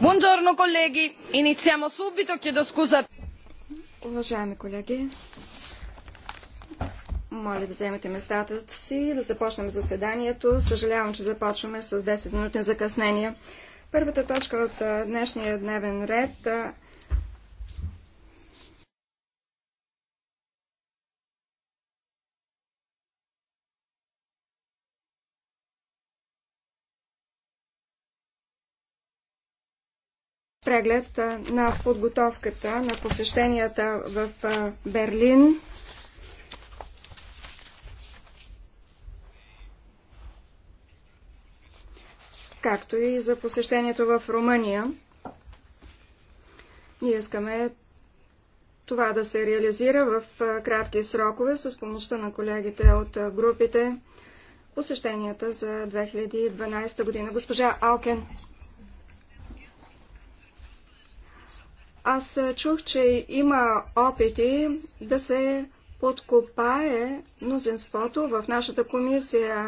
Buongiorno колеги, iniziamo subito, chiedo scusa. Уважаеми колеги, моля да вземете местата си, да започнем заседанието. Съжалявам, че започваме с 10-минутни закъснения. Първата точка от днешния дневен ред е. преглед на подготовката на посещенията в Берлин. както и за посещението в Румъния. Ние искаме това да се реализира в кратки срокове с помощта на колегите от групите посещенията за 2012 година. Госпожа Алкен. Аз чух, че има опити да се подкопае мнозинството в нашата комисия.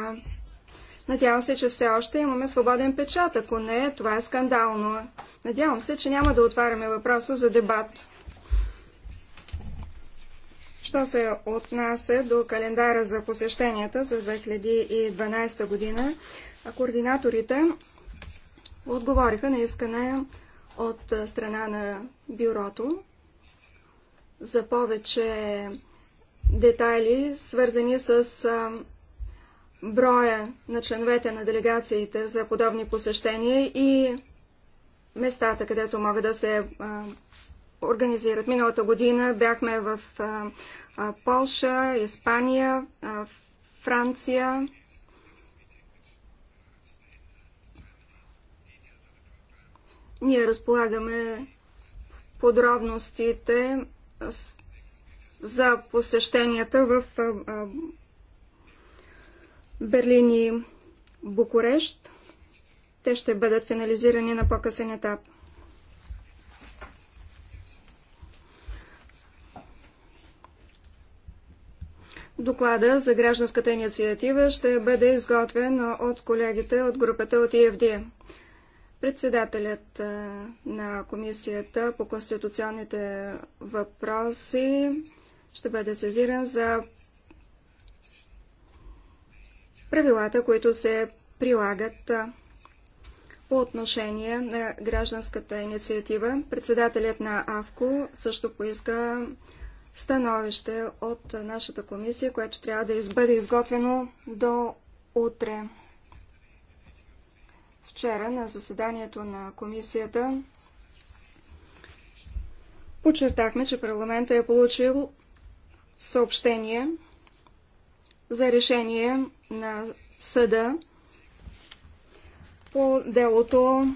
Надявам се, че все още имаме свободен печат. Ако не, това е скандално. Надявам се, че няма да отваряме въпроса за дебат. Що се отнася до календара за посещенията за 2012 година, координаторите отговориха на искане от страна на бюрото за повече детайли, свързани с броя на членовете на делегациите за подобни посещения и местата, където могат да се организират. Миналата година бяхме в Полша, Испания, Франция, Ние разполагаме подробностите за посещенията в Берлин и Букурещ. Те ще бъдат финализирани на по-късен етап. Доклада за гражданската инициатива ще бъде изготвен от колегите от групата от ИФД. Председателят на Комисията по конституционните въпроси ще бъде сезиран за правилата, които се прилагат по отношение на гражданската инициатива. Председателят на АВКО също поиска становище от нашата комисия, което трябва да бъде изготвено до утре. Вчера на заседанието на комисията подчертахме, че парламента е получил съобщение за решение на съда по делото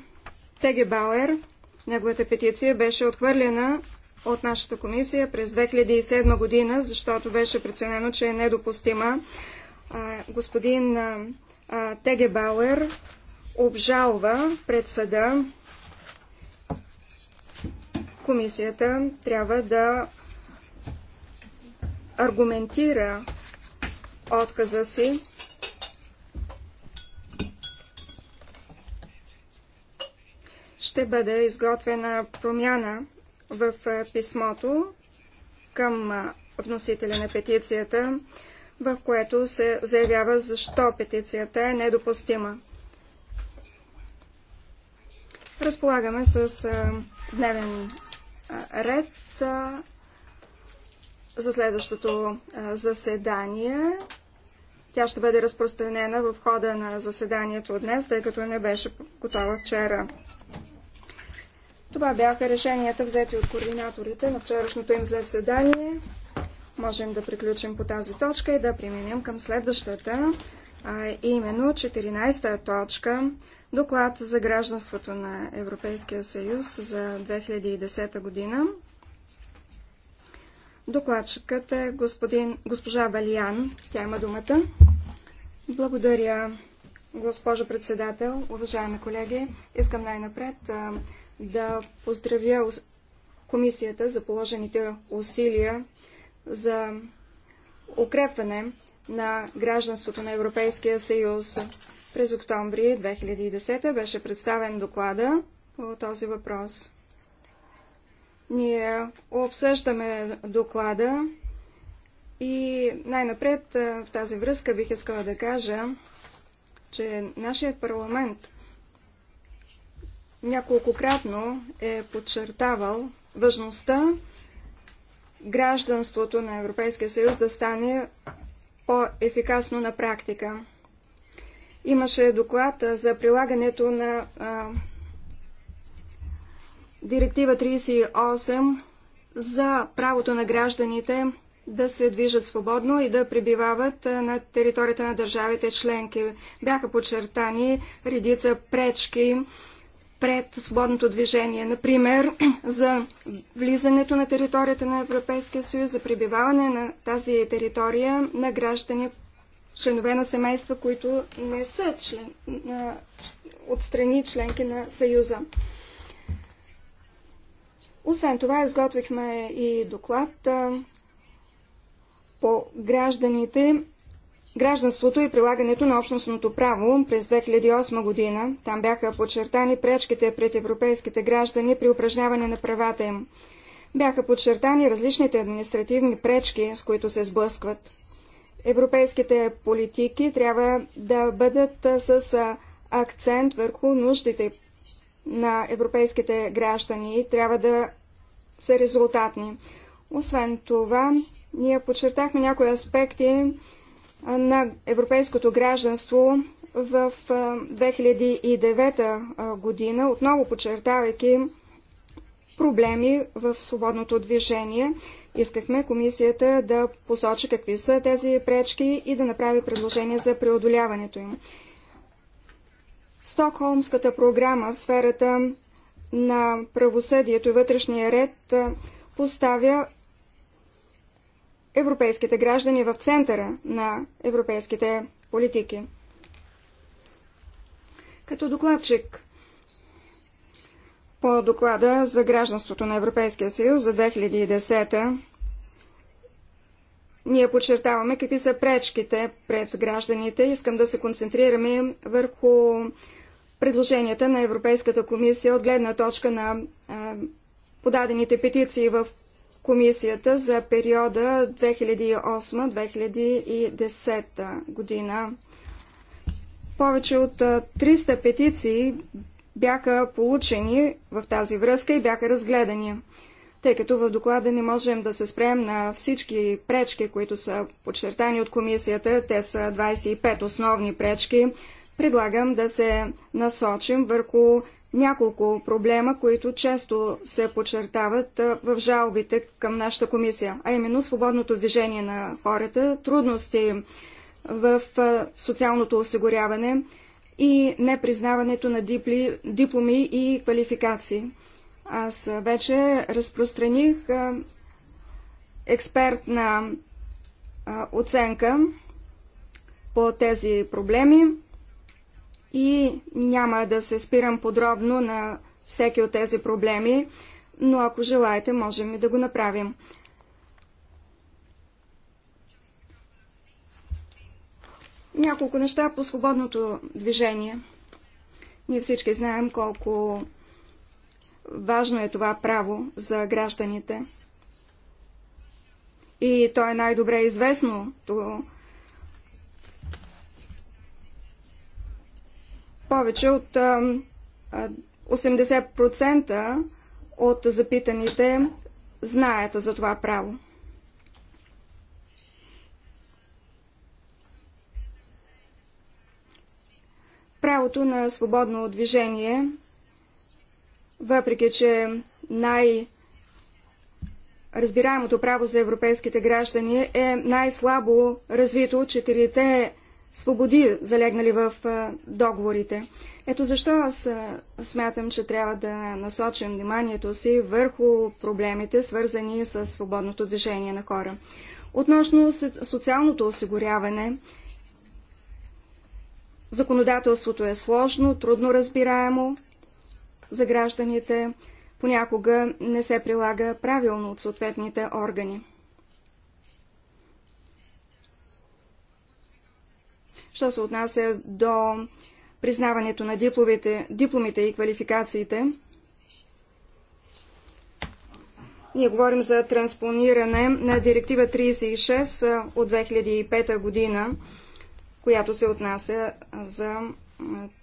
Теге Бауер. Неговата петиция беше отхвърлена от нашата комисия през 2007 година, защото беше преценено, че е недопустима. Господин Теге Бауер обжалва пред съда, комисията трябва да аргументира отказа си ще бъде изготвена промяна в писмото към вносителя на петицията, в което се заявява защо петицията е недопустима. Разполагаме с дневен ред за следващото заседание. Тя ще бъде разпространена в хода на заседанието днес, тъй като не беше готова вчера. Това бяха решенията, взети от координаторите на вчерашното им заседание. Можем да приключим по тази точка и да преминем към следващата, а именно 14-та точка Доклад за гражданството на Европейския съюз за 2010 година. Докладчикът е господин, госпожа Валиян. Тя има думата. Благодаря, госпожо председател, уважаеми колеги. Искам най-напред да поздравя комисията за положените усилия за укрепване на гражданството на Европейския съюз. През октомври 2010 беше представен доклада по този въпрос. Ние обсъждаме доклада и най-напред в тази връзка бих искала да кажа, че нашият парламент няколкократно е подчертавал важността гражданството на Европейския съюз да стане по-ефикасно на практика. Имаше доклад за прилагането на а, Директива 38 за правото на гражданите да се движат свободно и да пребивават на територията на държавите членки. Бяха подчертани редица пречки пред свободното движение. Например, за влизането на територията на Европейския съюз, за пребиваване на тази територия на граждани членове на семейства, които не са член, на, от страни членки на Съюза. Освен това, изготвихме и доклад а, по гражданите, гражданството и прилагането на общностното право през 2008 година. Там бяха подчертани пречките пред европейските граждани при упражняване на правата им. Бяха подчертани различните административни пречки, с които се сблъскват. Европейските политики трябва да бъдат с акцент върху нуждите на европейските граждани и трябва да са резултатни. Освен това, ние подчертахме някои аспекти на европейското гражданство в 2009 година, отново подчертавайки проблеми в свободното движение. Искахме комисията да посочи какви са тези пречки и да направи предложение за преодоляването им. Стокхолмската програма в сферата на правосъдието и вътрешния ред поставя европейските граждани в центъра на европейските политики. Като докладчик по доклада за гражданството на Европейския съюз за 2010 ние подчертаваме какви са пречките пред гражданите. Искам да се концентрираме върху предложенията на Европейската комисия от гледна точка на а, подадените петиции в комисията за периода 2008-2010 година. Повече от 300 петиции бяха получени в тази връзка и бяха разгледани. Тъй като в доклада не можем да се спрем на всички пречки, които са подчертани от комисията, те са 25 основни пречки, предлагам да се насочим върху няколко проблема, които често се подчертават в жалбите към нашата комисия, а именно свободното движение на хората, трудности в социалното осигуряване, и непризнаването на дипли, дипломи и квалификации. Аз вече разпространих експертна оценка по тези проблеми и няма да се спирам подробно на всеки от тези проблеми, но ако желаете, можем и да го направим. Няколко неща по свободното движение. Ние всички знаем колко важно е това право за гражданите. И то е най-добре известно. Повече от 80% от запитаните знаят за това право. Правото на свободно движение, въпреки че най- разбираемото право за европейските граждани е най-слабо развито от четирите свободи, залегнали в договорите. Ето защо аз смятам, че трябва да насочим вниманието си върху проблемите, свързани с свободното движение на хора. Относно социалното осигуряване, Законодателството е сложно, трудно разбираемо за гражданите, понякога не се прилага правилно от съответните органи. Що се отнася до признаването на дипломите, дипломите и квалификациите, ние говорим за транспониране на Директива 36 от 2005 година която се отнася за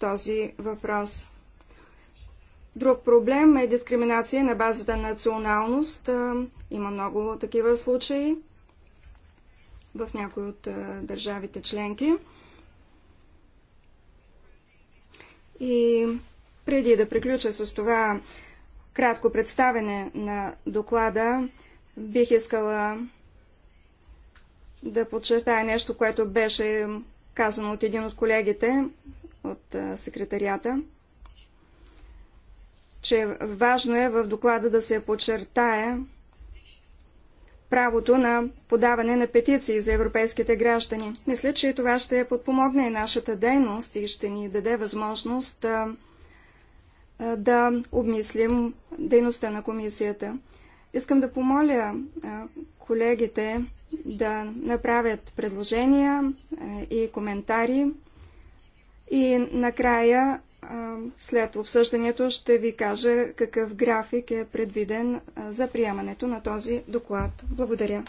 този въпрос. Друг проблем е дискриминация на базата на националност. Има много такива случаи в някои от държавите членки. И преди да приключа с това кратко представене на доклада, бих искала да подчертая нещо, което беше казано от един от колегите от секретарията, че важно е в доклада да се подчертае правото на подаване на петиции за европейските граждани. Мисля, че това ще подпомогне и нашата дейност и ще ни даде възможност да обмислим дейността на комисията. Искам да помоля колегите да направят предложения е, и коментари. И накрая, е, след обсъждането, ще ви кажа какъв график е предвиден е, за приемането на този доклад. Благодаря.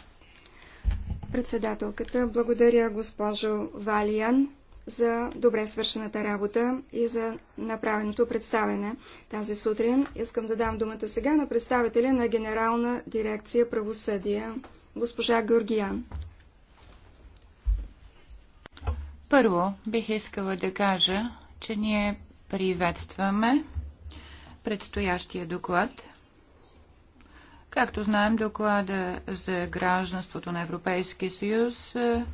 Председателката, благодаря госпожо Валиян за добре свършената работа и за направеното представене тази сутрин. Искам да дам думата сега на представителя на Генерална дирекция правосъдие госпожа Георгиян. Първо бих искала да кажа, че ние приветстваме предстоящия доклад. Както знаем, доклада за гражданството на Европейския съюз е,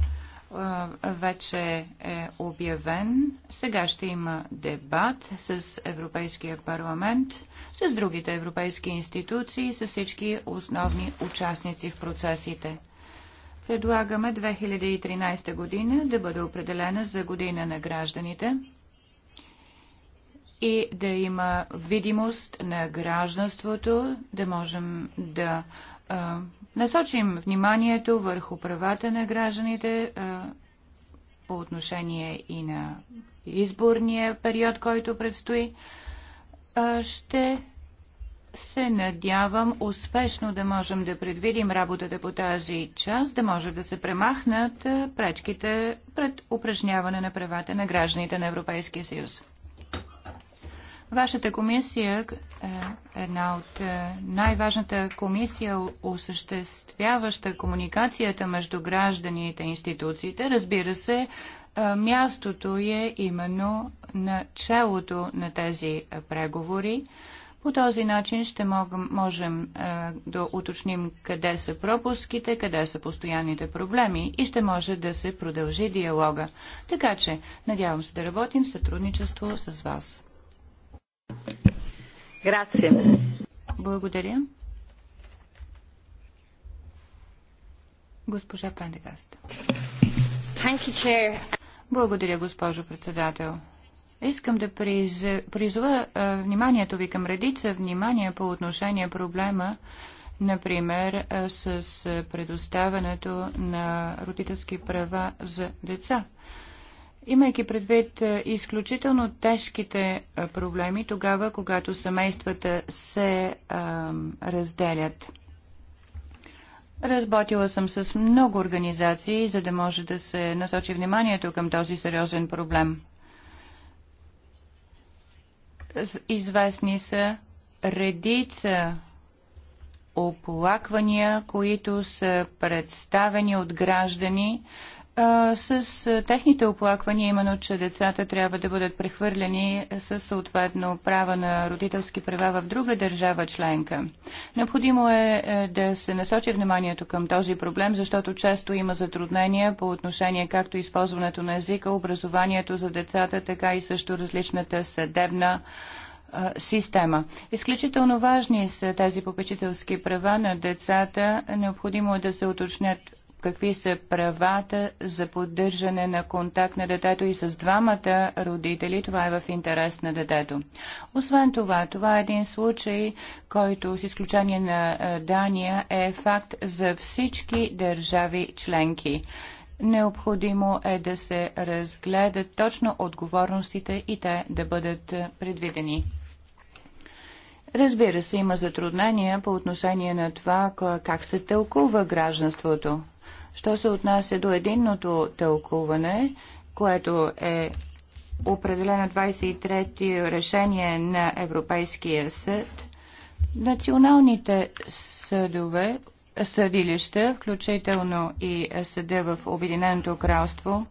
вече е обявен. Сега ще има дебат с Европейския парламент с другите европейски институции, с всички основни участници в процесите. Предлагаме 2013 година да бъде определена за година на гражданите и да има видимост на гражданството, да можем да а, насочим вниманието върху правата на гражданите а, по отношение и на изборния период, който предстои. А, ще се надявам успешно да можем да предвидим работата по тази част, да може да се премахнат пречките пред упражняване на правата на гражданите на Европейския съюз. Вашата комисия е една от е, най-важната комисия, осъществяваща комуникацията между гражданите и институциите. Разбира се, е, мястото е именно на челото на тези е, преговори. По този начин ще могам, можем е, да уточним къде са пропуските, къде са постоянните проблеми и ще може да се продължи диалога. Така че, надявам се да работим в сътрудничество с вас. Грация. Благодаря. Госпожа Пендегаст. Благодаря, госпожо председател. Искам да призова вниманието ви към редица внимание по отношение проблема, например, с предоставянето на родителски права за деца. Имайки предвид изключително тежките проблеми тогава, когато семействата се а, разделят. Разботила съм с много организации, за да може да се насочи вниманието към този сериозен проблем известни са редица оплаквания, които са представени от граждани с техните оплаквания, именно, че децата трябва да бъдат прехвърлени с съответно права на родителски права в друга държава членка. Необходимо е, е да се насочи вниманието към този проблем, защото често има затруднения по отношение както използването на езика, образованието за децата, така и също различната съдебна система. Изключително важни са тези попечителски права на децата. Необходимо е да се уточнят какви са правата за поддържане на контакт на детето и с двамата родители. Това е в интерес на детето. Освен това, това е един случай, който с изключение на Дания е факт за всички държави членки. Необходимо е да се разгледат точно отговорностите и те да бъдат предвидени. Разбира се, има затруднения по отношение на това как се тълкува гражданството. Що се отнася до единното тълкуване, което е определено 23 решение на Европейския съд, националните съдове, съдилища, включително и съда в Обединеното кралство,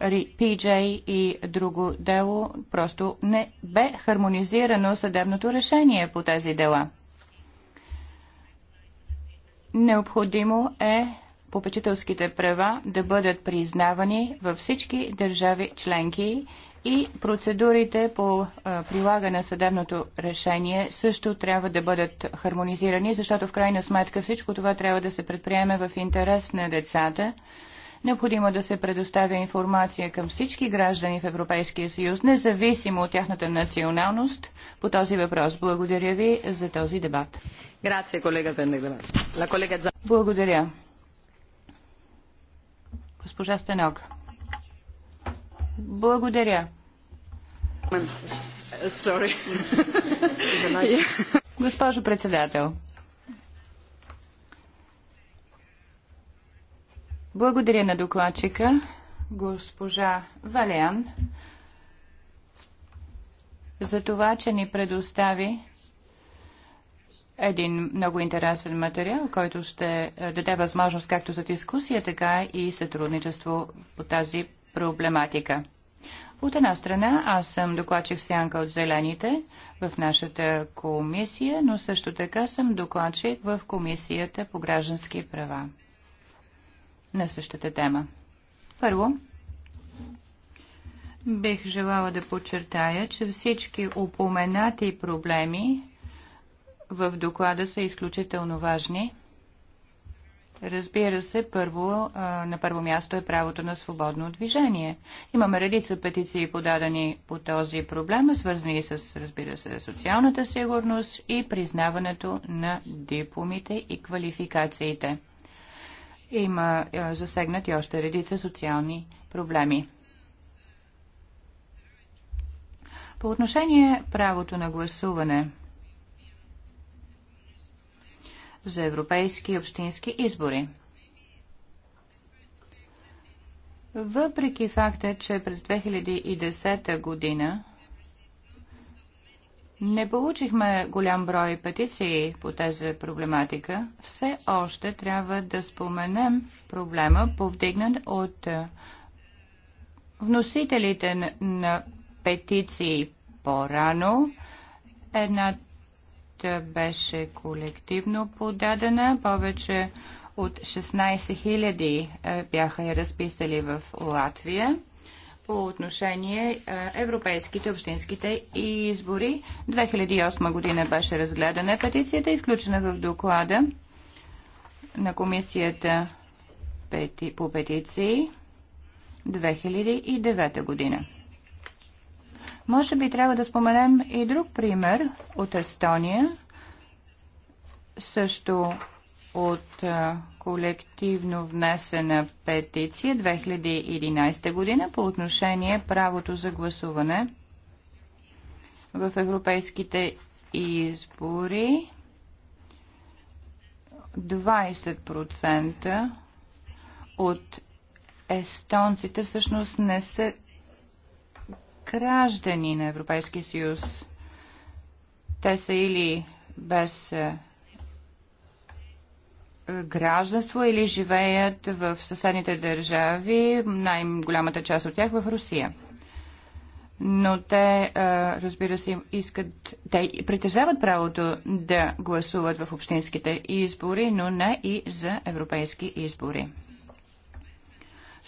PJ и друго дело, просто не бе хармонизирано съдебното решение по тези дела. Необходимо е попечителските права да бъдат признавани във всички държави членки и процедурите по прилагане на съдебното решение също трябва да бъдат хармонизирани, защото в крайна сметка всичко това трябва да се предприеме в интерес на децата. Необходимо е да се предоставя информация към всички граждани в Европейския съюз, независимо от тяхната националност, по този въпрос. Благодаря ви за този дебат. Благодаря. Госпожа Стенога. Благодаря. Sorry. Госпожо председател. Благодаря на докладчика, госпожа Валян, за това, че ни предостави един много интересен материал, който ще е, даде възможност както за дискусия, така и сътрудничество по тази проблематика. От една страна, аз съм докладчик сянка от Зелените в нашата комисия, но също така съм докладчик в Комисията по граждански права на същата тема. Първо, бих желала да подчертая, че всички упоменати проблеми в доклада са изключително важни. Разбира се, първо, на първо място е правото на свободно движение. Имаме редица петиции подадени по този проблем, свързани с, разбира се, социалната сигурност и признаването на дипломите и квалификациите. Има засегнати още редица социални проблеми. По отношение правото на гласуване – за европейски и общински избори. Въпреки факта, че през 2010 година не получихме голям брой петиции по тази проблематика, все още трябва да споменем проблема, повдигнат от вносителите на петиции по-рано. Една беше колективно подадена. Повече от 16 000 е, бяха я разписали в Латвия по отношение е, европейските общинските избори. 2008 година беше разгледана петицията и включена в доклада на комисията по петиции 2009 година. Може би трябва да споменем и друг пример от Естония, също от колективно внесена петиция 2011 година по отношение правото за гласуване в европейските избори 20% от естонците всъщност не са граждани на Европейския съюз. Те са или без е, гражданство или живеят в съседните държави, най-голямата част от тях в Русия. Но те, е, разбира се, искат, те притежават правото да гласуват в общинските избори, но не и за европейски избори.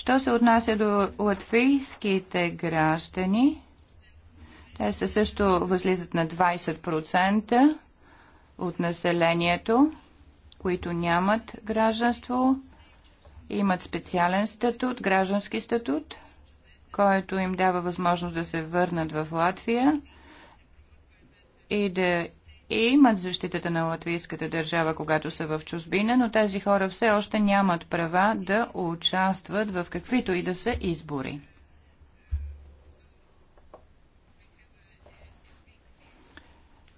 Що се отнася до латвийските граждани, те са също възлизат на 20% от населението, които нямат гражданство, имат специален статут, граждански статут, който им дава възможност да се върнат в Латвия и да и имат защитата на латвийската държава, когато са в чужбина, но тези хора все още нямат права да участват в каквито и да са избори.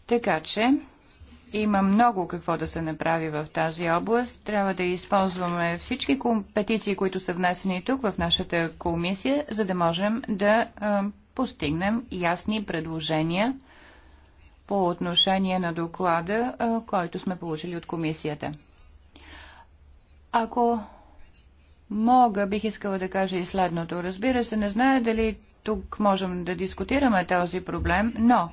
Така че има много какво да се направи в тази област. Трябва да използваме всички петиции, които са внесени тук в нашата комисия, за да можем да постигнем ясни предложения по отношение на доклада, който сме получили от комисията. Ако мога, бих искала да кажа и следното. Разбира се, не зная дали тук можем да дискутираме този проблем, но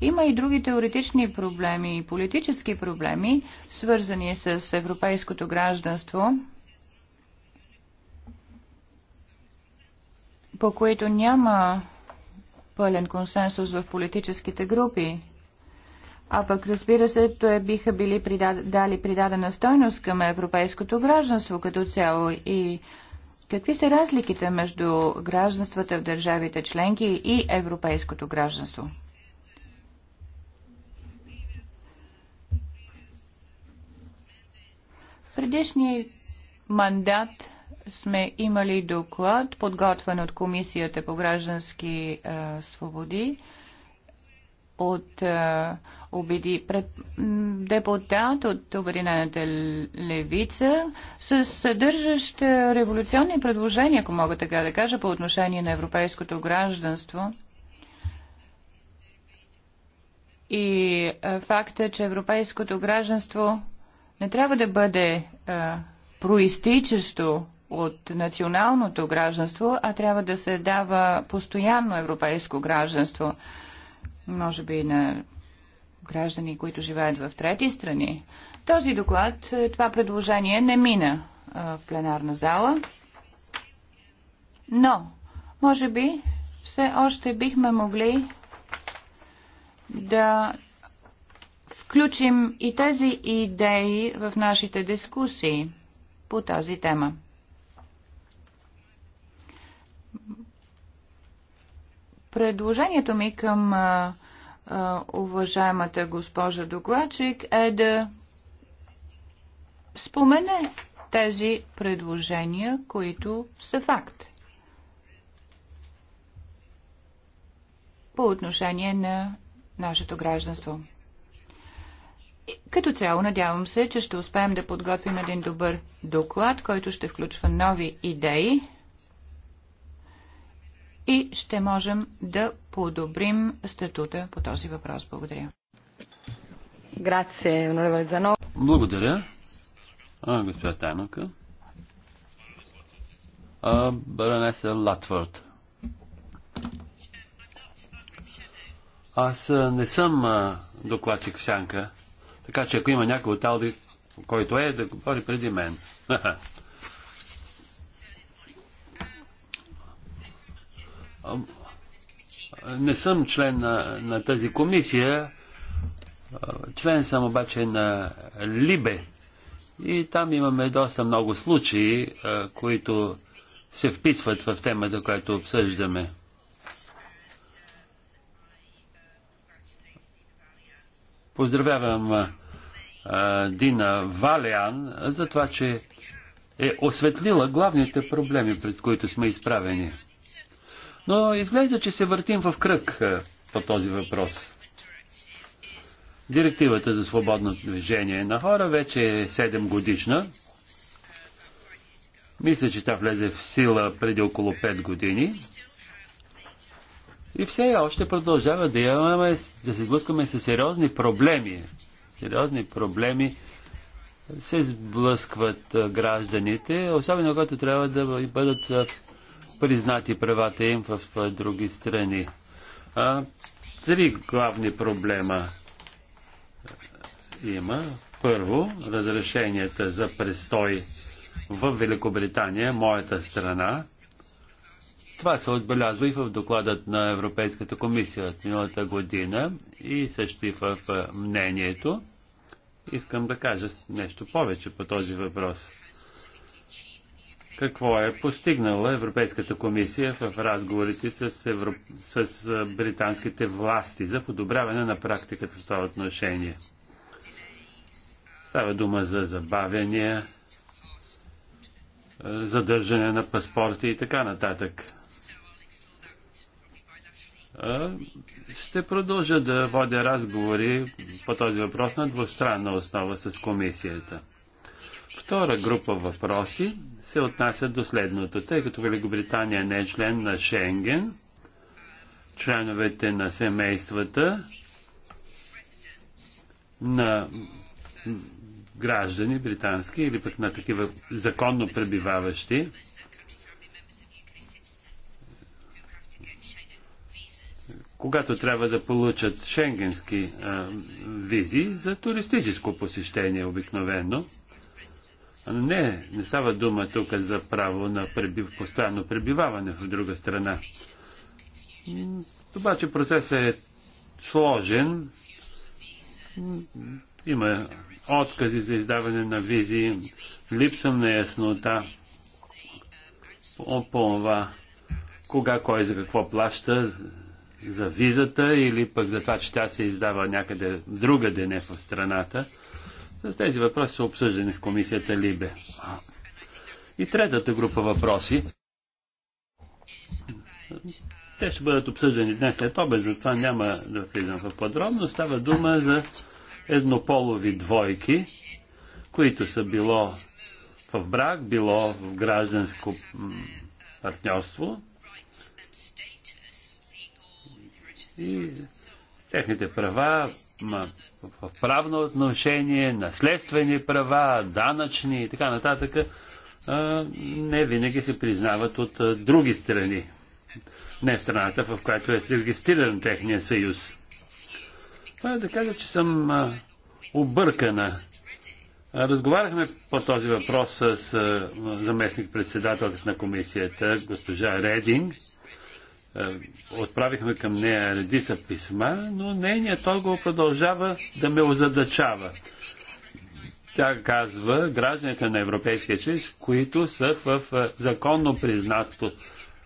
има и други теоретични проблеми и политически проблеми, свързани с европейското гражданство, по които няма пълен консенсус в политическите групи а пък разбира се, те биха били придад... дали придадена стойност към европейското гражданство като цяло и Какви са разликите между гражданствата в държавите членки и европейското гражданство? В предишния мандат сме имали доклад, подготвен от Комисията по граждански е, свободи, от е, убеди депутат от Обединената левица с съдържащ революционни предложения, ако мога така да кажа, по отношение на европейското гражданство. И факта, че европейското гражданство не трябва да бъде а, проистичащо от националното гражданство, а трябва да се дава постоянно европейско гражданство. Може би на граждани, които живеят в трети страни. Този доклад, е, това предложение не мина е, в пленарна зала, но може би все още бихме могли да включим и тези идеи в нашите дискусии по тази тема. Предложението ми към е, уважаемата госпожа докладчик е да спомене тези предложения, които са факт. По отношение на нашето гражданство. И като цяло надявам се, че ще успеем да подготвим един добър доклад, който ще включва нови идеи, и ще можем да подобрим статута по този въпрос. Благодаря. Благодаря. А, госпожа Тайнака. А, баронеса Латвард. Аз не съм а, докладчик в сянка, така че ако има някой от Алди, който е, да говори преди мен. не съм член на, на тази комисия, член съм обаче на Либе. И там имаме доста много случаи, които се вписват в темата, която обсъждаме. Поздравявам Дина Валиан за това, че е осветлила главните проблеми, пред които сме изправени. Но изглежда, че се въртим в кръг е, по този въпрос. Директивата за свободно движение на хора вече е 7 годишна. Мисля, че тя влезе в сила преди около 5 години. И все още продължава да имаме, да се сблъскваме с сериозни проблеми. Сериозни проблеми се сблъскват е, гражданите, особено когато трябва да бъдат е, признати правата им в други страни. А, три главни проблема има. Първо, разрешенията за престой в Великобритания, моята страна. Това се отбелязва и в докладът на Европейската комисия от миналата година и също и в мнението. Искам да кажа нещо повече по този въпрос какво е постигнала Европейската комисия в разговорите с, евро... с британските власти за подобряване на практиката в това отношение. Става дума за забавяния, задържане на паспорти и така нататък. Ще продължа да водя разговори по този въпрос на двустранна основа с комисията. Втора група въпроси се отнасят до следното. Тъй като Великобритания не е член на Шенген, членовете на семействата на граждани британски или пък на такива законно пребиваващи когато трябва да получат шенгенски а, визи за туристическо посещение обикновено. Не, не става дума тук за право на пребив, постоянно пребиваване в друга страна. Обаче процесът е сложен. Има откази за издаване на визи, липса на яснота по това кога кой за какво плаща, за визата или пък за това, че тя се издава някъде другаде, не в страната. С тези въпроси са обсъждани в комисията Либе. И третата група въпроси. Те ще бъдат обсъждани днес след обед, затова няма да влизам в подробно. Става дума за еднополови двойки, които са било в брак, било в гражданско партньорство. И техните права, в правно отношение, наследствени права, данъчни и така нататък, не винаги се признават от други страни. Не страната, в която е регистриран техния съюз. Това е да кажа, че съм объркана. Разговаряхме по този въпрос с заместник председател на комисията, госпожа Рединг, е, отправихме към нея редица писма, но нейният отговор продължава да ме озадачава. Тя казва, гражданите на Европейския съюз, които са в е, законно признато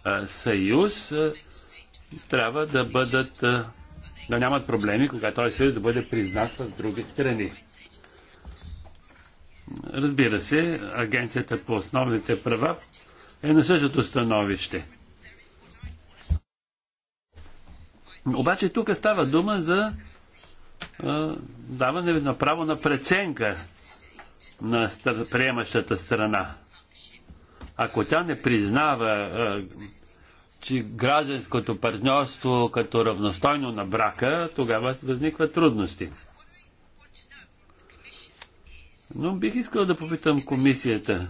е, съюз, трябва да бъдат, да нямат проблеми, когато този съюз да бъде признат в други страни. Разбира се, Агенцията по основните права е на същото становище. Обаче тук става дума за а, даване на право на преценка на стър, приемащата страна. Ако тя не признава, а, че гражданското партньорство като равностойно на брака, тогава възникват трудности. Но бих искал да попитам комисията.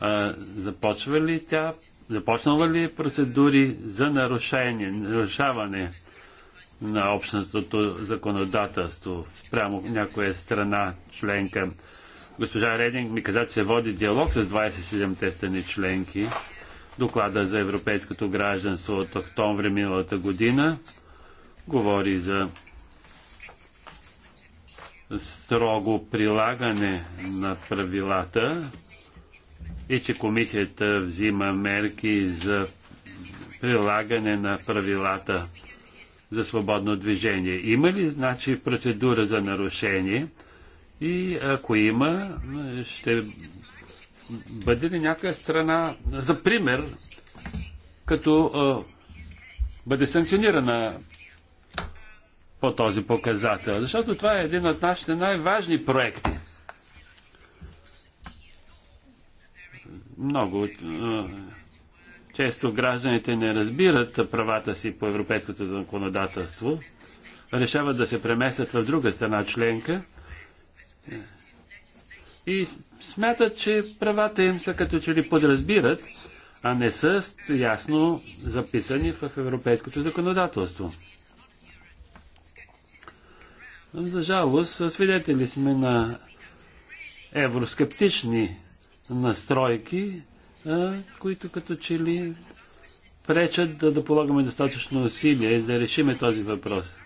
А, започва ли тя започнала ли е процедури за нарушение, нарушаване на общностното законодателство спрямо някоя страна членка? Госпожа Рединг ми каза, че се води диалог с 27-те страни членки. Доклада за европейското гражданство от октомври миналата година говори за строго прилагане на правилата и че комисията взима мерки за прилагане на правилата за свободно движение. Има ли значи процедура за нарушение? И ако има, ще бъде ли някоя страна, за пример, като а, бъде санкционирана по този показател? Защото това е един от нашите най-важни проекти. Много често гражданите не разбират правата си по европейското законодателство, решават да се преместят в друга страна членка и смятат, че правата им са като че ли подразбират, а не са ясно записани в европейското законодателство. За жалост, свидетели сме на евроскептични настройки, които като че ли пречат да, да полагаме достатъчно усилия и да решиме този въпрос.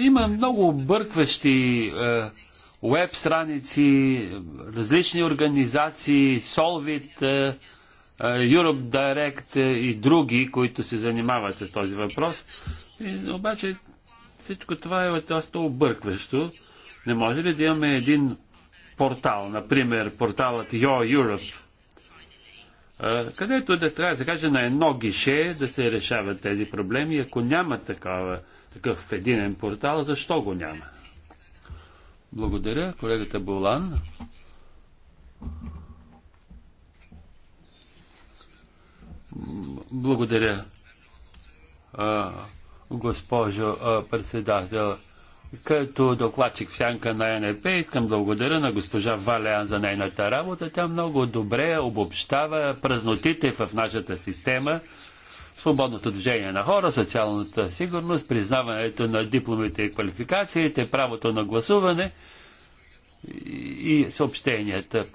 Има много объркващи веб страници, различни организации, Solvit, Europe Direct и други, които се занимават с този въпрос. И, обаче всичко това е доста объркващо. Не може ли да имаме един портал, например, порталът Your Europe, където да трябва да се каже на едно гише да се решават тези проблеми. Ако няма такава, такъв единен портал, защо го няма? Благодаря, колегата Болан. Благодаря, госпожо председател. Като докладчик в сянка на НРП, искам да благодаря на госпожа Валеан за нейната работа. Тя много добре обобщава празнотите в нашата система, свободното движение на хора, социалната сигурност, признаването на дипломите и квалификациите, правото на гласуване и съобщенията.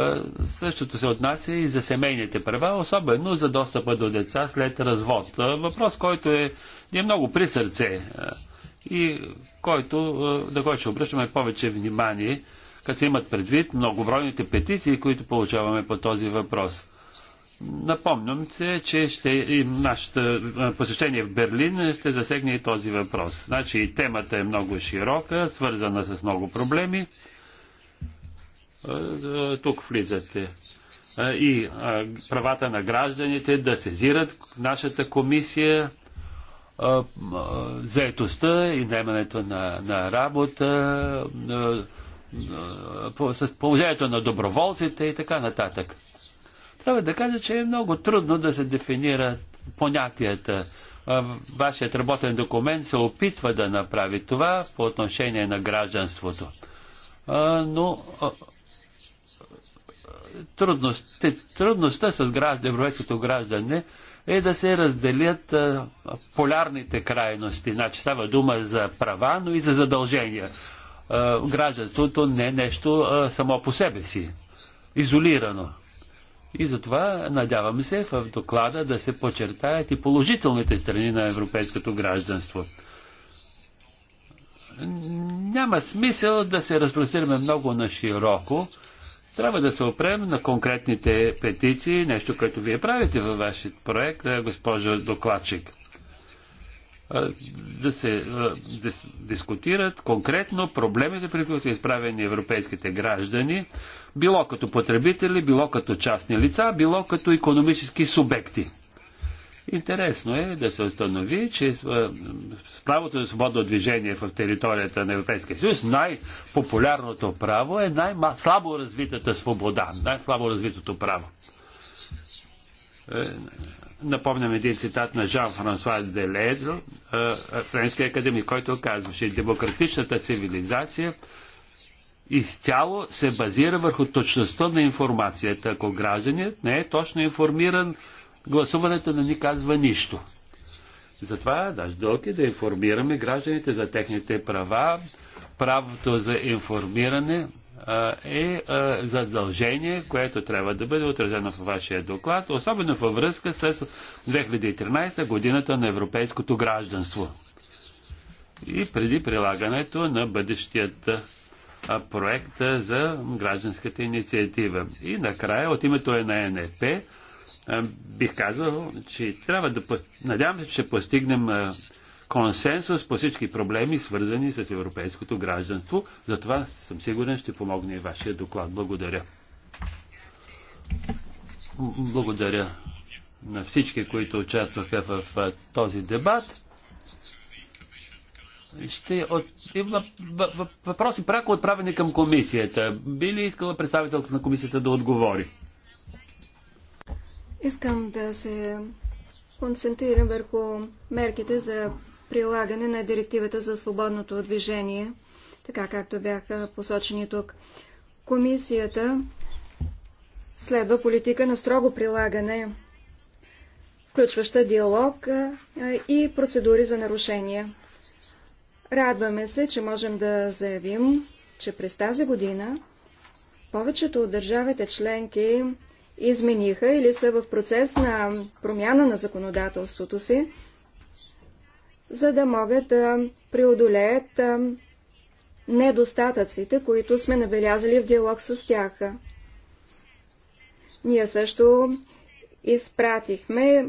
Е, е, същото се отнася и за семейните права, особено за достъпа до деца след развод. Е, въпрос, който е, е много при сърце и който, е, на който ще обръщаме повече внимание, като се имат предвид многобройните петиции, които получаваме по този въпрос. Напомням се, че ще и нашето посещение в Берлин ще засегне и този въпрос. Значи и темата е много широка, свързана с много проблеми. Е, е, тук влизате и правата на гражданите да сезират нашата комисия, заетостта и наемането на, на работа, с положението на доброволците и така нататък. Трябва да кажа, че е много трудно да се дефинира понятията. Вашият работен документ се опитва да направи това по отношение на гражданството. Но трудност, трудността с граждан, европейското граждане е да се разделят а, полярните крайности. Значи става дума за права, но и за задължения. А, гражданството не е нещо а, само по себе си, изолирано. И затова надявам се в доклада да се подчертаят и положителните страни на европейското гражданство. Няма смисъл да се разпростираме много на широко, трябва да се опрем на конкретните петиции, нещо, което вие правите във вашия проект, е, госпожо докладчик. Да се дис, дискутират конкретно проблемите, при които са изправени европейските граждани, било като потребители, било като частни лица, било като економически субекти. Интересно е да се установи, че с правото на свободно движение в територията на Европейския съюз най-популярното право е най-слабо развитата свобода, най-слабо развитото право. Е, напомням един цитат на Жан-Франсуа Делезо, е, е, френски академик, който казва, че демократичната цивилизация изцяло се базира върху точността на информацията. Ако гражданият не е точно информиран, гласуването не ни казва нищо. Затова наш дълг е да информираме гражданите за техните права. Правото за информиране а, е а, задължение, което трябва да бъде отразено в вашия доклад, особено във връзка с 2013 годината на европейското гражданство и преди прилагането на бъдещият проект за гражданската инициатива. И накрая от името е на НЕП, е, бих казал, че трябва да... Надявам се, че ще постигнем е, консенсус по всички проблеми, свързани с европейското гражданство. Затова съм сигурен, ще помогне и вашия доклад. Благодаря. Благодаря на всички, които участваха в е, този дебат. Ще от... Има въпроси пряко отправени към комисията. Би ли искала представителката на комисията да отговори? Искам да се концентрирам върху мерките за прилагане на директивата за свободното движение, така както бяха посочени тук. Комисията следва политика на строго прилагане, включваща диалог и процедури за нарушения. Радваме се, че можем да заявим, че през тази година повечето от държавите членки измениха или са в процес на промяна на законодателството си, за да могат да преодолеят недостатъците, които сме набелязали в диалог с тях. Ние също изпратихме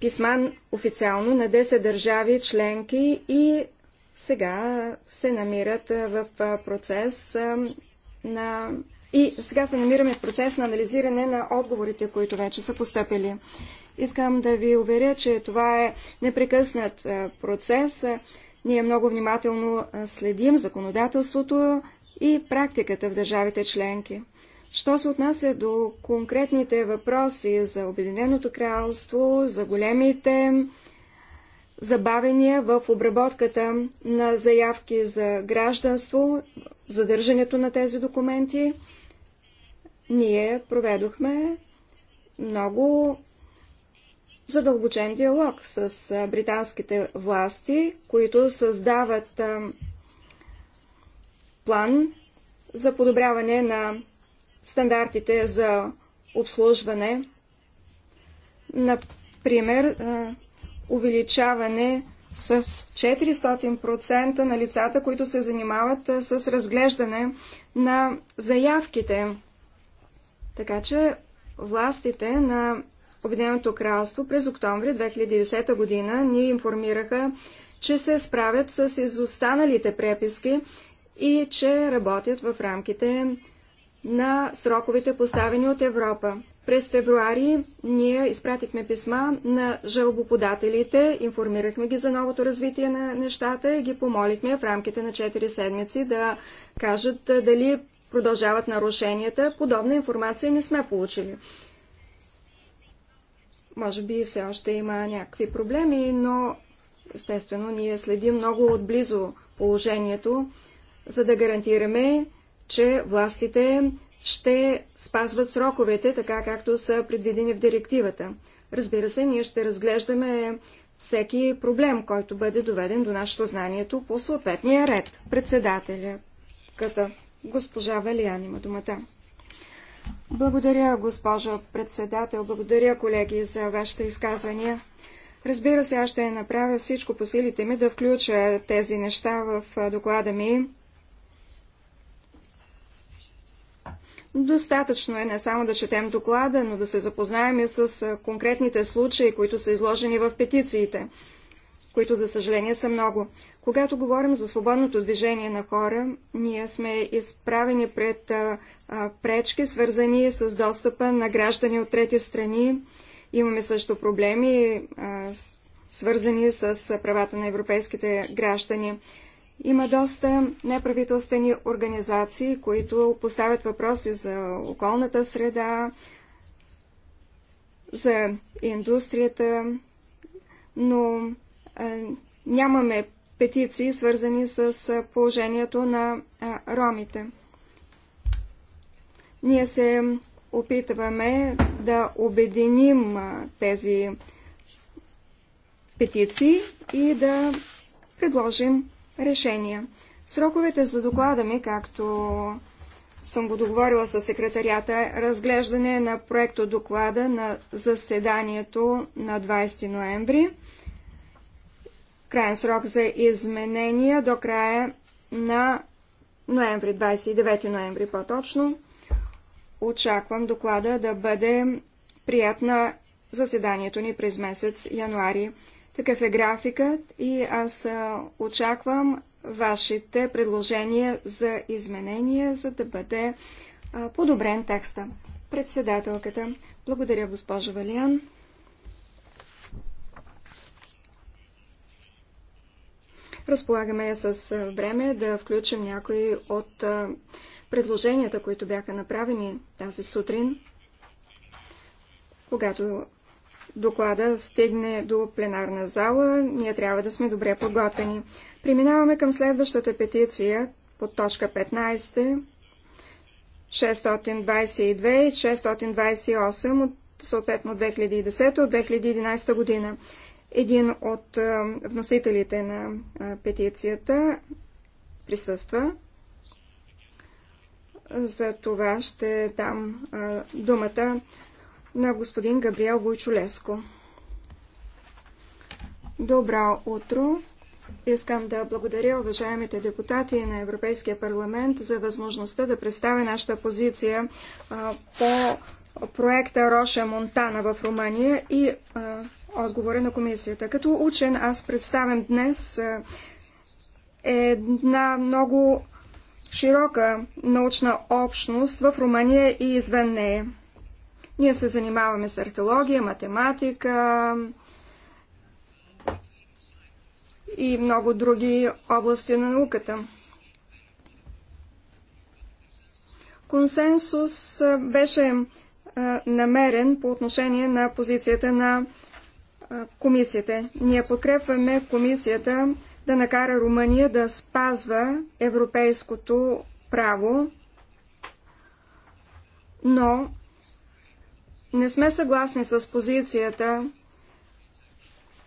писма официално на 10 държави членки и сега се намират в процес на и сега се намираме в процес на анализиране на отговорите, които вече са поступили. Искам да ви уверя, че това е непрекъснат е, процес. Ние много внимателно е, следим законодателството и практиката в държавите членки. Що се отнася до конкретните въпроси за Обединеното кралство, за големите забавения в обработката на заявки за гражданство, задържането на тези документи – ние проведохме много задълбочен диалог с британските власти, които създават план за подобряване на стандартите за обслужване, например, увеличаване с 400% на лицата, които се занимават с разглеждане на заявките. Така че властите на Обединеното кралство през октомври 2010 година ни информираха, че се справят с изостаналите преписки и че работят в рамките на сроковете поставени от Европа. През февруари ние изпратихме писма на жалбоподателите, информирахме ги за новото развитие на нещата и ги помолихме в рамките на 4 седмици да кажат дали продължават нарушенията. Подобна информация не сме получили. Може би все още има някакви проблеми, но естествено ние следим много отблизо положението, за да гарантираме, че властите ще спазват сроковете, така както са предвидени в директивата. Разбира се, ние ще разглеждаме всеки проблем, който бъде доведен до нашето знанието по съответния ред. Председателя, като госпожа Валиан има думата. Благодаря, госпожо председател, благодаря, колеги, за вашите изказвания. Разбира се, аз ще направя всичко по силите ми да включа тези неща в доклада ми. Достатъчно е не само да четем доклада, но да се запознаем и с конкретните случаи, които са изложени в петициите, които за съжаление са много. Когато говорим за свободното движение на хора, ние сме изправени пред пречки, свързани с достъпа на граждани от трети страни. Имаме също проблеми, свързани с правата на европейските граждани. Има доста неправителствени организации, които поставят въпроси за околната среда, за индустрията, но а, нямаме петиции, свързани с положението на а, ромите. Ние се опитваме да обединим а, тези петиции и да предложим решения. Сроковете за доклада ми, както съм го договорила с секретарията, е разглеждане на проекто доклада на заседанието на 20 ноември. Крайен срок за изменения до края на ноември, 29 ноември по-точно. Очаквам доклада да бъде прият на заседанието ни през месец януари. Такъв е графикът и аз очаквам вашите предложения за изменения, за да бъде подобрен текста. Председателката. Благодаря, госпожо Валиан. Разполагаме с време да включим някои от предложенията, които бяха направени тази сутрин, когато доклада стигне до пленарна зала, ние трябва да сме добре подготвени. Преминаваме към следващата петиция под точка 15, 622 и 628 от съответно 2010 от 2011 година. Един от вносителите на петицията присъства. За това ще дам думата на господин Габриел Войчулеско. Добро утро! Искам да благодаря уважаемите депутати на Европейския парламент за възможността да представя нашата позиция по проекта Роша Монтана в Румъния и отговора на комисията. Като учен аз представям днес една много широка научна общност в Румъния и извън нея. Ние се занимаваме с археология, математика и много други области на науката. Консенсус беше намерен по отношение на позицията на комисията. Ние подкрепваме комисията да накара Румъния да спазва европейското право, но не сме съгласни с позицията,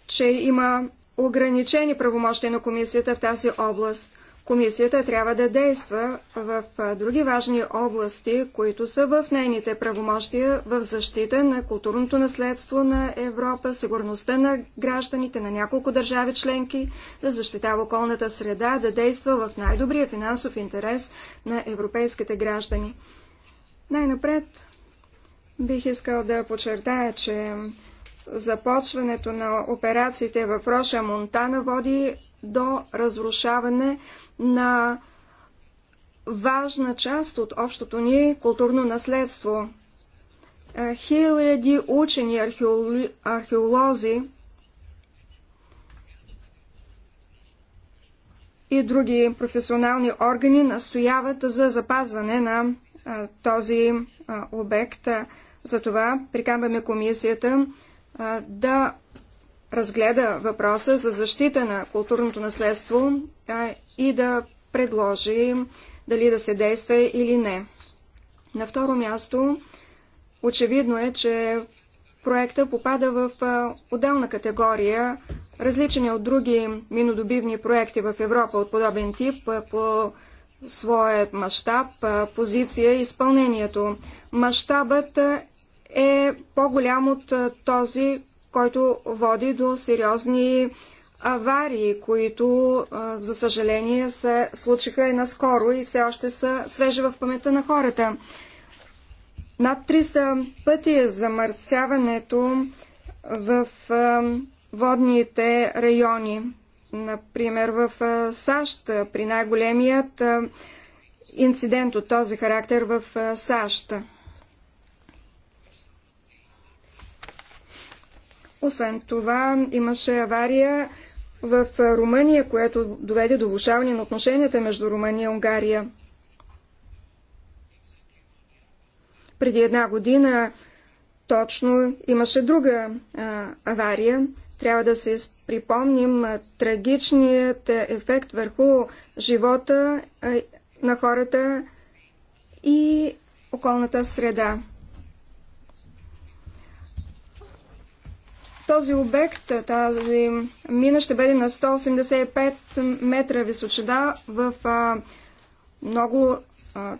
че има ограничени правомощия на комисията в тази област. Комисията трябва да действа в други важни области, които са в нейните правомощия в защита на културното наследство на Европа, сигурността на гражданите на няколко държави членки, да защитава околната среда, да действа в най-добрия финансов интерес на европейските граждани. Най-напред Бих искал да подчертая, че започването на операциите в Роша Монтана води до разрушаване на важна част от общото ни културно наследство. Е, хиляди учени археолози и други професионални органи настояват за запазване на е, този е, обект. Затова приканваме комисията а, да разгледа въпроса за защита на културното наследство а, и да предложи дали да се действа или не. На второ място, очевидно е, че проекта попада в отделна категория, различни от други минодобивни проекти в Европа от подобен тип по своя мащаб, позиция и изпълнението. Мащабът е по-голям от този, който води до сериозни аварии, които, за съжаление, се случиха и наскоро и все още са свежи в памета на хората. Над 300 пъти е замърсяването в водните райони. Например, в САЩ, при най-големият инцидент от този характер в САЩ. Освен това, имаше авария в Румъния, което доведе до влушаване на отношенията между Румъния и Унгария. Преди една година точно имаше друга а, авария. Трябва да се припомним трагичният ефект върху живота а, на хората и околната среда. Този обект, тази мина ще бъде на 185 метра височина в а, много а,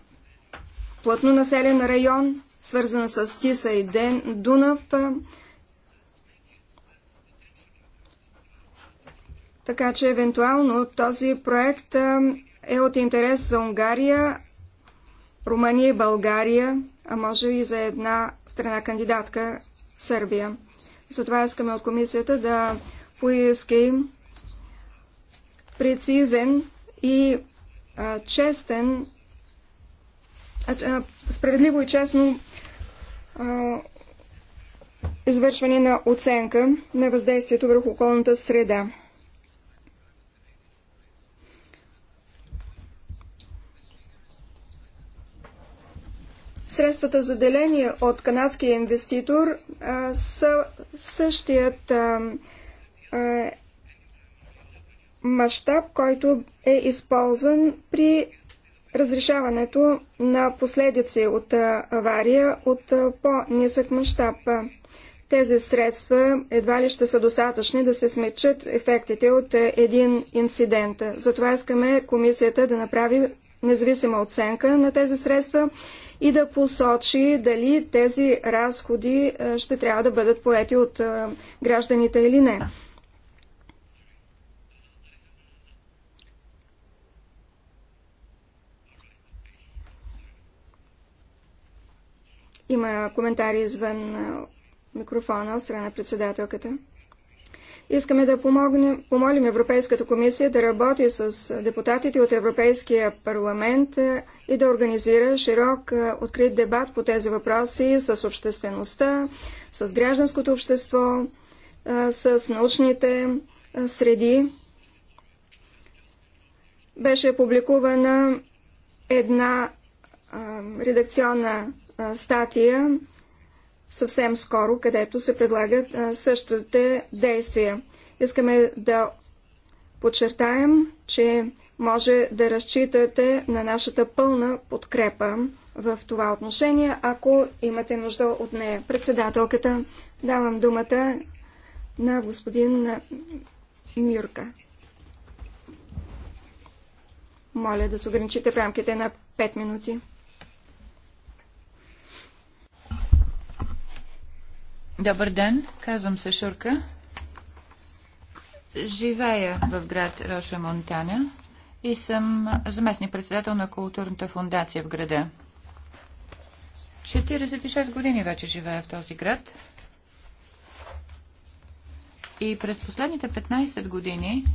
плътно населен район, свързана с Тиса и Ден, Дунав. А, така че евентуално този проект а, е от интерес за Унгария, Румъния и България, а може и за една страна кандидатка Сърбия затова искаме от комисията да поиски прецизен и а, честен, а, а, справедливо и честно а, извършване на оценка на въздействието върху околната среда. Средствата заделени от канадския инвеститор а, са същият а, а, мащаб, който е използван при разрешаването на последици от авария от по-нисък мащаб. Тези средства едва ли ще са достатъчни да се смечат ефектите от един инцидент. Затова искаме комисията да направи независима оценка на тези средства и да посочи дали тези разходи е, ще трябва да бъдат поети от е, гражданите или не. Има коментари извън е, микрофона от страна председателката. Искаме да помогнем, помолим Европейската комисия да работи с депутатите от Европейския парламент е, и да организира широк е, открит дебат по тези въпроси с обществеността, с гражданското общество, е, с научните среди. Беше публикувана една редакционна статия съвсем скоро, където се предлагат същите действия. Искаме да подчертаем, че може да разчитате на нашата пълна подкрепа в това отношение, ако имате нужда от нея. Председателката, давам думата на господин Мюрка. Моля да се ограничите в рамките на 5 минути. Добър ден, казвам се Шурка. Живея в град Роша, Монтана и съм заместник председател на културната фундация в града. 46 години вече живея в този град. И през последните 15 години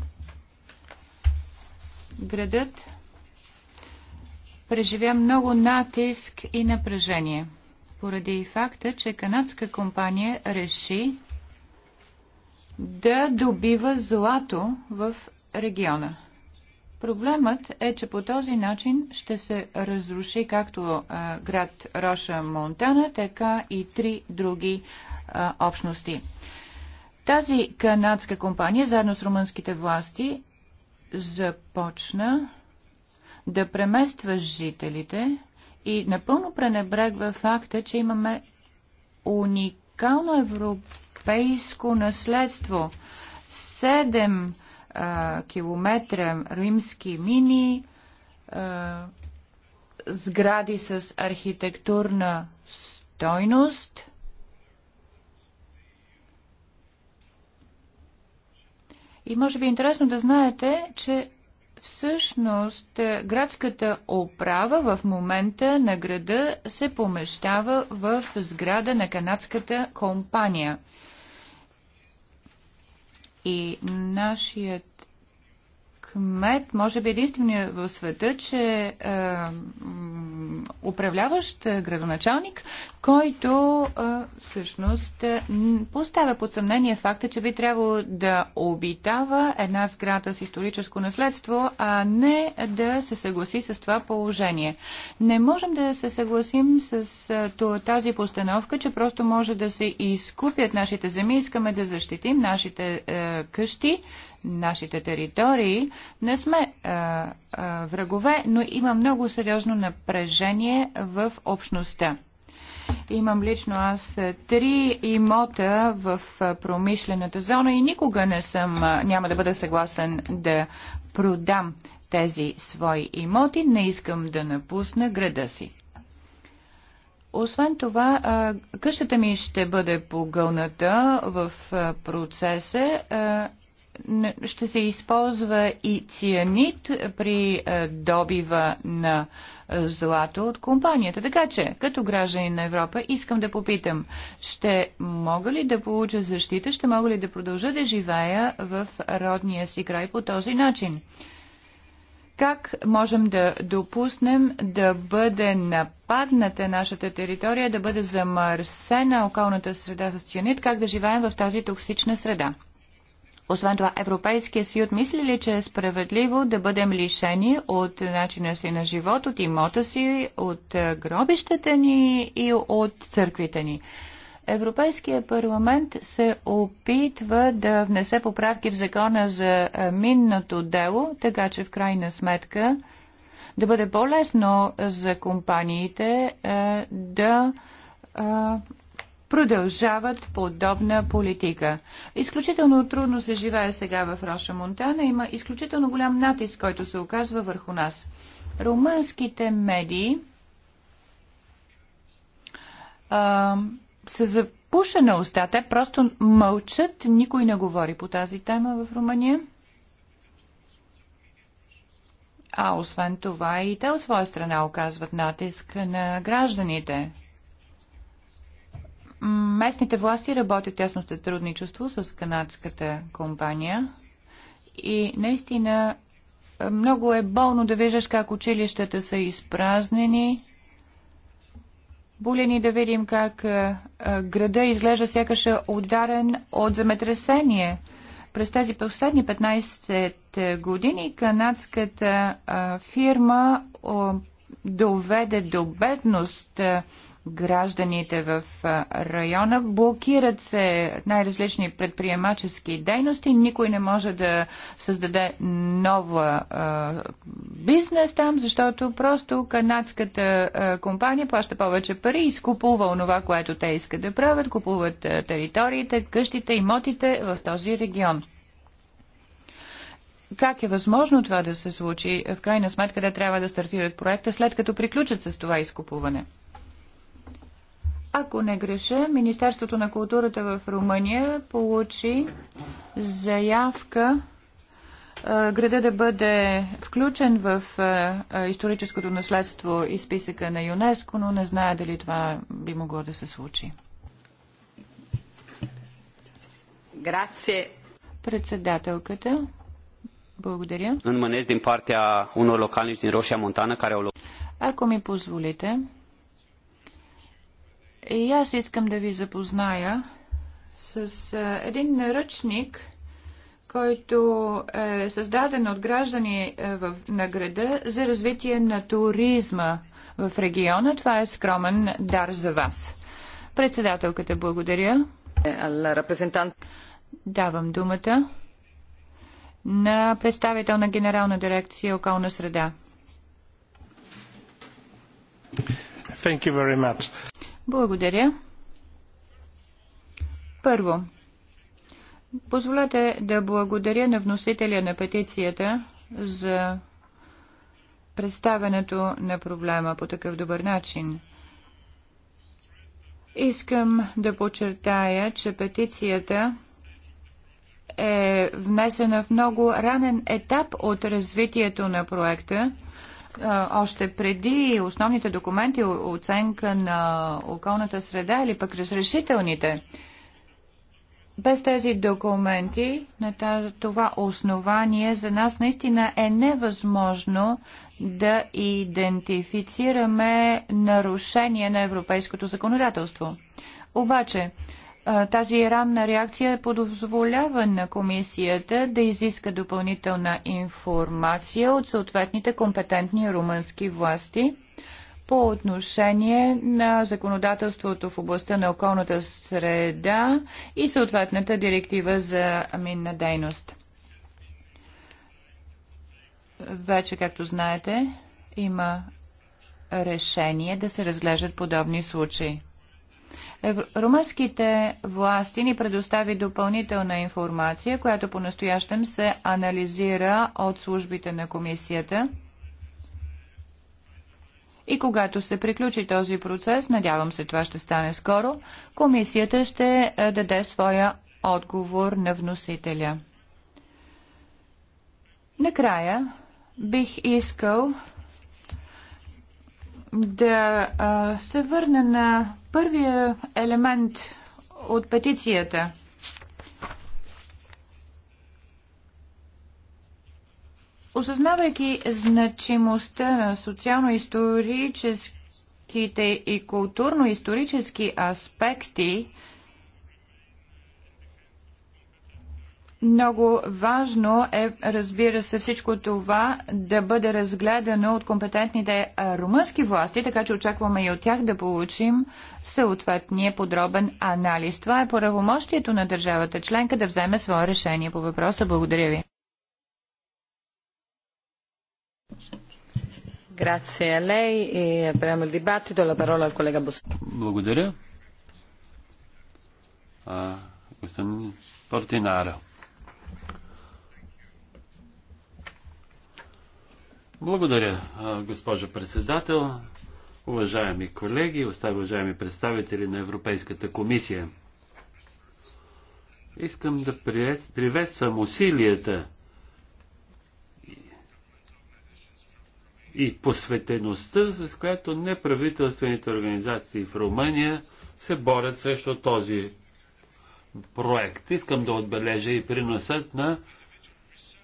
градът преживя много натиск и напрежение – поради факта, че канадска компания реши да добива злато в региона. Проблемът е, че по този начин ще се разруши както а, град Роша Монтана, така и три други а, общности. Тази канадска компания, заедно с румънските власти, започна да премества жителите и напълно пренебрегва факта, че имаме уникално европейско наследство. Седем километра римски мини, а, сгради с архитектурна стойност – И може би е интересно да знаете, че Всъщност, е, градската управа в момента на града се помещава в сграда на канадската компания. И нашият кмет, може би единствения в света, че е, управляващ градоначалник, който е, всъщност е, поставя под съмнение факта, че би трябвало да обитава една сграда с историческо наследство, а не да се съгласи с това положение. Не можем да се съгласим с е, тази постановка, че просто може да се изкупят нашите земи, искаме да защитим нашите е, къщи, нашите територии. Не сме а, а, врагове, но има много сериозно напрежение в общността. Имам лично аз три имота в промишлената зона и никога не съм, няма да бъда съгласен да продам тези свои имоти. Не искам да напусна града си. Освен това, къщата ми ще бъде погълната в процеса ще се използва и цианит при е, добива на е, злато от компанията. Така че, като граждани на Европа, искам да попитам, ще мога ли да получа защита, ще мога ли да продължа да живея в родния си край по този начин? Как можем да допуснем да бъде нападната нашата територия, да бъде замърсена околната среда с цианит, как да живеем в тази токсична среда? Освен това, Европейския съюз мисли ли, че е справедливо да бъдем лишени от начина си на живот, от имота си, от е, гробищата ни и от църквите ни? Европейския парламент се опитва да внесе поправки в закона за е, минното дело, така че в крайна сметка да бъде по-лесно за компаниите е, да продължават подобна политика. Изключително трудно се живее сега в Роша Монтана. Има изключително голям натиск, който се оказва върху нас. Румънските медии а, са запушена на Те просто мълчат. Никой не говори по тази тема в Румъния. А освен това и те от своя страна оказват натиск на гражданите. Местните власти работят тясно сътрудничество с канадската компания и наистина е, много е болно да виждаш как училищата са изпразнени. Болени да видим как е, е, града изглежда сякаш ударен от земетресение. През тези последни 15 години канадската фирма доведе до бедност гражданите в района. Блокират се най-различни предприемачески дейности. Никой не може да създаде нова а, бизнес там, защото просто канадската а, компания плаща повече пари и изкупува онова, което те искат да правят. Купуват а, териториите, къщите, имотите в този регион. Как е възможно това да се случи? В крайна сметка да трябва да стартират проекта след като приключат с това изкупуване. Ако не греша, Министерството на културата в Румъния получи заявка града да бъде включен в историческото наследство и списъка на ЮНЕСКО, но не знае дали това би могло да се случи. Грация. Председателката. Благодаря. Ако ми позволите, и аз искам да ви запозная с един наръчник, който е създаден от граждани е, в, на града за развитие на туризма в региона. Това е скромен дар за вас. Председателката благодаря. Давам думата на представител на Генерална дирекция околна среда. Thank you very much. Благодаря. Първо, позволете да благодаря на вносителя на петицията за представянето на проблема по такъв добър начин. Искам да подчертая, че петицията е внесена в много ранен етап от развитието на проекта, още преди основните документи, оценка на околната среда или пък разрешителните. Без тези документи, на тази, това основание за нас наистина е невъзможно да идентифицираме нарушение на европейското законодателство. Обаче, тази ранна реакция е позволява на комисията да изиска допълнителна информация от съответните компетентни румънски власти по отношение на законодателството в областта на околната среда и съответната директива за минна дейност. Вече, както знаете, има решение да се разглеждат подобни случаи. Румънските власти ни предостави допълнителна информация, която по-настоящем се анализира от службите на комисията. И когато се приключи този процес, надявам се това ще стане скоро, комисията ще е, даде своя отговор на вносителя. Накрая бих искал да се върна на Първия елемент от петицията Осъзнавайки значимостта на социално-историческите и културно-исторически аспекти Много важно е, разбира се, всичко това да бъде разгледано от компетентните румънски власти, така че очакваме и от тях да получим съответния подробен анализ. Това е правомощието на държавата членка да вземе свое решение по въпроса. Благодаря ви. E Благодаря. господин Портинаро. Благодаря, госпожо председател, уважаеми колеги, уважаеми представители на Европейската комисия. Искам да приветствам усилията и посветеността, с която неправителствените организации в Румъния се борят срещу този проект. Искам да отбележа и приносът на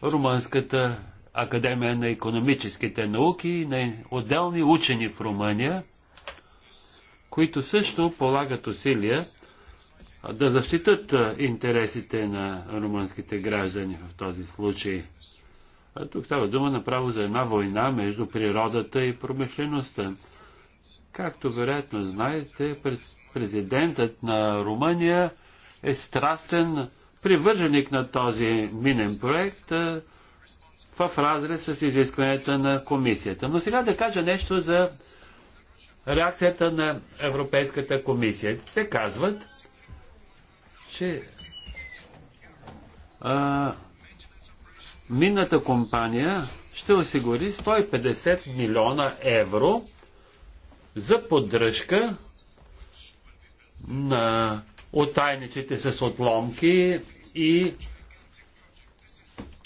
румънската Академия на економическите науки и на отделни учени в Румъния, които също полагат усилия да защитат интересите на румънските граждани в този случай. А тук става дума направо за една война между природата и промишлеността. Както вероятно знаете, президентът на Румъния е страстен привърженик на този минен проект, в разрез с изискванията на комисията. Но сега да кажа нещо за реакцията на Европейската комисия. Те казват, че а, минната компания ще осигури 150 милиона евро за поддръжка на отайниците с отломки и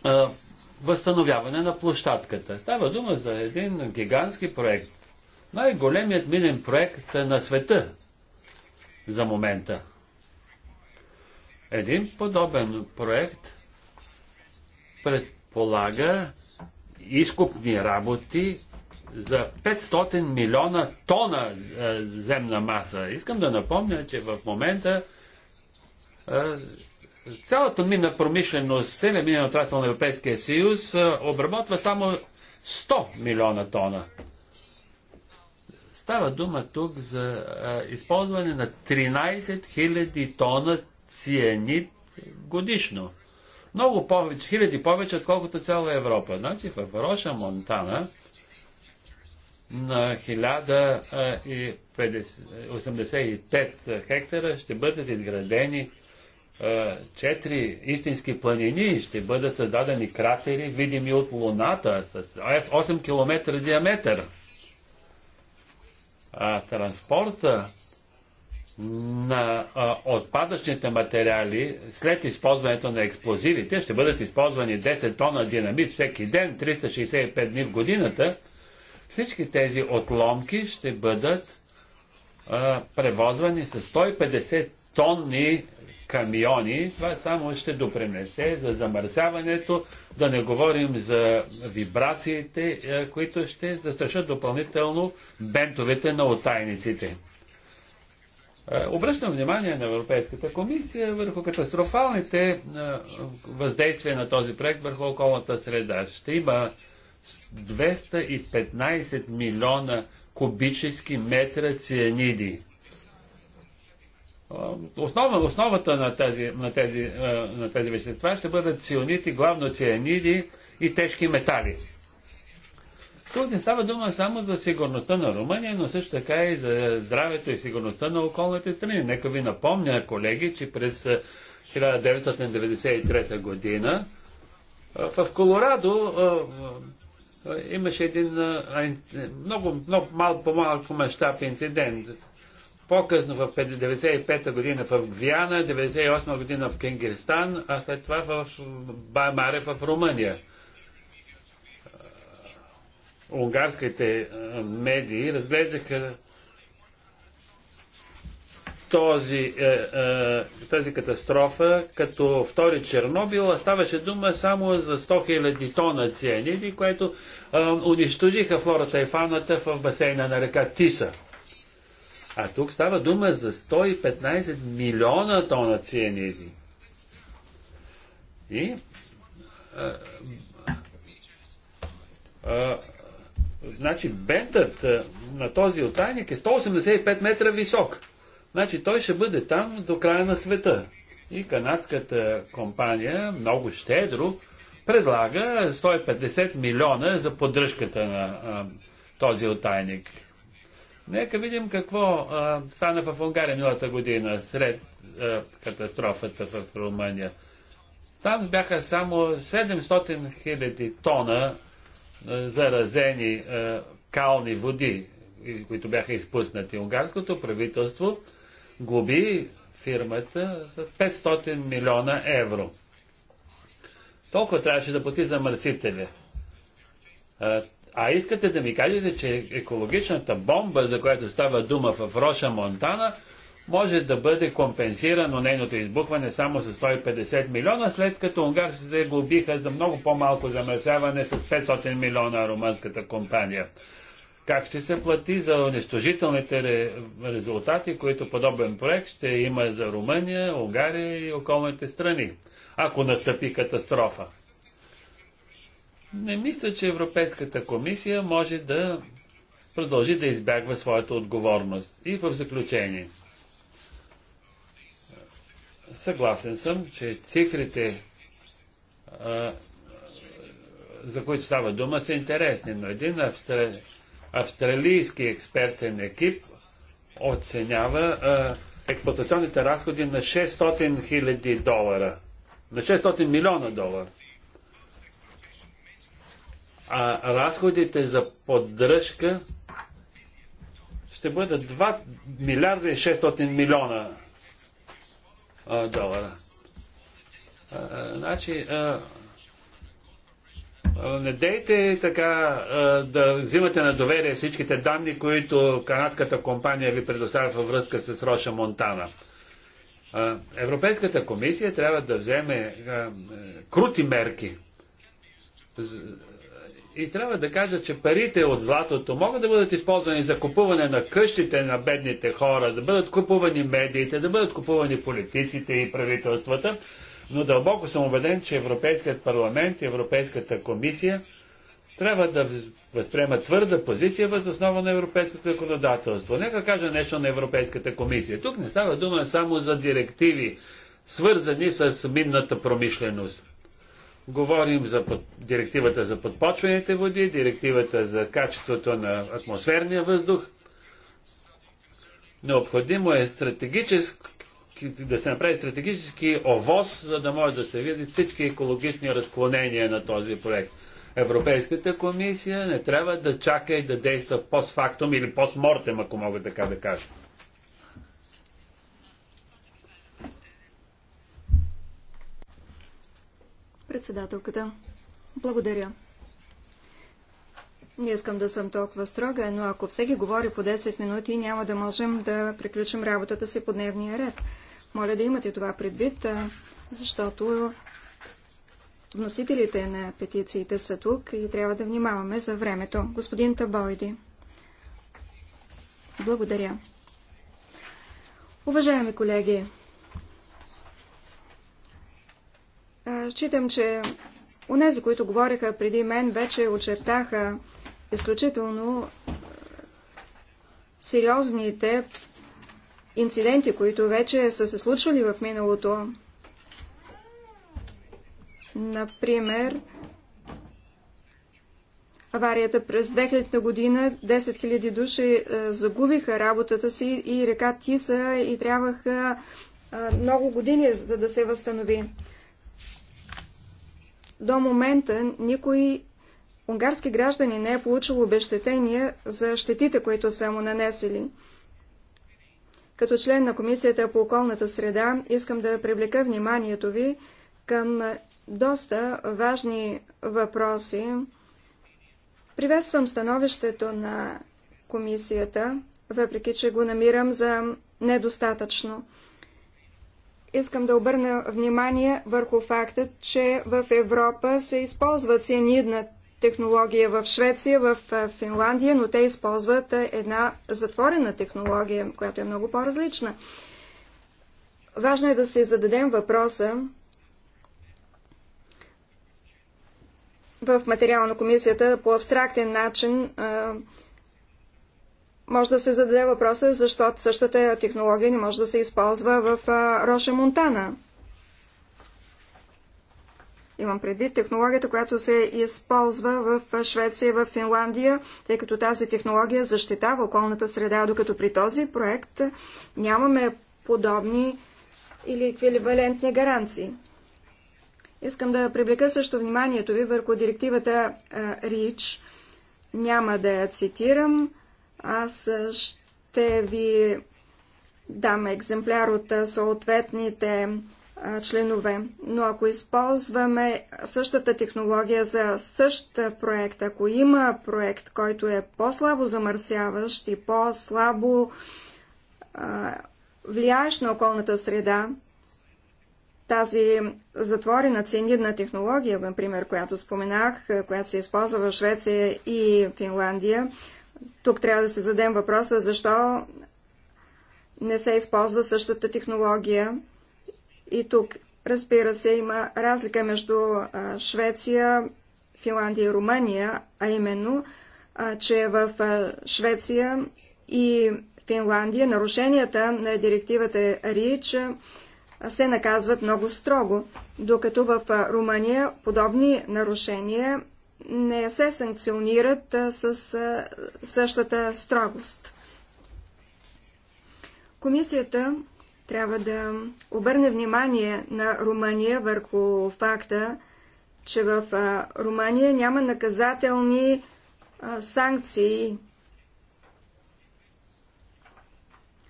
а, възстановяване на площадката. Става дума за един гигантски проект. Най-големият минен проект на света за момента. Един подобен проект предполага изкупни работи за 500 милиона тона е, земна маса. Искам да напомня, че в момента е, Цялата мина промишленост, целият минен отрасъл на Европейския съюз обработва само 100 милиона тона. Става дума тук за а, използване на 13 000 тона цианид годишно. Много повече, хиляди повече, отколкото цяла Европа. Значи в Роша, Монтана, на 1085 хектара ще бъдат изградени е, четири истински планини, ще бъдат създадени кратери, видими от Луната, с 8 км диаметър. А транспорта на а, отпадъчните материали след използването на експлозивите ще бъдат използвани 10 тона динамит всеки ден, 365 дни в годината. Всички тези отломки ще бъдат а, превозвани с 150 тонни камиони, това само ще допринесе за замърсяването, да не говорим за вибрациите, е, които ще застрашат допълнително бентовете на отайниците. Е, обръщам внимание на Европейската комисия върху катастрофалните е, въздействия на този проект върху околната среда. Ще има 215 милиона кубически метра цианиди Основа, основата на тези, на, тези, на тези вещества ще бъдат ционити, главно цианиди и тежки метали. Тук не става дума само за сигурността на Румъния, но също така и за здравето и сигурността на околните страни. Нека ви напомня, колеги, че през 1993 година в Колорадо имаше един много, много мал, по-малко мащаб инцидент. По-късно в 1995 година в Гвиана, 1998 година в Кенгирстан, а след това в Баймаре в Румъния. Унгарските медии разглеждаха този, е, е, тази катастрофа като втори Чернобил, а ставаше дума само за 100 000 тона цианиди, което е, унищожиха флората и фауната в басейна на река Тиса. А тук става дума за 115 милиона тона цианиди. И а, а, значи бентът на този отайник е 185 метра висок. Значи той ще бъде там до края на света. И канадската компания много щедро предлага 150 милиона за поддръжката на а, този отайник. Нека видим какво а, стана в Унгария миналата година след а, катастрофата в Румъния. Там бяха само 700 хиляди тона а, заразени а, кални води, които бяха изпуснати. Унгарското правителство губи фирмата за 500 милиона евро. Толкова трябваше да плати замърсителя. А искате да ми кажете, че екологичната бомба, за която става дума в Роша, Монтана, може да бъде компенсирано нейното избухване само с 150 милиона, след като унгарците глобиха за много по-малко замърсяване с 500 милиона румънската компания. Как ще се плати за унищожителните резултати, които подобен проект ще има за Румъния, Унгария и околните страни, ако настъпи катастрофа? Не мисля, че Европейската комисия може да продължи да избягва своята отговорност. И в заключение. Съгласен съм, че цифрите, а, за които става дума, са интересни, но един австра... австралийски експертен екип оценява а, експлуатационните разходи на 600 000 долара. На 600 милиона долара а разходите за поддръжка ще бъдат 2 милиарда и 600 милиона а, долара. А, значи, а, не дейте така да взимате на доверие всичките данни, които канадската компания ви предоставя във връзка с Роша Монтана. Европейската комисия трябва да вземе е, крути мерки и трябва да кажа, че парите от златото могат да бъдат използвани за купуване на къщите на бедните хора, да бъдат купувани медиите, да бъдат купувани политиците и правителствата, но дълбоко съм убеден, че Европейският парламент и Европейската комисия трябва да възприема твърда позиция въз основа на европейското законодателство. Нека кажа нещо на Европейската комисия. Тук не става дума само за директиви, свързани с минната промишленост. Говорим за под... директивата за подпочвените води, директивата за качеството на атмосферния въздух. Необходимо е стратегически да се направи стратегически овоз, за да може да се види всички екологични разклонения на този проект. Европейската комисия не трябва да чака и да действа постфактум или постмортем, ако мога така да кажа. Председателката. Благодаря. Не искам да съм толкова строга, но ако всеки говори по 10 минути, няма да можем да приключим работата си по дневния ред. Моля да имате това предвид, защото вносителите на петициите са тук и трябва да внимаваме за времето. Господин Табойди. Благодаря. Уважаеми колеги, Считам, че унези, които говориха преди мен, вече очертаха изключително сериозните инциденти, които вече са се случвали в миналото. Например, аварията през 2000 година 10 000 души загубиха работата си и река Тиса и трябваха много години, за да се възстанови. До момента никой унгарски граждани не е получил обещетение за щетите, които са му нанесели. Като член на Комисията по околната среда искам да привлека вниманието ви към доста важни въпроси. Приветствам становището на Комисията, въпреки че го намирам за недостатъчно искам да обърна внимание върху факта, че в Европа се използва цианидна технология в Швеция, в Финландия, но те използват една затворена технология, която е много по-различна. Важно е да си зададем въпроса в материална комисията по абстрактен начин може да се зададе въпроса, защо същата технология не може да се използва в Роша Монтана. Имам предвид технологията, която се използва в Швеция и в Финландия, тъй като тази технология защитава околната среда, докато при този проект нямаме подобни или еквивалентни гаранции. Искам да привлека също вниманието ви върху директивата РИЧ. Няма да я цитирам, аз ще ви дам екземпляр от съответните членове. Но ако използваме същата технология за същ проект, ако има проект, който е по-слабо замърсяващ и по-слабо влияещ на околната среда, тази затворена цианидна технология, например, която споменах, която се използва в Швеция и Финландия, тук трябва да се зададем въпроса, защо не се използва същата технология. И тук, разбира се, има разлика между Швеция, Финландия и Румъния, а именно, че в Швеция и Финландия нарушенията на директивата РИЧ се наказват много строго, докато в Румъния подобни нарушения не се санкционират с същата строгост. Комисията трябва да обърне внимание на Румъния върху факта, че в Румъния няма наказателни санкции.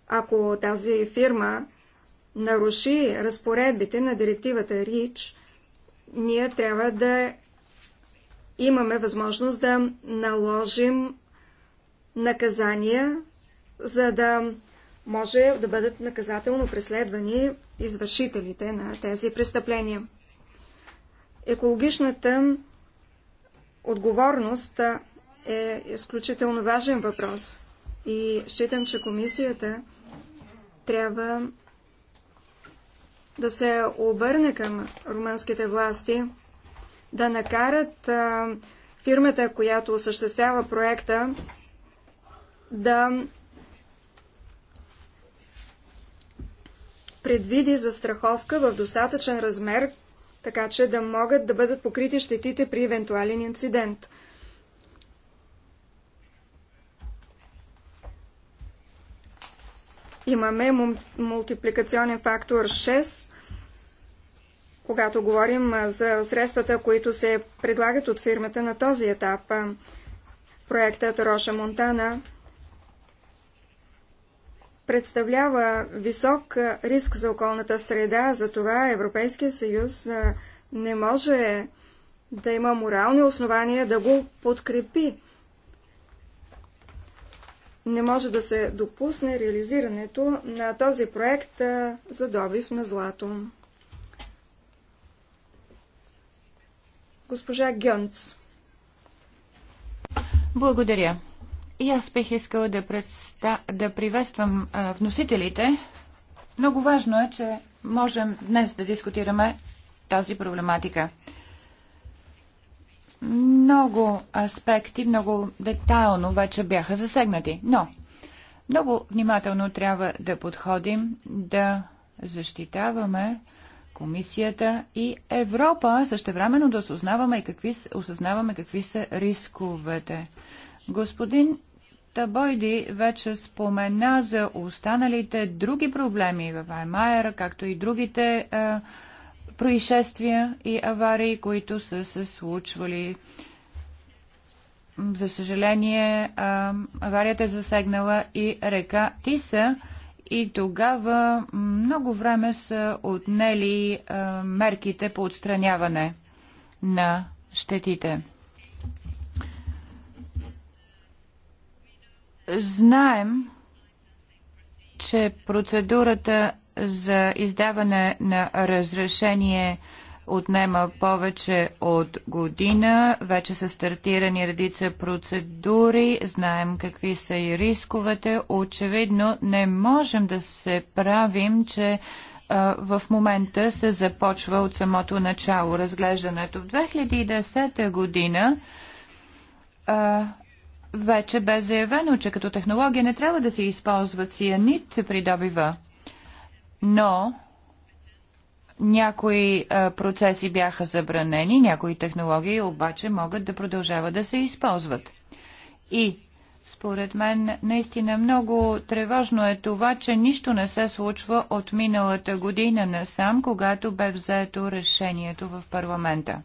Ако тази фирма наруши разпоредбите на директивата РИЧ, ние трябва да имаме възможност да наложим наказания, за да може да бъдат наказателно преследвани извършителите на тези престъпления. Екологичната отговорност е изключително важен въпрос и считам, че комисията трябва да се обърне към румънските власти – да накарат а, фирмата, която осъществява проекта, да предвиди застраховка в достатъчен размер, така че да могат да бъдат покрити щетите при евентуален инцидент. Имаме мултипликационен фактор 6 когато говорим за средствата, които се предлагат от фирмата на този етап. Проектът Роша Монтана представлява висок риск за околната среда, затова Европейския съюз не може да има морални основания да го подкрепи. Не може да се допусне реализирането на този проект за добив на злато. Госпожа Гьонц. Благодаря. И аз бих искала да, предста... да приветствам а, вносителите. Много важно е, че можем днес да дискутираме тази проблематика. Много аспекти, много детайлно вече бяха засегнати, но много внимателно трябва да подходим, да защитаваме комисията и Европа, също времено да осъзнаваме, какви, осъзнаваме какви са рисковете. Господин Табойди вече спомена за останалите други проблеми в Аймайера, както и другите е, происшествия и аварии, които са се случвали. За съжаление, е, аварията е засегнала и река Тиса и тогава много време са отнели мерките по отстраняване на щетите. Знаем, че процедурата за издаване на разрешение отнема повече от година. Вече са стартирани редица процедури, знаем какви са и рисковете. Очевидно не можем да се правим, че в момента се започва от самото начало разглеждането. В 2010 година а, вече бе заявено, че като технология не трябва да се използват цианид при добива. Но някои а, процеси бяха забранени, някои технологии обаче могат да продължават да се използват. И според мен наистина много тревожно е това, че нищо не се случва от миналата година насам, когато бе взето решението в парламента.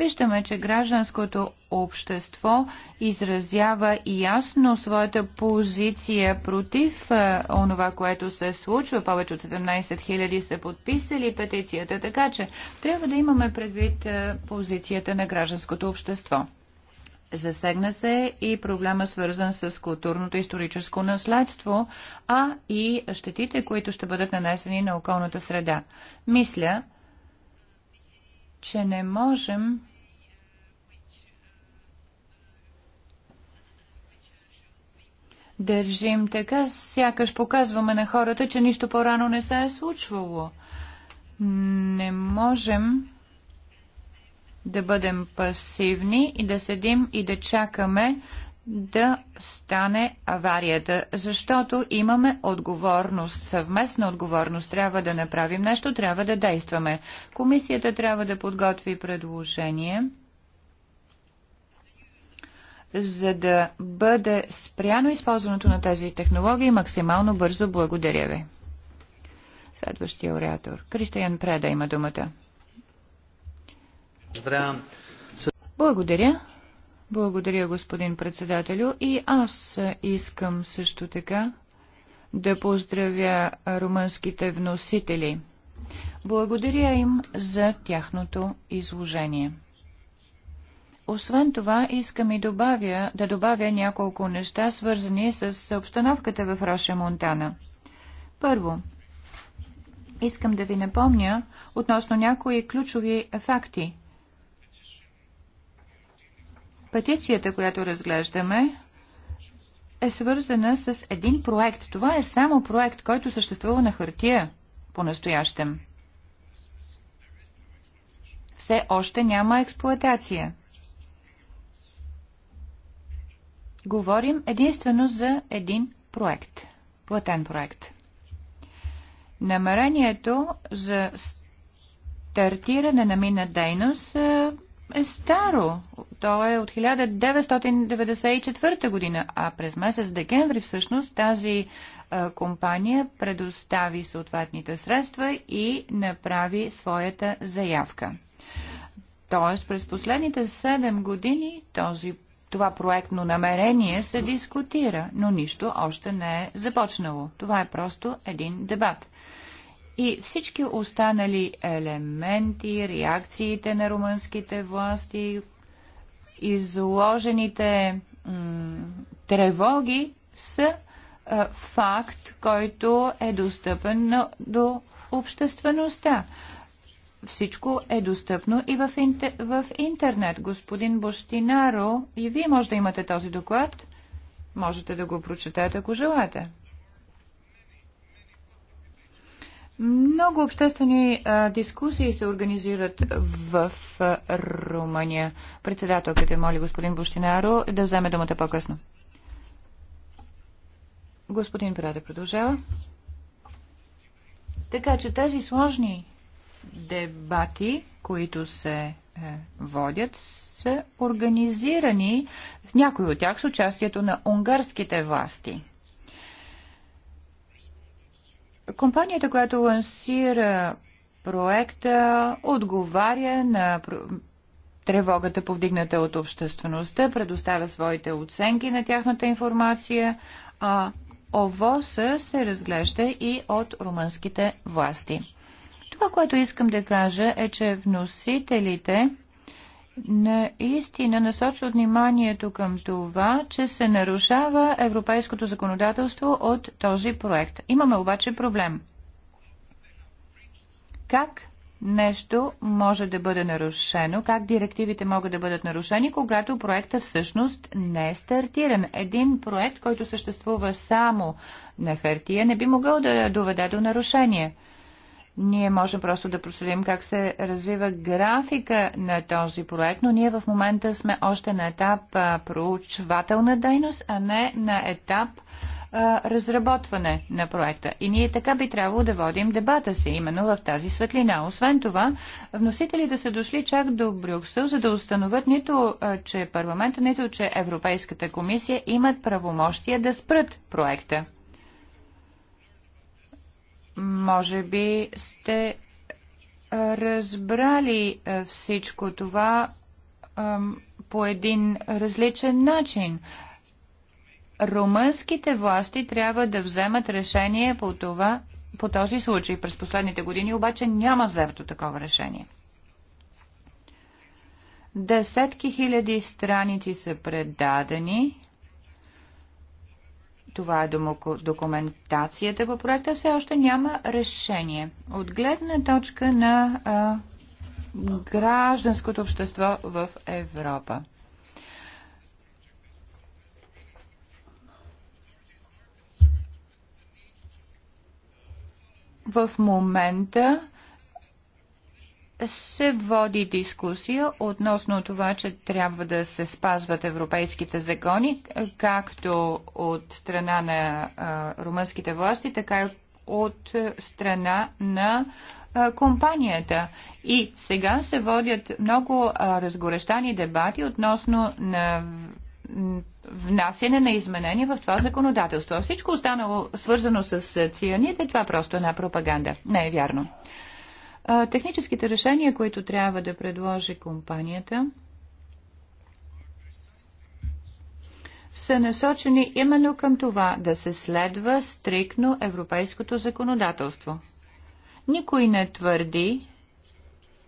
Виждаме, че гражданското общество изразява ясно своята позиция против е, онова, което се случва. Повече от 17 000 са подписали петицията, така че трябва да имаме предвид е, позицията на гражданското общество. Засегна се и проблема свързан с културното и историческо наследство, а и щетите, които ще бъдат нанесени на околната среда. Мисля, че не можем държим така, сякаш показваме на хората, че нищо по-рано не се е случвало. Не можем да бъдем пасивни и да седим и да чакаме да стане аварията, защото имаме отговорност, съвместна отговорност. Трябва да направим нещо, трябва да действаме. Комисията трябва да подготви предложение за да бъде спряно използването на тези технологии максимално бързо. Благодаря ви. Следващия оратор. Кристиян Преда има думата. Благодаря. Благодаря, господин председателю. И аз искам също така да поздравя румънските вносители. Благодаря им за тяхното изложение. Освен това, искам и добавя, да добавя няколко неща, свързани с обстановката в Роша Монтана. Първо, искам да ви напомня относно някои ключови факти. Петицията, която разглеждаме, е свързана с един проект. Това е само проект, който съществува на хартия по-настоящем. Все още няма експлоатация. говорим единствено за един проект, платен проект. Намерението за стартиране на мина дейност е старо. То е от 1994 година, а през месец декември всъщност тази компания предостави съответните средства и направи своята заявка. Тоест през последните 7 години този това проектно намерение се дискутира, но нищо още не е започнало. Това е просто един дебат. И всички останали елементи, реакциите на румънските власти, изложените тревоги са а, факт, който е достъпен на, до обществеността всичко е достъпно и в, интер... в интернет. Господин Бощинаро, и вие може да имате този доклад. Можете да го прочетете, ако желаете. Много обществени а, дискусии се организират в а, Румъния. Председателката моли господин Бощинаро да вземе думата по-късно. Господин Праде продължава. Така че тези сложни дебати, които се е, водят, са организирани с някои от тях с участието на унгарските власти. Компанията, която лансира проекта, отговаря на тревогата, повдигната от обществеността, предоставя своите оценки на тяхната информация, а ОВОСа се разглежда и от румънските власти. Това, което искам да кажа е, че вносителите наистина насочват вниманието към това, че се нарушава европейското законодателство от този проект. Имаме обаче проблем. Как нещо може да бъде нарушено, как директивите могат да бъдат нарушени, когато проекта всъщност не е стартиран. Един проект, който съществува само на хартия, не би могъл да доведе до нарушение. Ние можем просто да проследим как се развива графика на този проект, но ние в момента сме още на етап проучвателна дейност, а не на етап а, разработване на проекта. И ние така би трябвало да водим дебата си, именно в тази светлина. Освен това, вносителите са дошли чак до Брюксел, за да установят нито, а, че парламента, нито, че Европейската комисия имат правомощия да спрат проекта. Може би сте разбрали всичко това по един различен начин. Румънските власти трябва да вземат решение по това, по този случай. През последните години обаче няма взето такова решение. Десетки хиляди страници са предадени това е документацията по проекта. Все още няма решение. От гледна точка на а, гражданското общество в Европа. В момента се води дискусия относно това, че трябва да се спазват европейските закони, както от страна на румънските власти, така и от страна на компанията. И сега се водят много разгорещани дебати относно на внасяне на изменения в това законодателство. Всичко останало свързано с цианите, това просто е една пропаганда. Не е вярно техническите решения, които трябва да предложи компанията, са насочени именно към това да се следва стрикно европейското законодателство. Никой не твърди,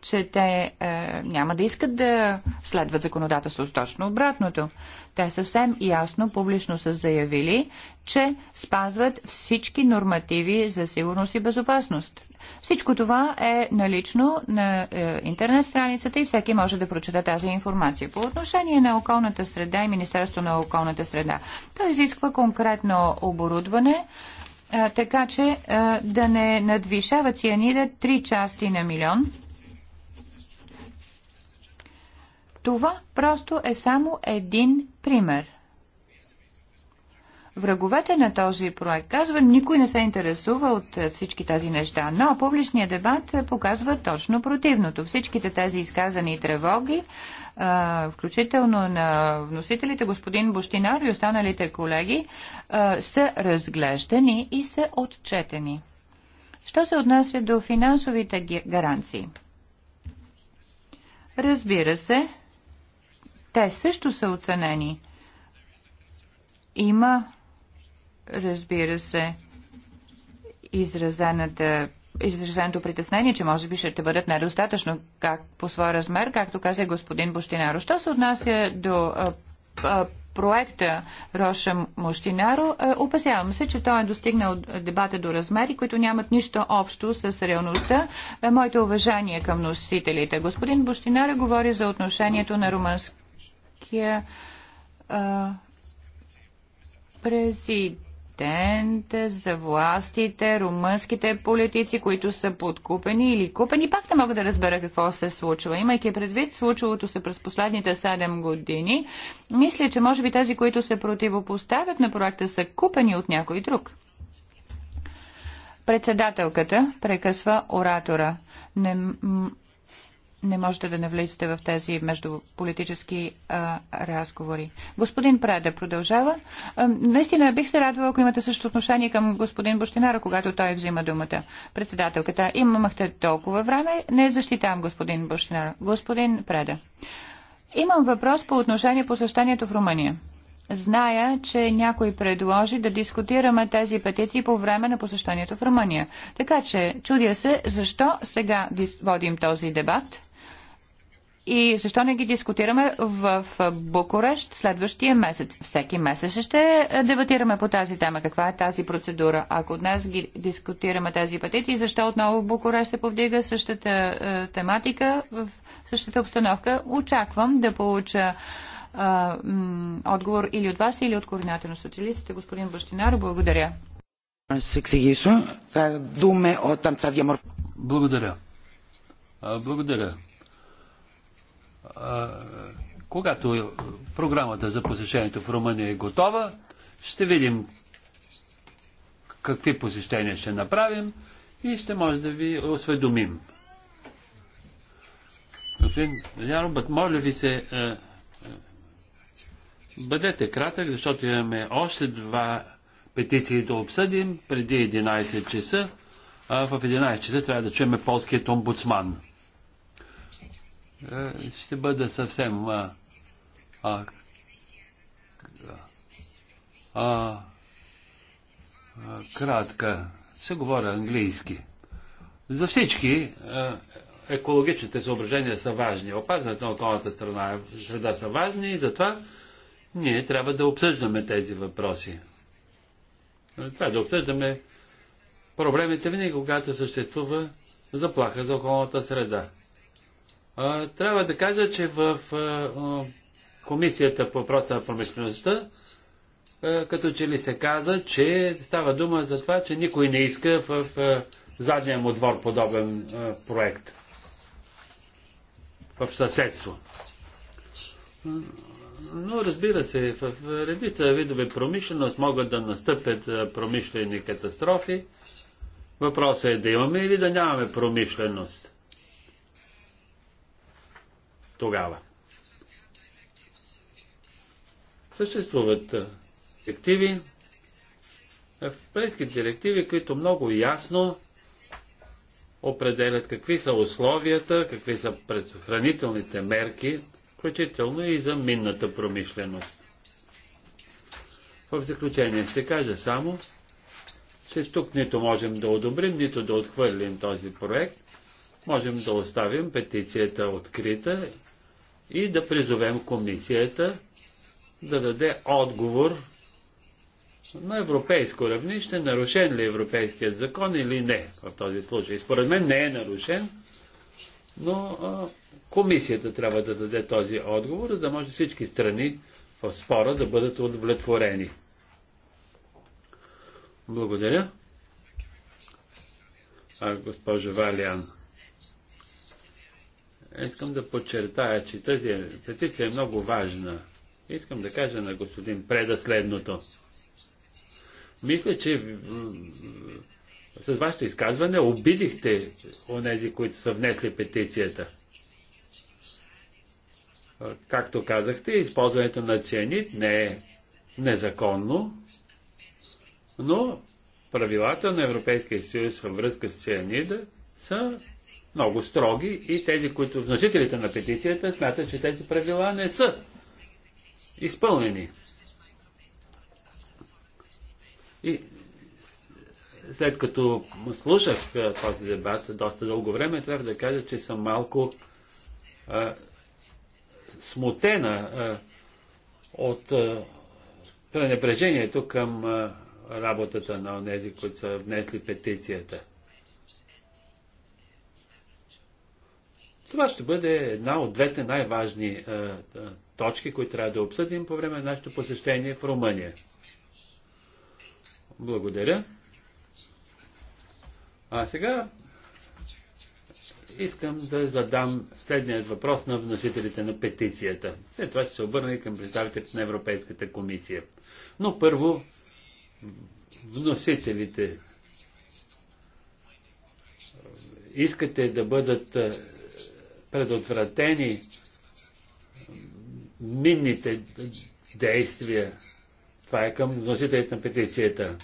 че те е, няма да искат да следват законодателството. Точно обратното. Те съвсем ясно публично са заявили, че спазват всички нормативи за сигурност и безопасност. Всичко това е налично на е, интернет страницата и всеки може да прочета тази информация. По отношение на околната среда и Министерство на околната среда, то изисква конкретно оборудване, е, така че е, да не надвишава цианида 3 части на милион. Това просто е само един пример – враговете на този проект. Казва, никой не се интересува от е, всички тези неща, но публичният дебат е, показва точно противното. Всичките тези изказани тревоги, е, включително на вносителите, господин Бощинар и останалите колеги, са разглеждани и са отчетени. Що се отнася до финансовите гаранции? Разбира се, те също са оценени. Има разбира се, изразената изразеното притеснение, че може би ще бъдат недостатъчно как, по своя размер, както каза господин Бощинаро. Що се отнася до а, а, проекта Роша Мощинаро, опасявам се, че той е достигнал дебата до размери, които нямат нищо общо с реалността. Моите уважение към носителите. Господин Бощинаро говори за отношението на румънския а, президент компетент за властите, румънските политици, които са подкупени или купени. Пак не мога да разбера какво се случва. Имайки предвид случилото се през последните 7 години, мисля, че може би тези, които се противопоставят на проекта, са купени от някой друг. Председателката прекъсва оратора. Не не можете да навлизате в тези междуполитически а, разговори. Господин Преда продължава. А, наистина бих се радвала, ако имате също отношение към господин Бощинара, когато той взима думата. Председателката, имахте толкова време, не защитавам господин Бощинара. Господин Преда, имам въпрос по отношение посещението в Румъния. Зная, че някой предложи да дискутираме тези петиции по време на посещението в Румъния. Така че чудя се защо сега водим този дебат и защо не ги дискутираме в Букурещ следващия месец? Всеки месец ще дебатираме по тази тема. Каква е тази процедура? Ако днес ги дискутираме тези петиции, защо отново в Букурещ се повдига същата е, тематика, в същата обстановка? Очаквам да получа е, отговор или от вас, или от координатор на социалистите, господин Бащинаро. Благодаря. Е, благодаря. Благодаря когато програмата за посещението в Румъния е готова, ще видим какви посещения ще направим и ще може да ви осведомим. Господин моля ви се, бъдете кратък, защото имаме още два петиции да обсъдим преди 11 часа. в 11 часа трябва да чуем полският омбудсман. Е, ще бъда съвсем а, а, а, а, кратка. Ще говоря английски. За всички а, е, екологичните съображения са важни. Опазването на околната страна, е- среда са важни и затова ние трябва да обсъждаме тези въпроси. Това да обсъждаме проблемите винаги, когато съществува заплаха за околната среда. Трябва да кажа, че в Комисията по въпроса на промишлеността като че ли се каза, че става дума за това, че никой не иска в задния му двор подобен проект в съседство. Но разбира се, в редица видове промишленост могат да настъпят промишлени катастрофи. Въпросът е да имаме или да нямаме промишленост тогава. Съществуват директиви, европейски директиви, които много ясно определят какви са условията, какви са предохранителните мерки, включително и за минната промишленост. В заключение ще кажа само, че тук нито можем да одобрим, нито да отхвърлим този проект. Можем да оставим петицията открита и да призовем комисията да даде отговор на европейско равнище, нарушен ли е европейският закон или не в този случай. Според мен не е нарушен, но а, комисията трябва да даде този отговор, за да може всички страни в спора да бъдат удовлетворени. Благодаря. А, госпожо Валиан. Искам да подчертая, че тази петиция е много важна. Искам да кажа на господин Преда следното. Мисля, че с вашето изказване обидихте онези, които са внесли петицията. Както казахте, използването на цианид не е незаконно, но правилата на Европейския съюз във връзка с цианида са много строги и тези, които вносителите на петицията смятат, че тези правила не са изпълнени. И след като слушах този дебат доста дълго време, трябва да кажа, че съм малко а, смутена а, от а, пренебрежението към а, работата на тези, които са внесли петицията. Това ще бъде една от двете най-важни е, е, точки, които трябва да обсъдим по време на нашето посещение в Румъния. Благодаря. А сега искам да задам следният въпрос на вносителите на петицията. След това ще се обърна и към представителите на Европейската комисия. Но първо, вносителите искате да бъдат е, предотвратени минните действия. Това е към вносителите на петицията.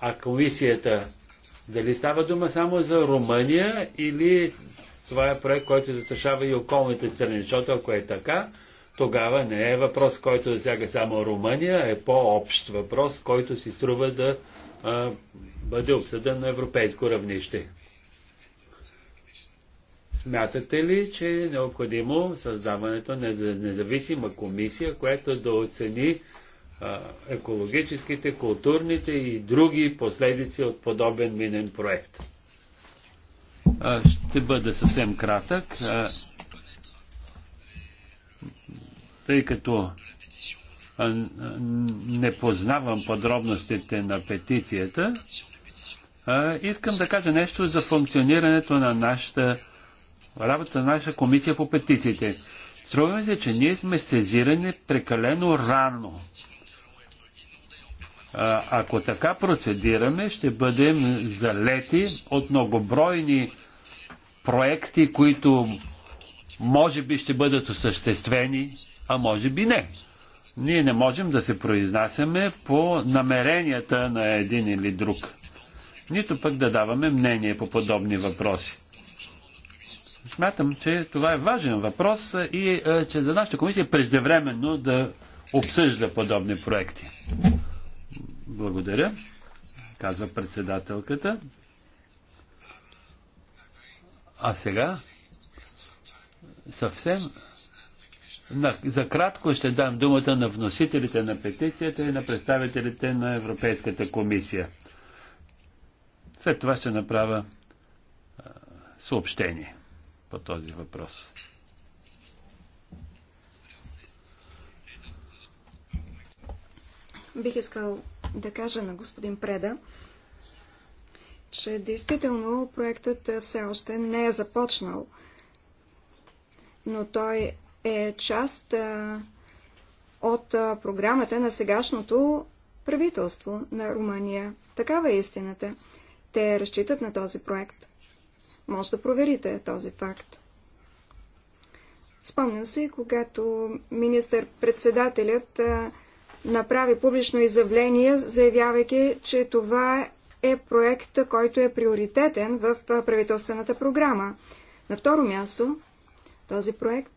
А комисията, дали става дума само за Румъния или това е проект, който застрашава и околните страни? Защото ако е така, тогава не е въпрос, който засяга само Румъния, е по-общ въпрос, който си струва да а, бъде обсъден на европейско равнище. Смятате ли, че е необходимо създаването на независима комисия, която да оцени а, екологическите, културните и други последици от подобен минен проект? А, ще бъда съвсем кратък, а, тъй като не познавам подробностите на петицията, искам да кажа нещо за функционирането на нашата работата на нашата комисия по петициите. Струва ми се, че ние сме сезирани прекалено рано. А, ако така процедираме, ще бъдем залети от многобройни проекти, които може би ще бъдат осъществени, а може би не. Ние не можем да се произнасяме по намеренията на един или друг, нито пък да даваме мнение по подобни въпроси смятам, че това е важен въпрос и е, че за нашата комисия е преждевременно да обсъжда подобни проекти. Благодаря, казва председателката. А сега съвсем за кратко ще дам думата на вносителите на петицията и на представителите на Европейската комисия. След това ще направя е, съобщение по този въпрос. Бих искал да кажа на господин Преда, че действително проектът все още не е започнал, но той е част от програмата на сегашното правителство на Румъния. Такава е истината. Те разчитат на този проект. Може да проверите този факт. Спомням се, когато министър-председателят направи публично изявление, заявявайки, че това е проект, който е приоритетен в правителствената програма. На второ място, този проект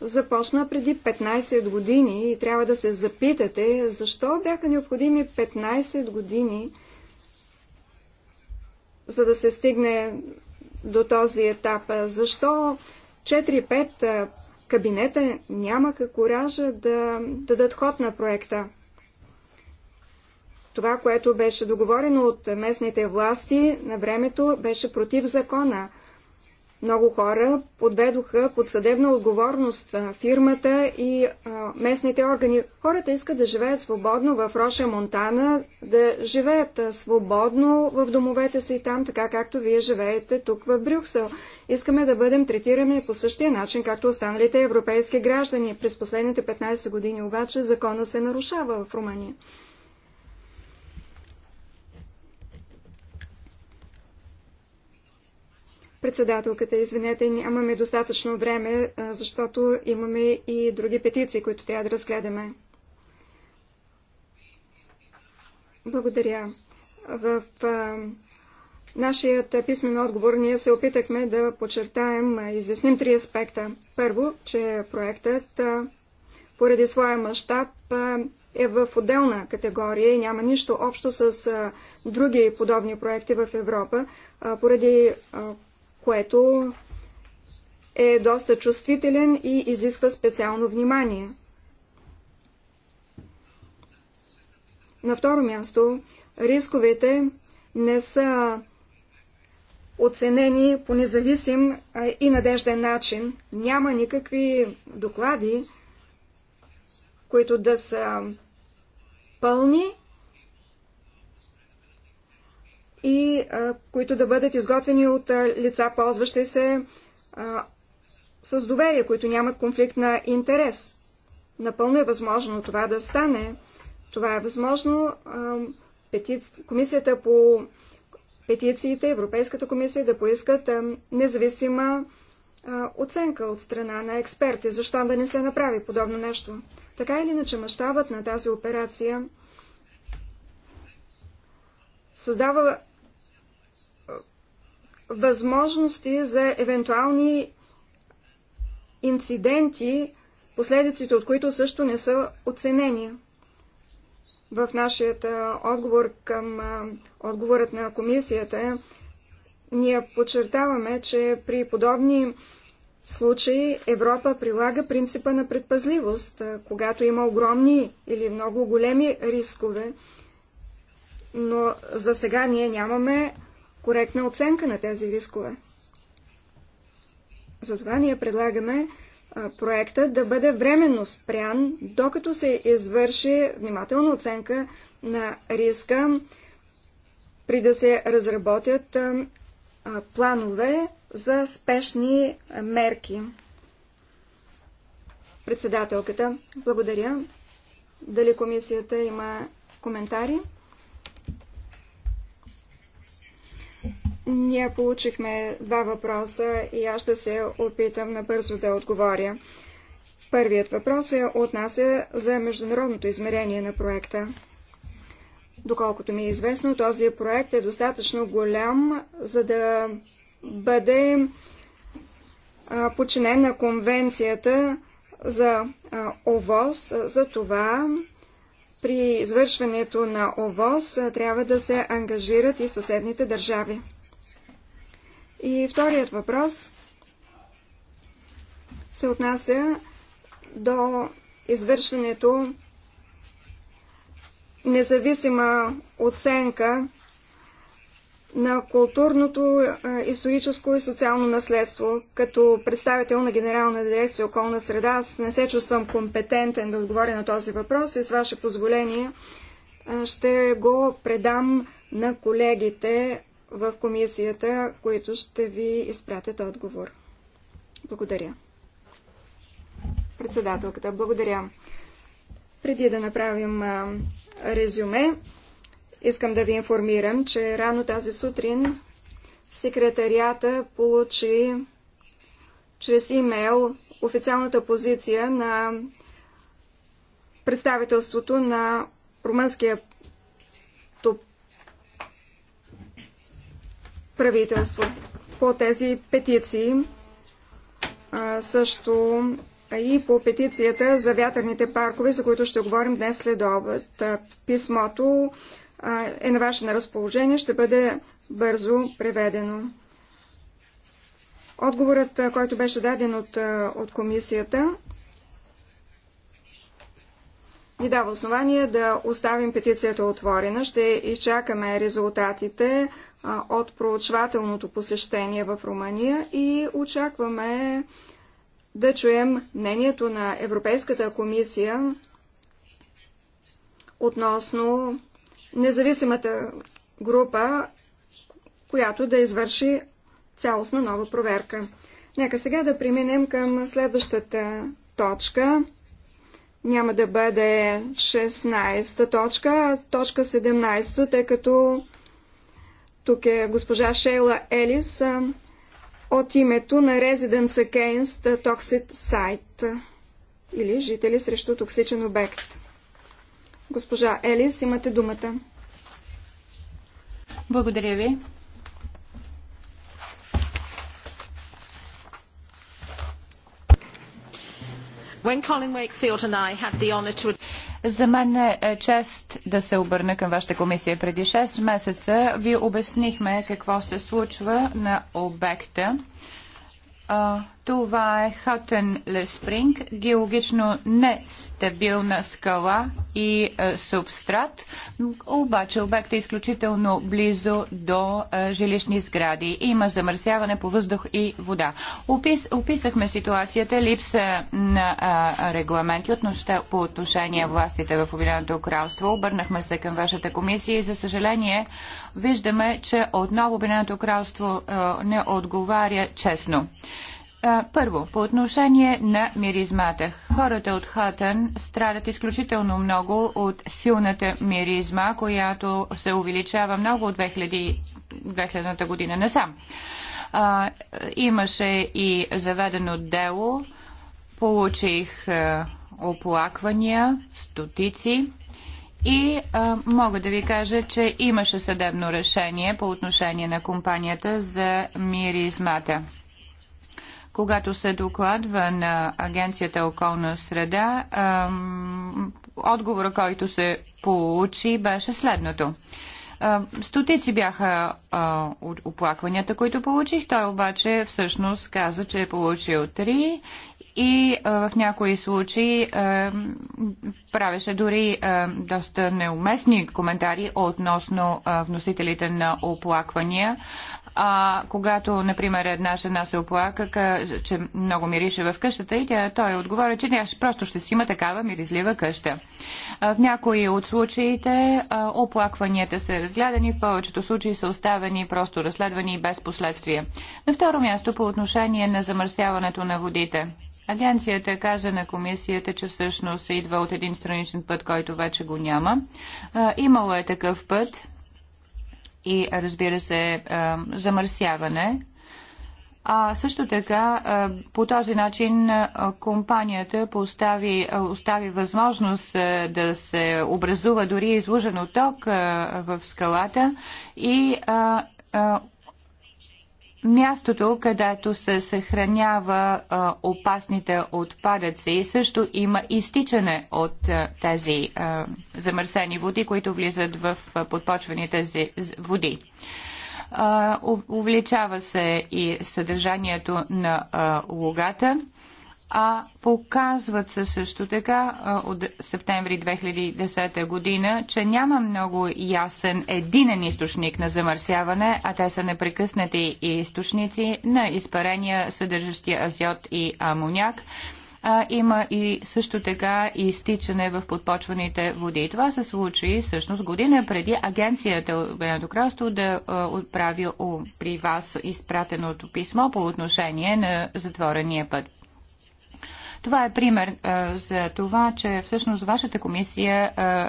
започна преди 15 години и трябва да се запитате, защо бяха необходими 15 години за да се стигне до този етап? Защо 4-5 кабинета нямаха коража да дадат ход на проекта? Това, което беше договорено от местните власти на времето, беше против закона – много хора подведоха под съдебна отговорност фирмата и а, местните органи. Хората искат да живеят свободно в Роша Монтана, да живеят свободно в домовете си там, така както вие живеете тук в Брюксел. Искаме да бъдем третирани по същия начин, както останалите европейски граждани. През последните 15 години обаче закона се нарушава в Румъния. Председателката, извинете, нямаме достатъчно време, защото имаме и други петиции, които трябва да разгледаме. Благодаря. В а, нашият писмен отговор ние се опитахме да подчертаем, изясним три аспекта. Първо, че проектът а, поради своя мащаб е в отделна категория и няма нищо общо с а, други подобни проекти в Европа, а, поради а, което е доста чувствителен и изисква специално внимание. На второ място, рисковете не са оценени по независим и надежден начин. Няма никакви доклади, които да са пълни и а, които да бъдат изготвени от а, лица, ползващи се а, с доверие, които нямат конфликт на интерес. Напълно е възможно това да стане. Това е възможно а, пети... Комисията по петициите, Европейската комисия да поискат а, независима а, оценка от страна на експерти. Защо да не се направи подобно нещо? Така или иначе, мащабът на тази операция създава възможности за евентуални инциденти, последиците от които също не са оценени. В нашия отговор към отговорът на комисията ние подчертаваме, че при подобни случаи Европа прилага принципа на предпазливост, когато има огромни или много големи рискове, но за сега ние нямаме коректна оценка на тези рискове. Затова ние предлагаме проекта да бъде временно спрян, докато се извърши внимателна оценка на риска, при да се разработят планове за спешни мерки. Председателката, благодаря. Дали комисията има коментари? Ние получихме два въпроса и аз ще се опитам набързо да отговоря. Първият въпрос се отнася за международното измерение на проекта. Доколкото ми е известно, този проект е достатъчно голям, за да бъде подчинен на конвенцията за ОВОз. За това при извършването на ОВОз трябва да се ангажират и съседните държави. И вторият въпрос се отнася до извършването независима оценка на културното, е, историческо и социално наследство. Като представител на Генерална дирекция околна среда, аз не се чувствам компетентен да отговоря на този въпрос и с ваше позволение е, ще го предам на колегите в комисията, които ще ви изпратят отговор. Благодаря. Председателката, благодаря. Преди да направим резюме, искам да ви информирам, че рано тази сутрин секретарията получи чрез имейл официалната позиция на представителството на румънския правителство. По тези петиции също и по петицията за вятърните паркове, за които ще говорим днес след обед. Писмото е на ваше на разположение, ще бъде бързо преведено. Отговорът, който беше даден от, от комисията, ни дава основание да оставим петицията отворена. Ще изчакаме резултатите от проучвателното посещение в Румъния и очакваме да чуем мнението на Европейската комисия относно независимата група, която да извърши цялостна нова проверка. Нека сега да преминем към следващата точка няма да бъде 16-та точка, а точка 17, тъй като тук е госпожа Шейла Елис от името на Residents Against Toxic Site или жители срещу токсичен обект. Госпожа Елис, имате думата. Благодаря ви. To... За мен е, е чест да се обърна към вашата комисия. Преди 6 месеца ви обяснихме какво се случва на обекта. Това е Хотен Леспринг, геологично нестабилна скала и е, субстрат, обаче обектът е изключително близо до е, жилищни сгради. Има замърсяване по въздух и вода. Опис, описахме ситуацията, липса на е, регламенти относно, по отношение властите в Обединеното кралство. Обърнахме се към вашата комисия и за съжаление виждаме, че отново Обединеното кралство е, не отговаря честно. Първо, по отношение на миризмата. Хората от Хатън страдат изключително много от силната миризма, която се увеличава много от 2000, 2000 година насам. А, имаше и заведено дело, получих а, оплаквания, стотици и а, мога да ви кажа, че имаше съдебно решение по отношение на компанията за миризмата когато се докладва на Агенцията околна среда, отговора, който се получи, беше следното. Стотици бяха от оплакванията, които получих. Той обаче всъщност каза, че е получил три и а, в някои случаи а, правеше дори а, доста неуместни коментари относно а, вносителите на оплаквания. А когато, например, една жена се оплака, че много мирише в къщата и тя, той отговори, че тя просто ще си има такава миризлива къща. В някои от случаите оплакванията са разгледани, в повечето случаи са оставени просто разследвани и без последствия. На второ място по отношение на замърсяването на водите. Агенцията каза на комисията, че всъщност идва от един страничен път, който вече го няма. Имало е такъв път и разбира се замърсяване. А също така по този начин компанията постави, остави възможност да се образува дори изложен отток в скалата и мястото, където се съхранява а, опасните отпадъци, също има изтичане от а, тези а, замърсени води, които влизат в а, подпочвените зи, води. А, увеличава се и съдържанието на а, лугата а показват се също така от септември 2010 година, че няма много ясен единен източник на замърсяване, а те са непрекъснати източници на изпарения, съдържащи азиот и амоняк а, има и също така и изтичане в подпочваните води. Това се случи всъщност година преди агенцията от Обединеното кралство да а, отправи о, при вас изпратеното писмо по отношение на затворения път. Това е пример а, за това, че всъщност вашата комисия а,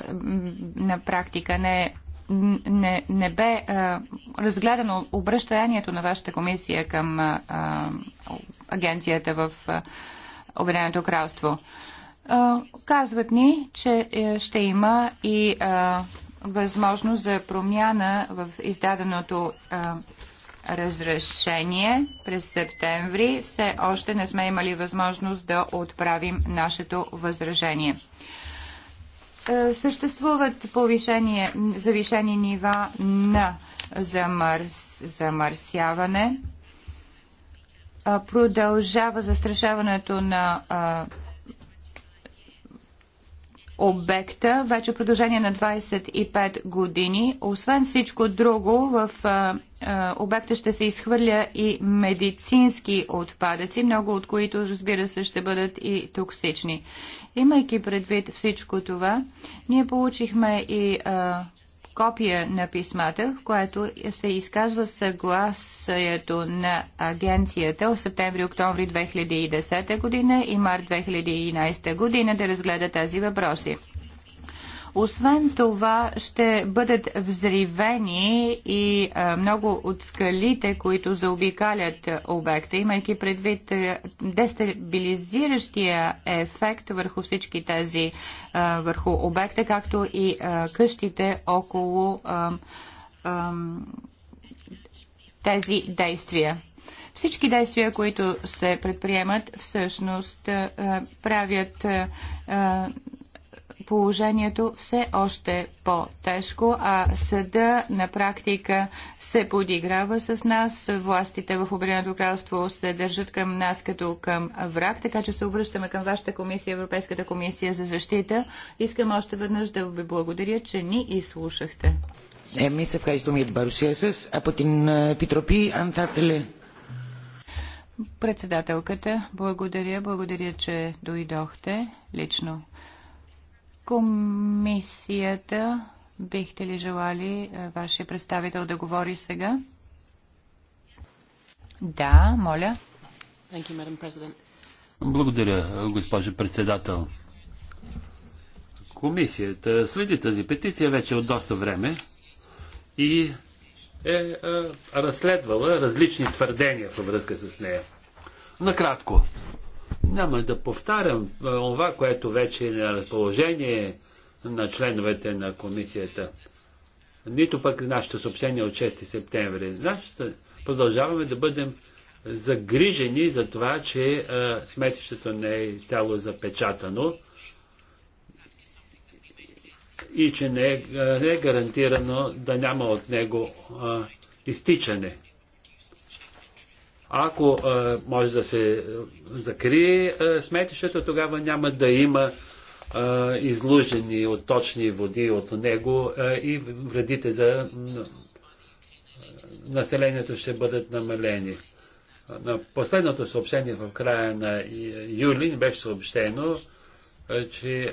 на практика не е не, не бе а, разгледано обръщанието на вашата комисия към а, агенцията в Обединеното кралство. А, казват ни, че е, ще има и а, възможност за промяна в издаденото а, разрешение през септември, все още не сме имали възможност да отправим нашето възражение. Е, съществуват повишение, завишени нива на замърс, замърсяване. Е, продължава застрашаването на е, обекта вече в продължение на 25 години. Освен всичко друго, в а, а, обекта ще се изхвърля и медицински отпадъци, много от които, разбира се, ще бъдат и токсични. Имайки предвид всичко това, ние получихме и а, копия на писмата, в което се изказва съгласието на агенцията от септември-октомври 2010 година и март 2011 година да разгледа тези въпроси. Освен това ще бъдат взривени и а, много от скалите, които заобикалят обекта, имайки предвид дестабилизиращия ефект върху всички тези, а, върху обекта, както и а, къщите около тези действия. Всички действия, които се предприемат, всъщност правят положението все още по-тежко, а съда на практика се подиграва с нас. Властите в Обединеното кралство се държат към нас като към враг, така че се обръщаме към вашата комисия, Европейската комисия за защита. Искам още веднъж да ви благодаря, че ни изслушахте. Εμείς ευχαριστούμε για την παρουσία σας. Από την Επιτροπή, αν θα ήθελε... Председателката, благодаря, благодаря, че дойдохте лично Комисията, бихте ли желали е, вашия представител да говори сега? Да, моля. Благодаря, госпожо председател. Комисията следи тази петиция вече от доста време и е, е разследвала различни твърдения във връзка с нея. Накратко, няма да повтарям това, е, което вече е на разположение на членовете на комисията. Нито пък нашето съобщение от 6 септември. Нашата... Продължаваме да бъдем загрижени за това, че е, сметището не е изцяло запечатано и че не е, е не е гарантирано да няма от него а, изтичане. Ако а, може да се закрие а, сметището, тогава няма да има а, излужени от точни води от него а, и вредите за населението ще бъдат намалени. На последното съобщение в края на юли беше съобщено, че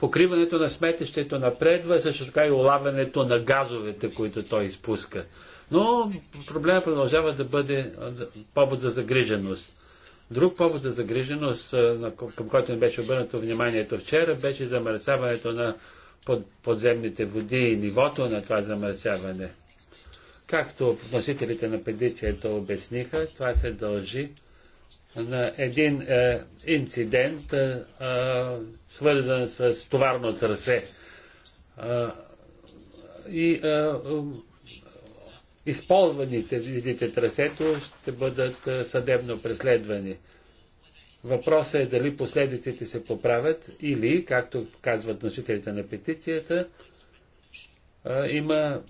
покриването на сметището напредва, също така и улавянето на газовете, които той изпуска. Но проблема продължава да бъде повод за загриженост. Друг повод за загриженост, към който не беше обърнато вниманието вчера, беше замърсяването на под, подземните води и нивото на това замърсяване. Както носителите на педицията обясниха, това се дължи на един е, инцидент, е, е, свързан с товарно трасе. Е, и е, използваните видите трасето ще бъдат съдебно преследвани. Въпросът е дали последиците се поправят или, както казват носителите на петицията, има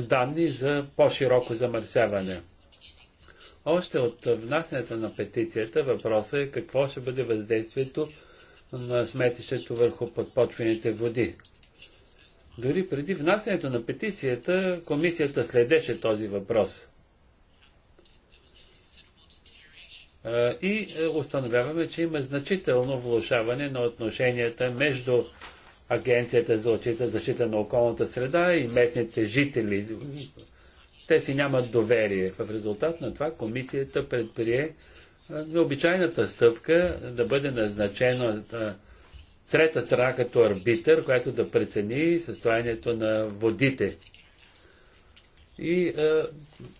данни за по-широко замърсяване. Още от внасянето на петицията въпросът е какво ще бъде въздействието на сметището върху подпочвените води. Дори преди внасянето на петицията, комисията следеше този въпрос. И е, установяваме, че има значително влушаване на отношенията между Агенцията за защита на околната среда и местните жители. Те си нямат доверие. В резултат на това комисията предприе необичайната стъпка да бъде назначена трета страна като арбитър, която да прецени състоянието на водите. И е,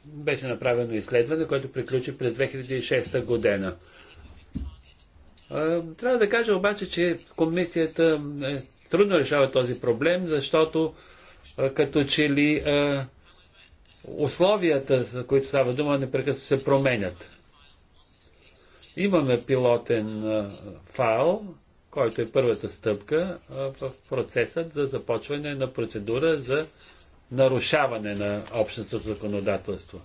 беше направено изследване, което приключи през 2006 година. Е, трябва да кажа обаче, че комисията е, трудно решава този проблем, защото е, като че ли е, условията, за които става дума, непрекъснато се променят. Имаме пилотен файл, който е първата стъпка в процесът за започване на процедура за нарушаване на общото законодателство.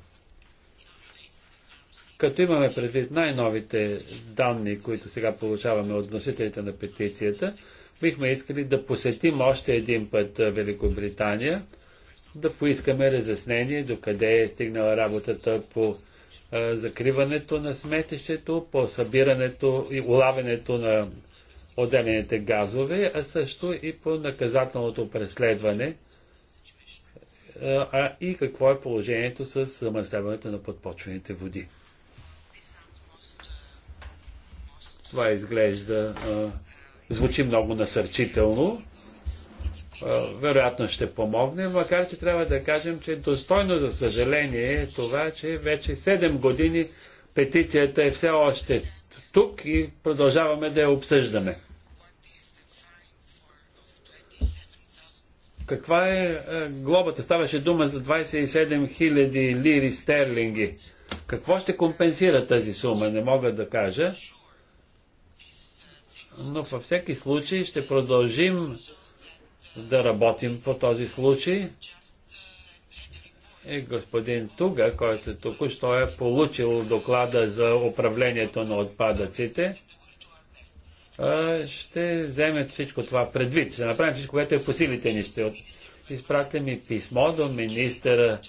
Като имаме предвид най-новите данни, които сега получаваме от носителите на петицията, бихме искали да посетим още един път Великобритания, да поискаме разяснение до къде е стигнала работата по закриването на сметището, по събирането и улавянето на отделените газове, а също и по наказателното преследване а и какво е положението с замърсяването на подпочвените води. Това изглежда, звучи много насърчително. вероятно ще помогне, макар че трябва да кажем, че достойно за съжаление е това, че вече 7 години петицията е все още тук и продължаваме да я обсъждаме. Каква е, е глобата? Ставаше дума за 27 000 лири стерлинги. Какво ще компенсира тази сума? Не мога да кажа. Но във всеки случай ще продължим да работим по този случай е господин Туга, който току-що е получил доклада за управлението на отпадъците. Ще вземе всичко това предвид. Ще направим всичко, което е по силите ни. Ще изпратим и писмо до министъра,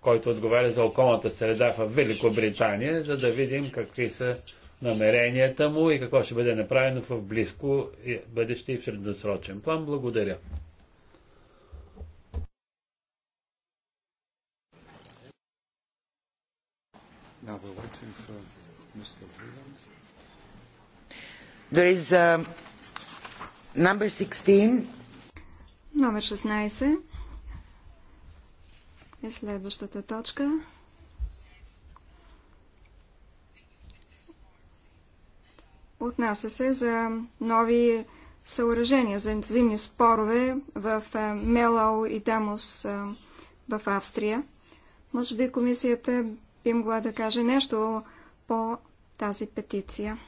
който отговаря за околната среда в Великобритания, за да видим какви са намеренията му и какво ще бъде направено в близко бъдеще и в средносрочен план. Благодаря. Now we're waiting for Mr. Wieland. There is uh, number 16. Номер 16 е следващата точка. Отнася се за нови съоръжения за интензивни спорове в е, Мелау и Дамос е, в Австрия. Може би комисията би могла да каже нещо по тази петиция.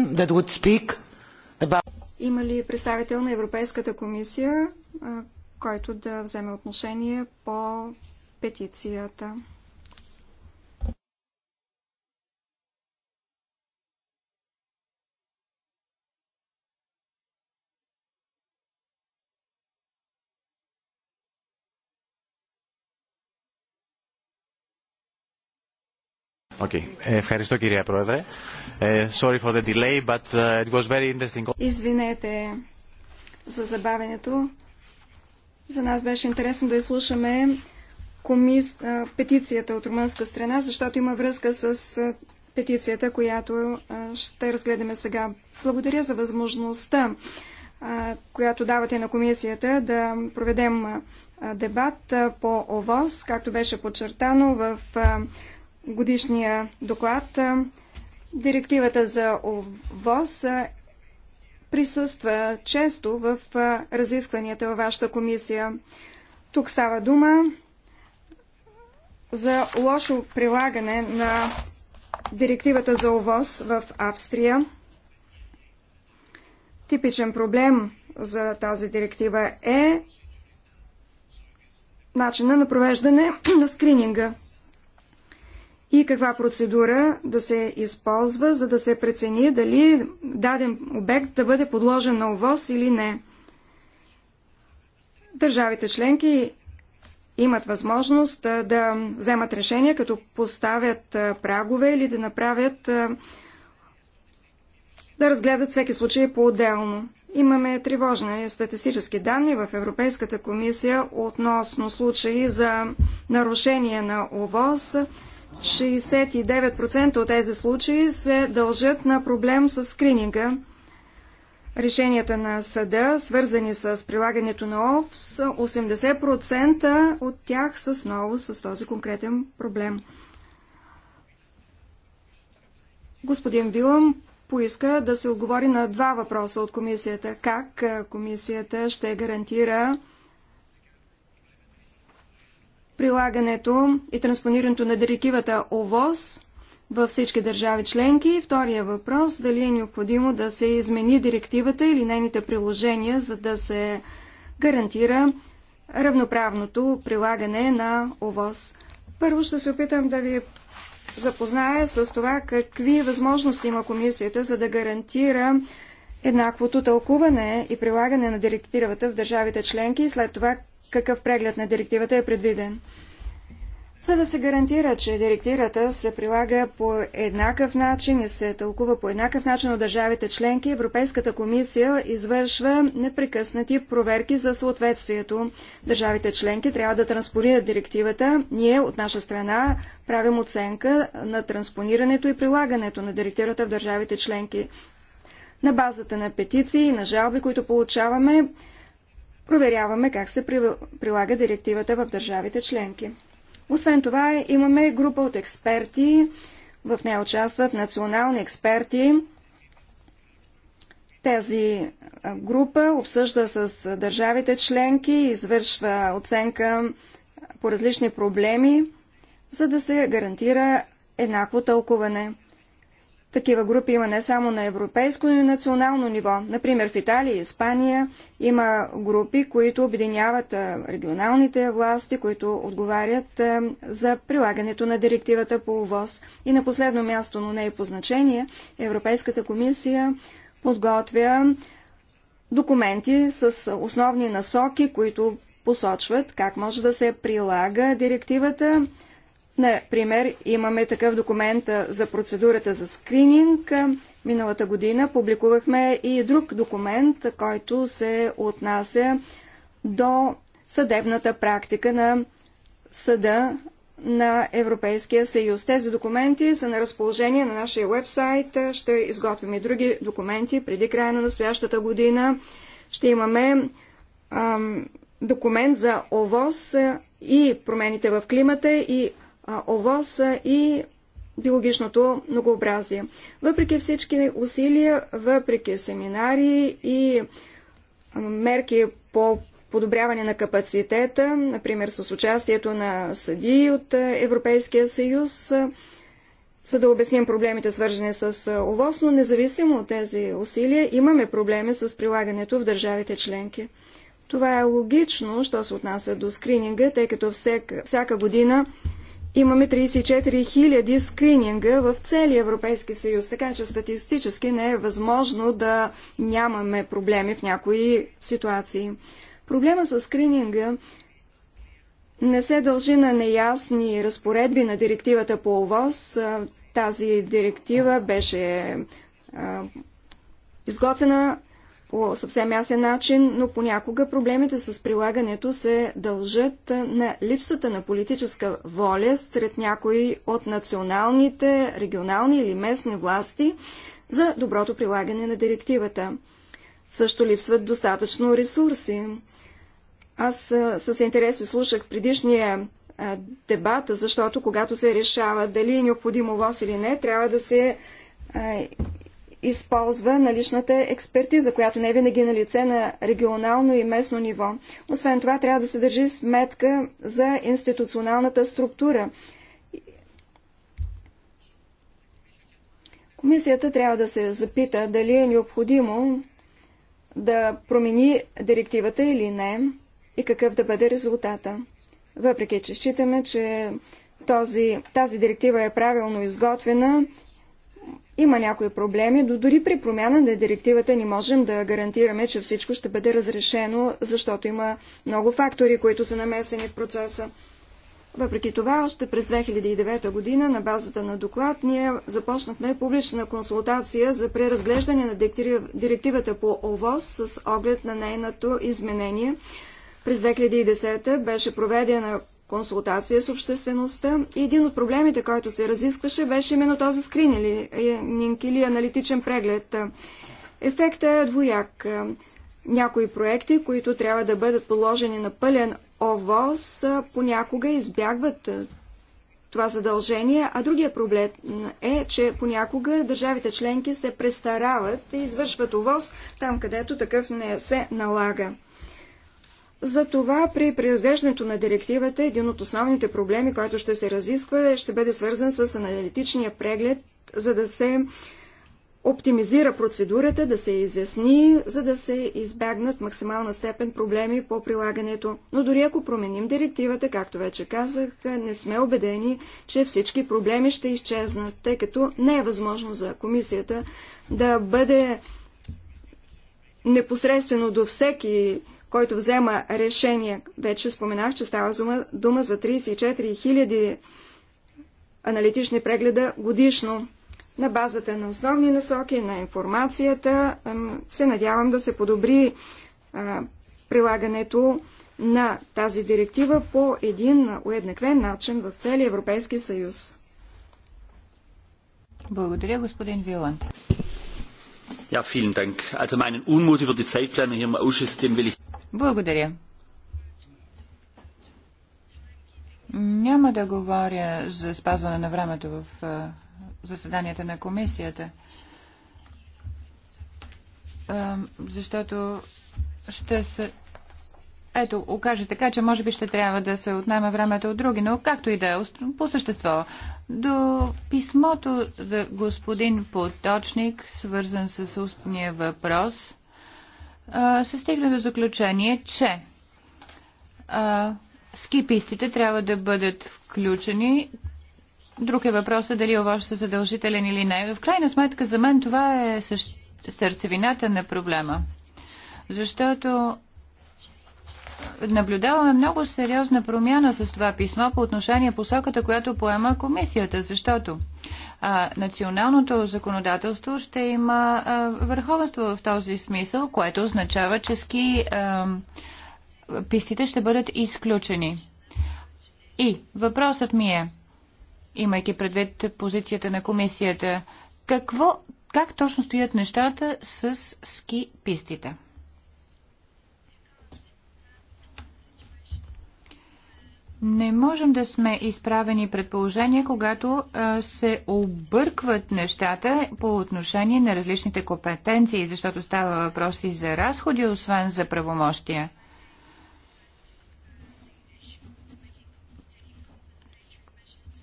That would speak about... Има ли представител на Европейската комисия, който да вземе отношение по петицията? Okay. Ευχαριστώ κυρία Πρόεδρε. Sorry for the delay, but uh, it was very interesting. Извинете за забавянето. За нас беше интересно да изслушаме комис... петицията от румънска страна, защото има връзка с петицията, която ще разгледаме сега. Благодаря за възможността, която давате на комисията да проведем дебат по ОВОз, както беше подчертано в годишния доклад, директивата за ОВОс присъства често в разискванията във вашата комисия. Тук става дума за лошо прилагане на директивата за ОВОС в Австрия. Типичен проблем за тази директива е начина на провеждане на скрининга и каква процедура да се използва, за да се прецени дали даден обект да бъде подложен на ОВОС или не. Държавите членки имат възможност да вземат решение, като поставят прагове или да направят да разгледат всеки случай по-отделно. Имаме тревожни статистически данни в Европейската комисия относно случаи за нарушение на ОВОС, 69% от тези случаи се дължат на проблем с скрининга. Решенията на съда, свързани с прилагането на ОВС, 80% от тях са ново с този конкретен проблем. Господин Вилам поиска да се отговори на два въпроса от комисията. Как комисията ще гарантира прилагането и транспонирането на директивата ОВОС във всички държави членки. Втория въпрос – дали е необходимо да се измени директивата или нейните приложения, за да се гарантира равноправното прилагане на ОВОС? Първо ще се опитам да ви запозная с това какви възможности има комисията, за да гарантира еднаквото тълкуване и прилагане на директивата в държавите членки и след това какъв преглед на директивата е предвиден. За да се гарантира, че директивата се прилага по еднакъв начин и се тълкува по еднакъв начин от държавите членки, Европейската комисия извършва непрекъснати проверки за съответствието. Държавите членки трябва да транспонират директивата. Ние от наша страна правим оценка на транспонирането и прилагането на директивата в държавите членки. На базата на петиции и на жалби, които получаваме, проверяваме как се прилага директивата в държавите членки. Освен това, имаме група от експерти, в нея участват национални експерти. Тази група обсъжда с държавите членки, извършва оценка по различни проблеми, за да се гарантира еднакво тълкуване. Такива групи има не само на европейско, но и национално ниво. Например, в Италия и Испания има групи, които обединяват регионалните власти, които отговарят за прилагането на директивата по ОВОз. И на последно място, но не и е по значение, Европейската комисия подготвя документи с основни насоки, които посочват как може да се прилага директивата Например, имаме такъв документ за процедурата за скрининг. Миналата година публикувахме и друг документ, който се отнася до съдебната практика на съда на Европейския съюз. Тези документи са на разположение на нашия вебсайт. Ще изготвим и други документи преди края на настоящата година. Ще имаме ам, документ за ОВОС и промените в климата и ОВОС и биологичното многообразие. Въпреки всички усилия, въпреки семинари и мерки по подобряване на капацитета, например с участието на съдии от Европейския съюз, за да обясним проблемите свързани с ОВОС, но независимо от тези усилия имаме проблеми с прилагането в държавите членки. Това е логично, що се отнася до скрининга, тъй като всяка година Имаме 34 000 скрининга в целия Европейски съюз, така че статистически не е възможно да нямаме проблеми в някои ситуации. Проблема с скрининга не се дължи на неясни разпоредби на директивата по ОВОС. Тази директива беше изготвена по съвсем ясен начин, но понякога проблемите с прилагането се дължат на липсата на политическа воля сред някои от националните, регионални или местни власти за доброто прилагане на директивата. Също липсват достатъчно ресурси. Аз с интерес слушах предишния дебат, защото когато се решава дали е необходимо ВОЗ или не, трябва да се използва наличната експертиза, която не е винаги на лице на регионално и местно ниво. Освен това, трябва да се държи сметка за институционалната структура. Комисията трябва да се запита дали е необходимо да промени директивата или не и какъв да бъде резултата. Въпреки, че считаме, че този, тази директива е правилно изготвена, има някои проблеми, но дори при промяна на директивата не можем да гарантираме, че всичко ще бъде разрешено, защото има много фактори, които са намесени в процеса. Въпреки това, още през 2009 година, на базата на доклад, ние започнахме публична консултация за преразглеждане на директивата по ОВОз с оглед на нейното изменение. През 2010 беше проведена консултация с обществеността. И един от проблемите, който се разискваше, беше именно този скрининг е, или аналитичен преглед. Ефектът е двояк. Някои проекти, които трябва да бъдат положени на пълен ОВОС, понякога избягват е, това задължение, а другия проблем е, че понякога държавите членки се престарават и извършват овоз там, където такъв не се налага. Затова при преразглеждането на директивата един от основните проблеми, който ще се разисква, ще бъде свързан с аналитичния преглед, за да се оптимизира процедурата, да се изясни, за да се избягнат в максимална степен проблеми по прилагането. Но дори ако променим директивата, както вече казах, не сме убедени, че всички проблеми ще изчезнат, тъй като не е възможно за комисията да бъде непосредствено до всеки който взема решение. Вече споменах, че става дума за 34 000 аналитични прегледа годишно. На базата на основни насоки, на информацията, се надявам да се подобри прилагането на тази директива по един уеднаквен начин в целия Европейски съюз. Благодаря, господин Виланд. Ja, vielen Dank. Also meinen Unmut über die Zeitplanung hier im Ausschuss, den will ich... Благодаря. Няма да говоря за спазване на времето в заседанията на комисията, защото ще се... Ето, окаже така, че може би ще трябва да се отнема времето от други, но както и да е, по същество. До писмото за господин Поточник, свързан с устния въпрос – се стигна до заключение, че скипистите трябва да бъдат включени. Друг е въпросът дали овощ е задължителен или не. В крайна сметка за мен това е сърцевината на проблема. Защото наблюдаваме много сериозна промяна с това писмо по отношение посоката, която поема комисията, защото а, националното законодателство ще има а, върховенство в този смисъл, което означава, че ски а, пистите ще бъдат изключени. И въпросът ми е, имайки предвид позицията на комисията, какво, как точно стоят нещата с ски пистите? Не можем да сме изправени предположения, когато а, се объркват нещата по отношение на различните компетенции, защото става въпрос и за разходи, освен за правомощия.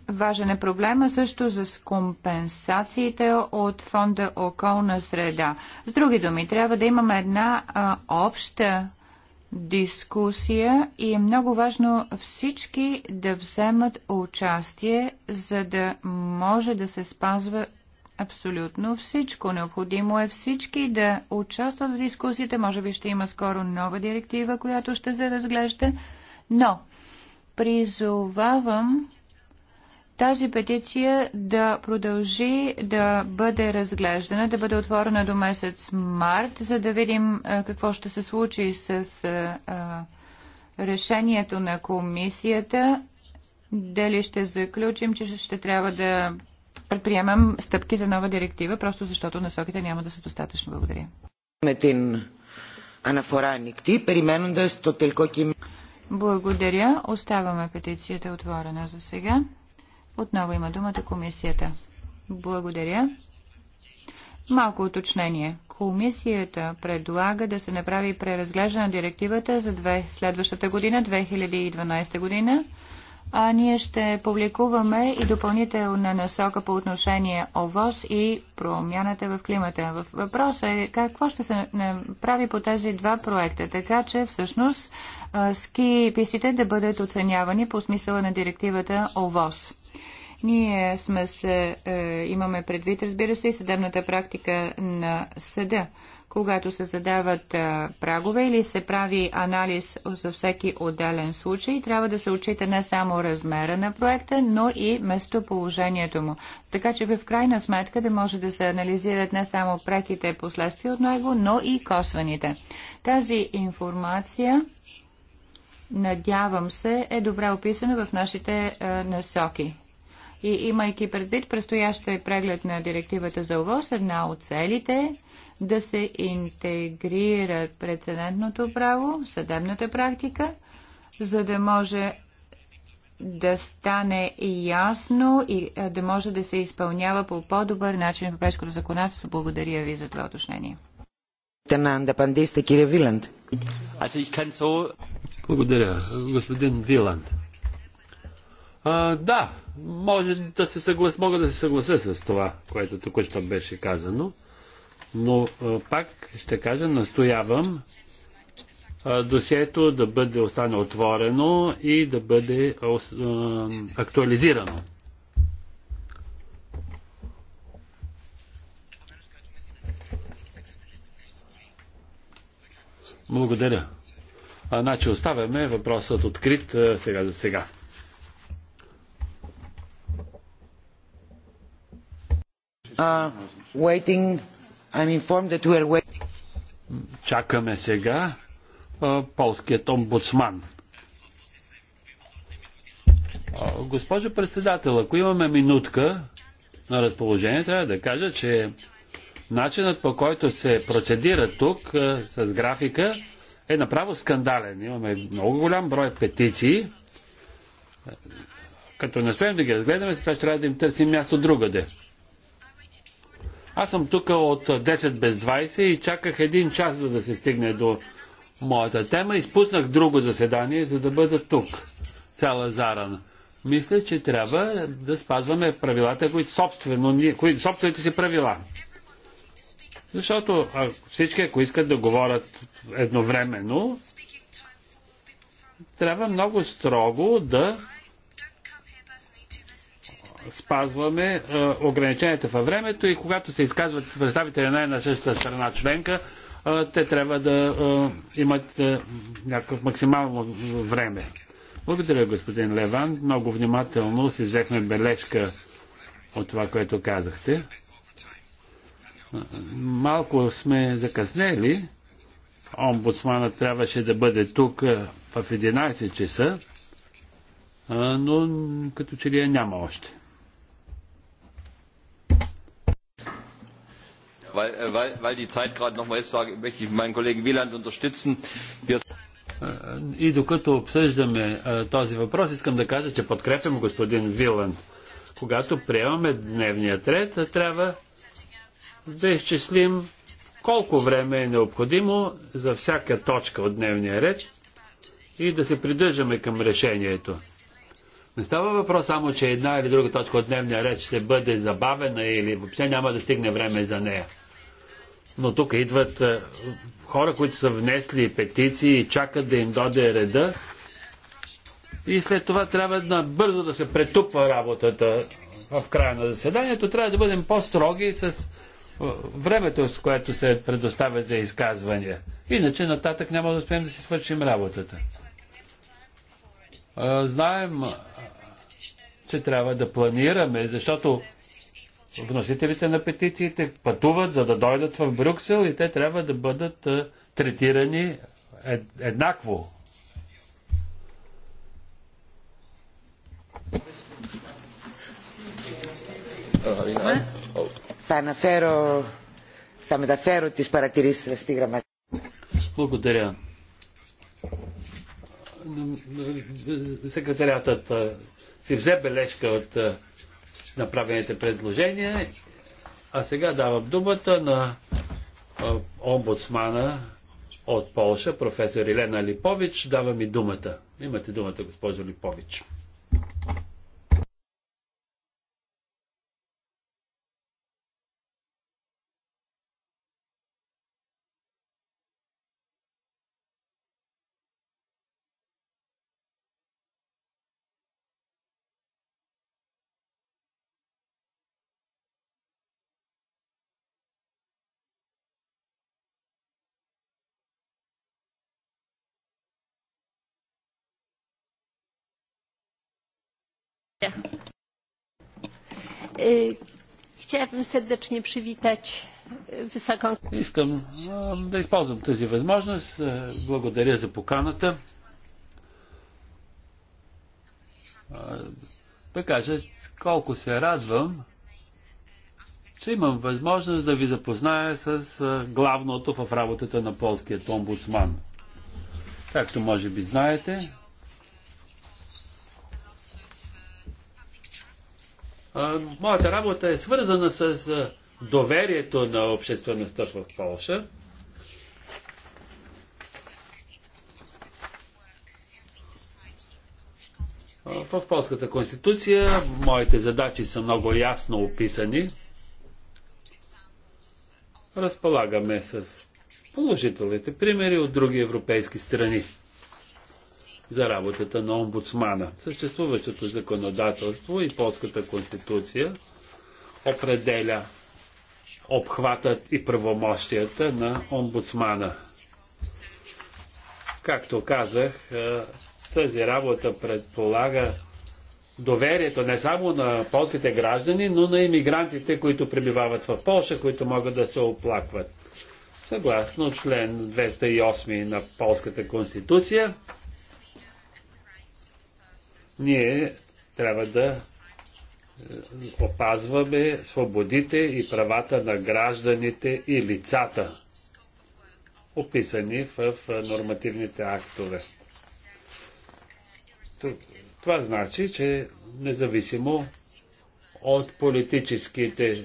Важен е проблема също за компенсациите от фонда околна среда. С други думи, трябва да имаме една а, обща дискусия и е много важно всички да вземат участие, за да може да се спазва абсолютно всичко. Необходимо е всички да участват в дискусията. Може би ще има скоро нова директива, която ще се разглежда. Но призовавам тази петиция да продължи да бъде разглеждана, да бъде отворена до месец март, за да видим какво ще се случи с решението на комисията, дали ще заключим, че ще трябва да предприемам стъпки за нова директива, просто защото насоките няма да са достатъчно. Благодаря. Благодаря. Оставаме петицията отворена за сега. Отново има думата комисията. Благодаря. Малко уточнение. Комисията предлага да се направи преразглеждане на директивата за две, следващата година, 2012 година. А ние ще публикуваме и допълнителна насока по отношение ОВОз и промяната в климата. Въпросът е какво ще се направи по тези два проекта, така че всъщност ски писите да бъдат оценявани по смисъла на директивата ОВОз. Ние сме се, е, имаме предвид, разбира се, и съдебната практика на съда. Когато се задават е, прагове или се прави анализ за всеки отделен случай, трябва да се отчита не само размера на проекта, но и местоположението му. Така че в крайна сметка да може да се анализират не само преките последствия от него, но и косвените. Тази информация надявам се, е добре описано в нашите е, насоки. И имайки предвид предстоящия преглед на директивата за ОВОС, една от целите да се интегрира прецедентното право, съдебната практика, за да може да стане ясно и да може да се изпълнява по по-добър начин европейското законодателство. Благодаря ви за това уточнение. Благодаря, господин Виланд. А, да, може да се съглас, мога да се съглася с това, което току-що беше казано, но пак ще кажа, настоявам досието да бъде остане отворено и да бъде актуализирано. Благодаря. А, значи оставяме въпросът открит сега за сега. Uh, Чакаме сега полският омбудсман. госпожо председател, ако имаме минутка на разположение, трябва да кажа, че начинът по който се процедира тук с графика е направо скандален. Имаме много голям брой петиции. Като не успеем да ги разгледаме, сега ще трябва да им търсим място другаде. Аз съм тук от 10 без 20 и чаках един час, за да се стигне до моята тема. Изпуснах друго заседание, за да бъда тук, цяла зарана. Мисля, че трябва да спазваме правилата, които собствено ние, които, собствените си правила. Защото а, всички, ако искат да говорят едновременно, трябва много строго да спазваме а, ограниченията във времето и когато се изказват представители на една същата страна членка, а, те трябва да а, имат а, някакъв максимално време. Благодаря, господин Леван. Много внимателно си взехме бележка от това, което казахте. Малко сме закъснели. Омбудсманът трябваше да бъде тук в 11 часа, но като че ли я няма още. Äh, weil, die Zeit gerade mal ist, sage, möchte ich meinen Kollegen Wieland unterstützen. Äh, и докато обсъждаме е, този въпрос, искам да кажа, че подкрепям господин Вилан. Когато приемаме дневния ред, трябва да изчислим колко време е необходимо за всяка точка от дневния ред и да се придържаме към решението. Не става въпрос само, че една или друга точка от дневния ред ще бъде забавена или въобще няма да стигне време за нея но тук идват е, хора, които са внесли петиции и чакат да им доде реда. И след това трябва да бързо да се претупва работата в края на заседанието. Трябва да бъдем по-строги с е, времето, с което се предоставя за изказвания. Иначе нататък няма да успеем да си свършим работата. Е, знаем, че трябва да планираме, защото вносителите на петициите пътуват, за да дойдат в Брюксел и те трябва да бъдат третирани еднакво. Θα μεταφέρω τις παρατηρήσεις σας στη Благодаря. Секретарятът си взе бележка от направените предложения. А сега давам думата на омбудсмана от Полша, професор Елена Липович. Давам и думата. Имате думата, госпожо Липович. Е, chciałabym serdecznie przywitać e, wysoką... Искам да използвам тази възможност. Е, благодаря за поканата. колко се радвам, че имам възможност да ви запозная с главното в работата на полският омбудсман. Както може би знаете, моята работа е свързана с доверието на обществеността в Польша. В Полската конституция моите задачи са много ясно описани. Разполагаме с положителните примери от други европейски страни за работата на омбудсмана. Съществуващото законодателство и полската конституция определя обхватът и правомощията на омбудсмана. Както казах, е, тази работа предполага доверието не само на полските граждани, но на иммигрантите, които пребивават в Польша, които могат да се оплакват. Съгласно член 208 на Полската конституция, ние трябва да е, опазваме свободите и правата на гражданите и лицата, описани в нормативните актове. Това значи, че независимо от политическите е,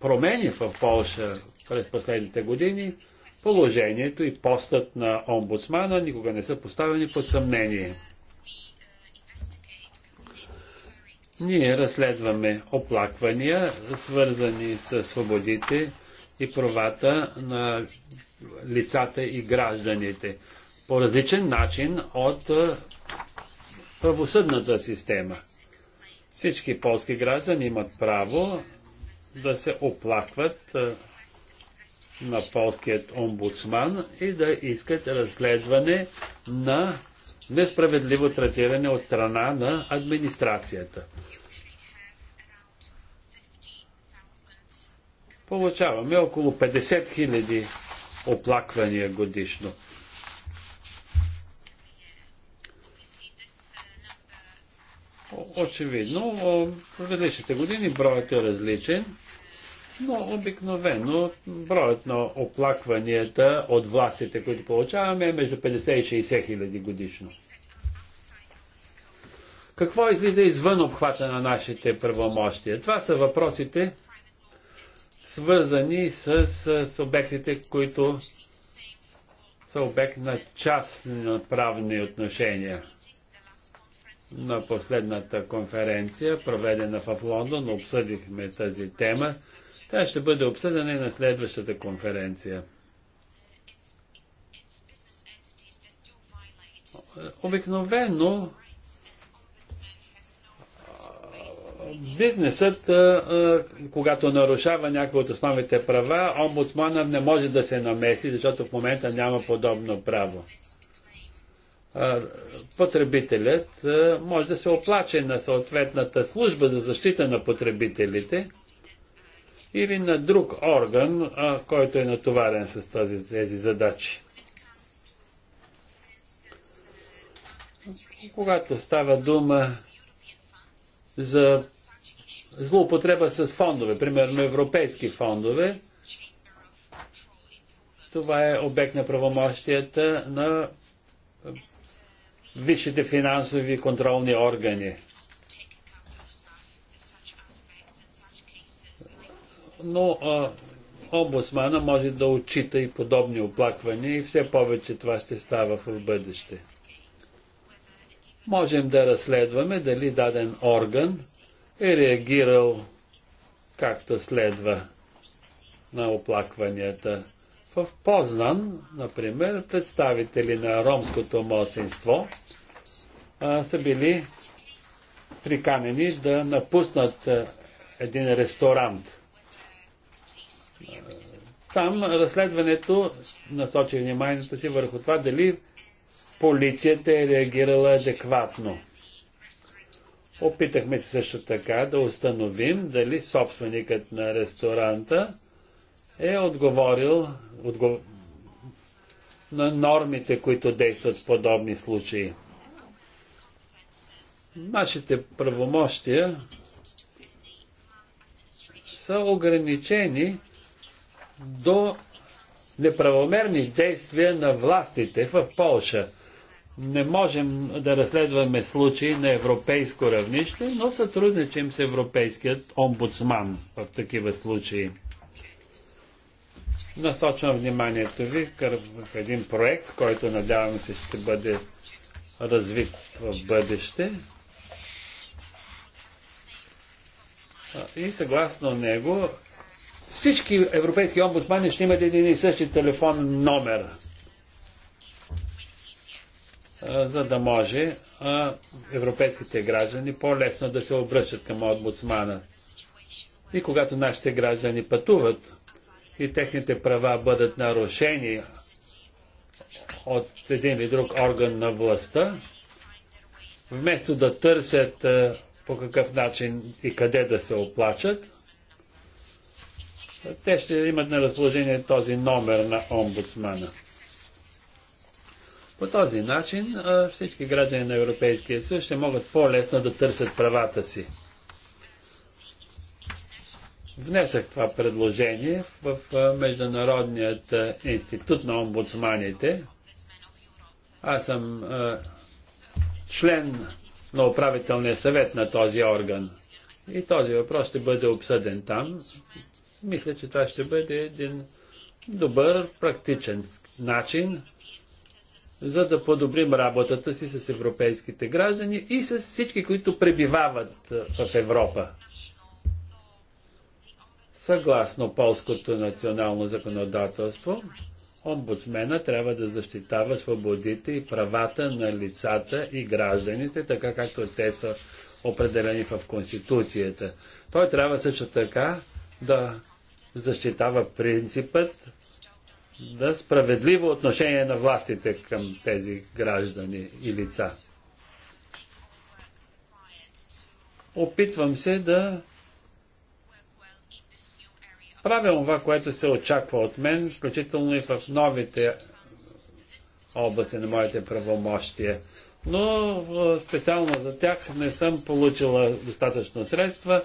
промени в Польша през последните години, положението и постът на омбудсмана никога не са поставени под съмнение. Ние разследваме оплаквания, свързани с свободите и правата на лицата и гражданите по различен начин от правосъдната система. Всички полски граждани имат право да се оплакват на полският омбудсман и да искат разследване на несправедливо третиране от страна на администрацията. Получаваме около 50 000 оплаквания годишно. Очевидно, в различните години броят е различен. Но обикновено броят на оплакванията от властите, които получаваме, е между 50 и 60 хиляди годишно. Какво излиза извън обхвата на нашите правомощия? Това са въпросите, свързани с, с обектите, които са обект на частни правни отношения. На последната конференция, проведена в Лондон, обсъдихме тази тема. Тя ще бъде обсъдена и на следващата конференция. Обикновено бизнесът, когато нарушава някои от основните права, омбудсмана не може да се намеси, защото в момента няма подобно право. Потребителят може да се оплаче на съответната служба за защита на потребителите – или на друг орган, а, който е натоварен с тази, тези задачи. Когато става дума за злоупотреба с фондове, примерно европейски фондове, това е обект на правомощията на висшите финансови контролни органи. но а, омбудсмана може да отчита и подобни оплаквания и все повече това ще става в бъдеще. Можем да разследваме дали даден орган е реагирал както следва на оплакванията. В Познан, например, представители на ромското младсинство са били приканени да напуснат един ресторант там разследването насочи вниманието си върху това дали полицията е реагирала адекватно. Опитахме се също така да установим дали собственикът на ресторанта е отговорил отгов... на нормите, които действат в подобни случаи. Нашите правомощия са ограничени до неправомерни действия на властите в Полша. Не можем да разследваме случаи на европейско равнище, но сътрудничим с Европейският омбудсман в такива случаи. Насочвам вниманието ви към един проект, който надявам се ще бъде развит в бъдеще. И съгласно него всички европейски омбудсмани ще имат един и същи телефон номер, за да може европейските граждани по-лесно да се обръщат към омбудсмана. И когато нашите граждани пътуват и техните права бъдат нарушени от един или друг орган на властта, вместо да търсят по какъв начин и къде да се оплачат, те ще имат на разположение този номер на омбудсмана. По този начин всички граждани на Европейския съюз ще могат по-лесно да търсят правата си. Внесах това предложение в Международният институт на омбудсманите. Аз съм член на управителния съвет на този орган. И този въпрос ще бъде обсъден там. Мисля, че това ще бъде един добър, практичен начин, за да подобрим работата си с европейските граждани и с всички, които пребивават в Европа. Съгласно полското национално законодателство, омбудсмена трябва да защитава свободите и правата на лицата и гражданите, така както те са определени в Конституцията. Той трябва също така да защитава принципът на справедливо отношение на властите към тези граждани и лица. Опитвам се да правя това, което се очаква от мен, включително и в новите области на моите правомощия. Но специално за тях не съм получила достатъчно средства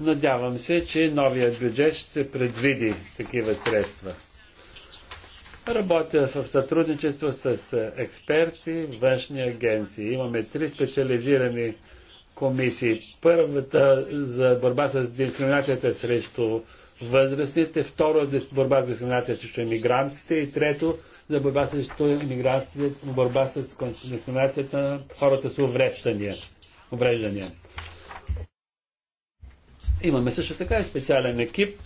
Надявам се, че новият бюджет ще предвиди такива средства. Работя в сътрудничество с е, експерти, външни агенции. Имаме три специализирани комисии. Първата за борба с дискриминацията срещу възрастните, второ борба с дискриминация срещу иммигрантите и трето за борба срещу иммигрантите, борба с дискриминацията на хората с увреждания. увреждания. Имаме също така и специален екип,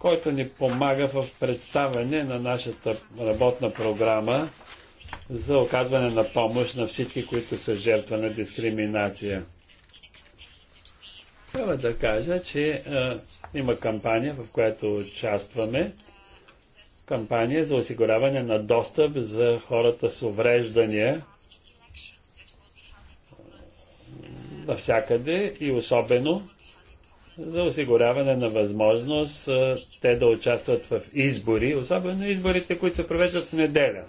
който ни помага в представяне на нашата работна програма за оказване на помощ на всички, които са жертва на дискриминация. Трябва да кажа, че а, е, има кампания, в която участваме. Кампания за осигуряване на достъп за хората с увреждания навсякъде и особено за осигуряване на възможност те да участват в избори, особено изборите, които се провеждат в неделя.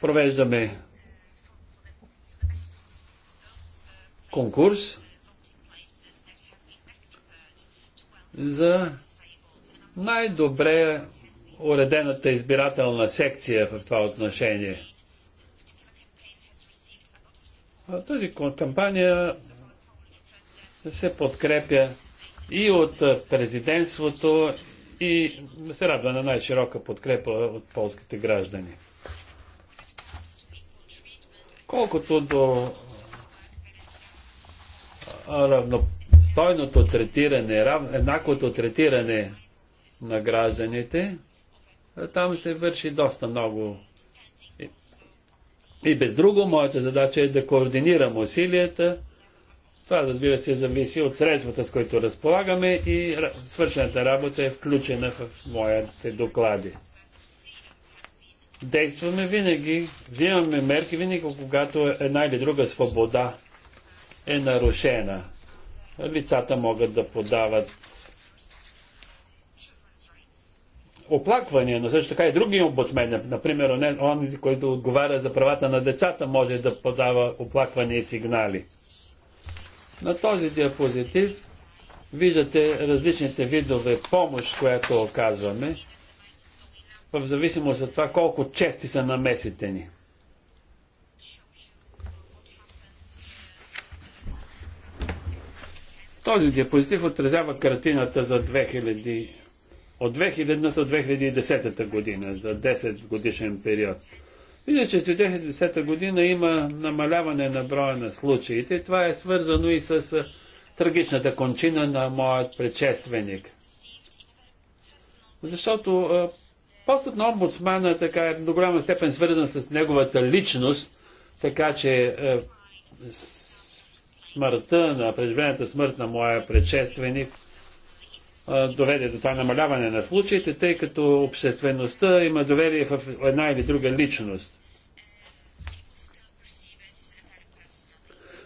Провеждаме конкурс за най-добре уредената избирателна секция в това отношение – тази кампания се подкрепя и от президентството и се радва на най-широка подкрепа от полските граждани. Колкото до равностойното третиране, еднаквото третиране на гражданите, там се върши доста много и без друго, моята задача е да координирам усилията. Това, разбира се, зависи от средствата, с които разполагаме и свършената работа е включена в моите доклади. Действаме винаги, взимаме мерки винаги, когато една или друга свобода е нарушена. Лицата могат да подават оплаквания, но също така и други омбудсмени, например, он, който отговаря за правата на децата, може да подава оплаквания и сигнали. На този диапозитив виждате различните видове помощ, която оказваме, в зависимост от това колко чести са намесите ни. Този диапозитив отразява картината за 2000 от 2000 до 2010 година, за 10 годишен период. Видя, че в 2010 година има намаляване на броя на случаите. Това е свързано и с трагичната кончина на моят предшественик. Защото постът на омбудсмана така е до голяма степен свързан с неговата личност, така че смъртта на преживената смърт на моя предшественик доведе до това намаляване на случаите, тъй като обществеността има доверие в една или друга личност.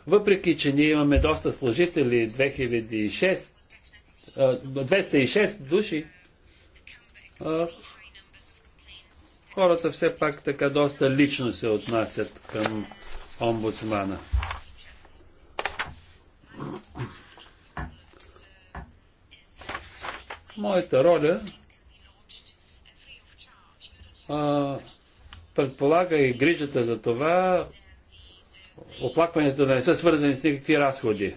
Въпреки, че ние имаме доста служители, 2006, 206 души, хората все пак така доста лично се отнасят към омбудсмана. Моята роля а, предполага и грижата за това оплакванията да не са свързани с никакви разходи.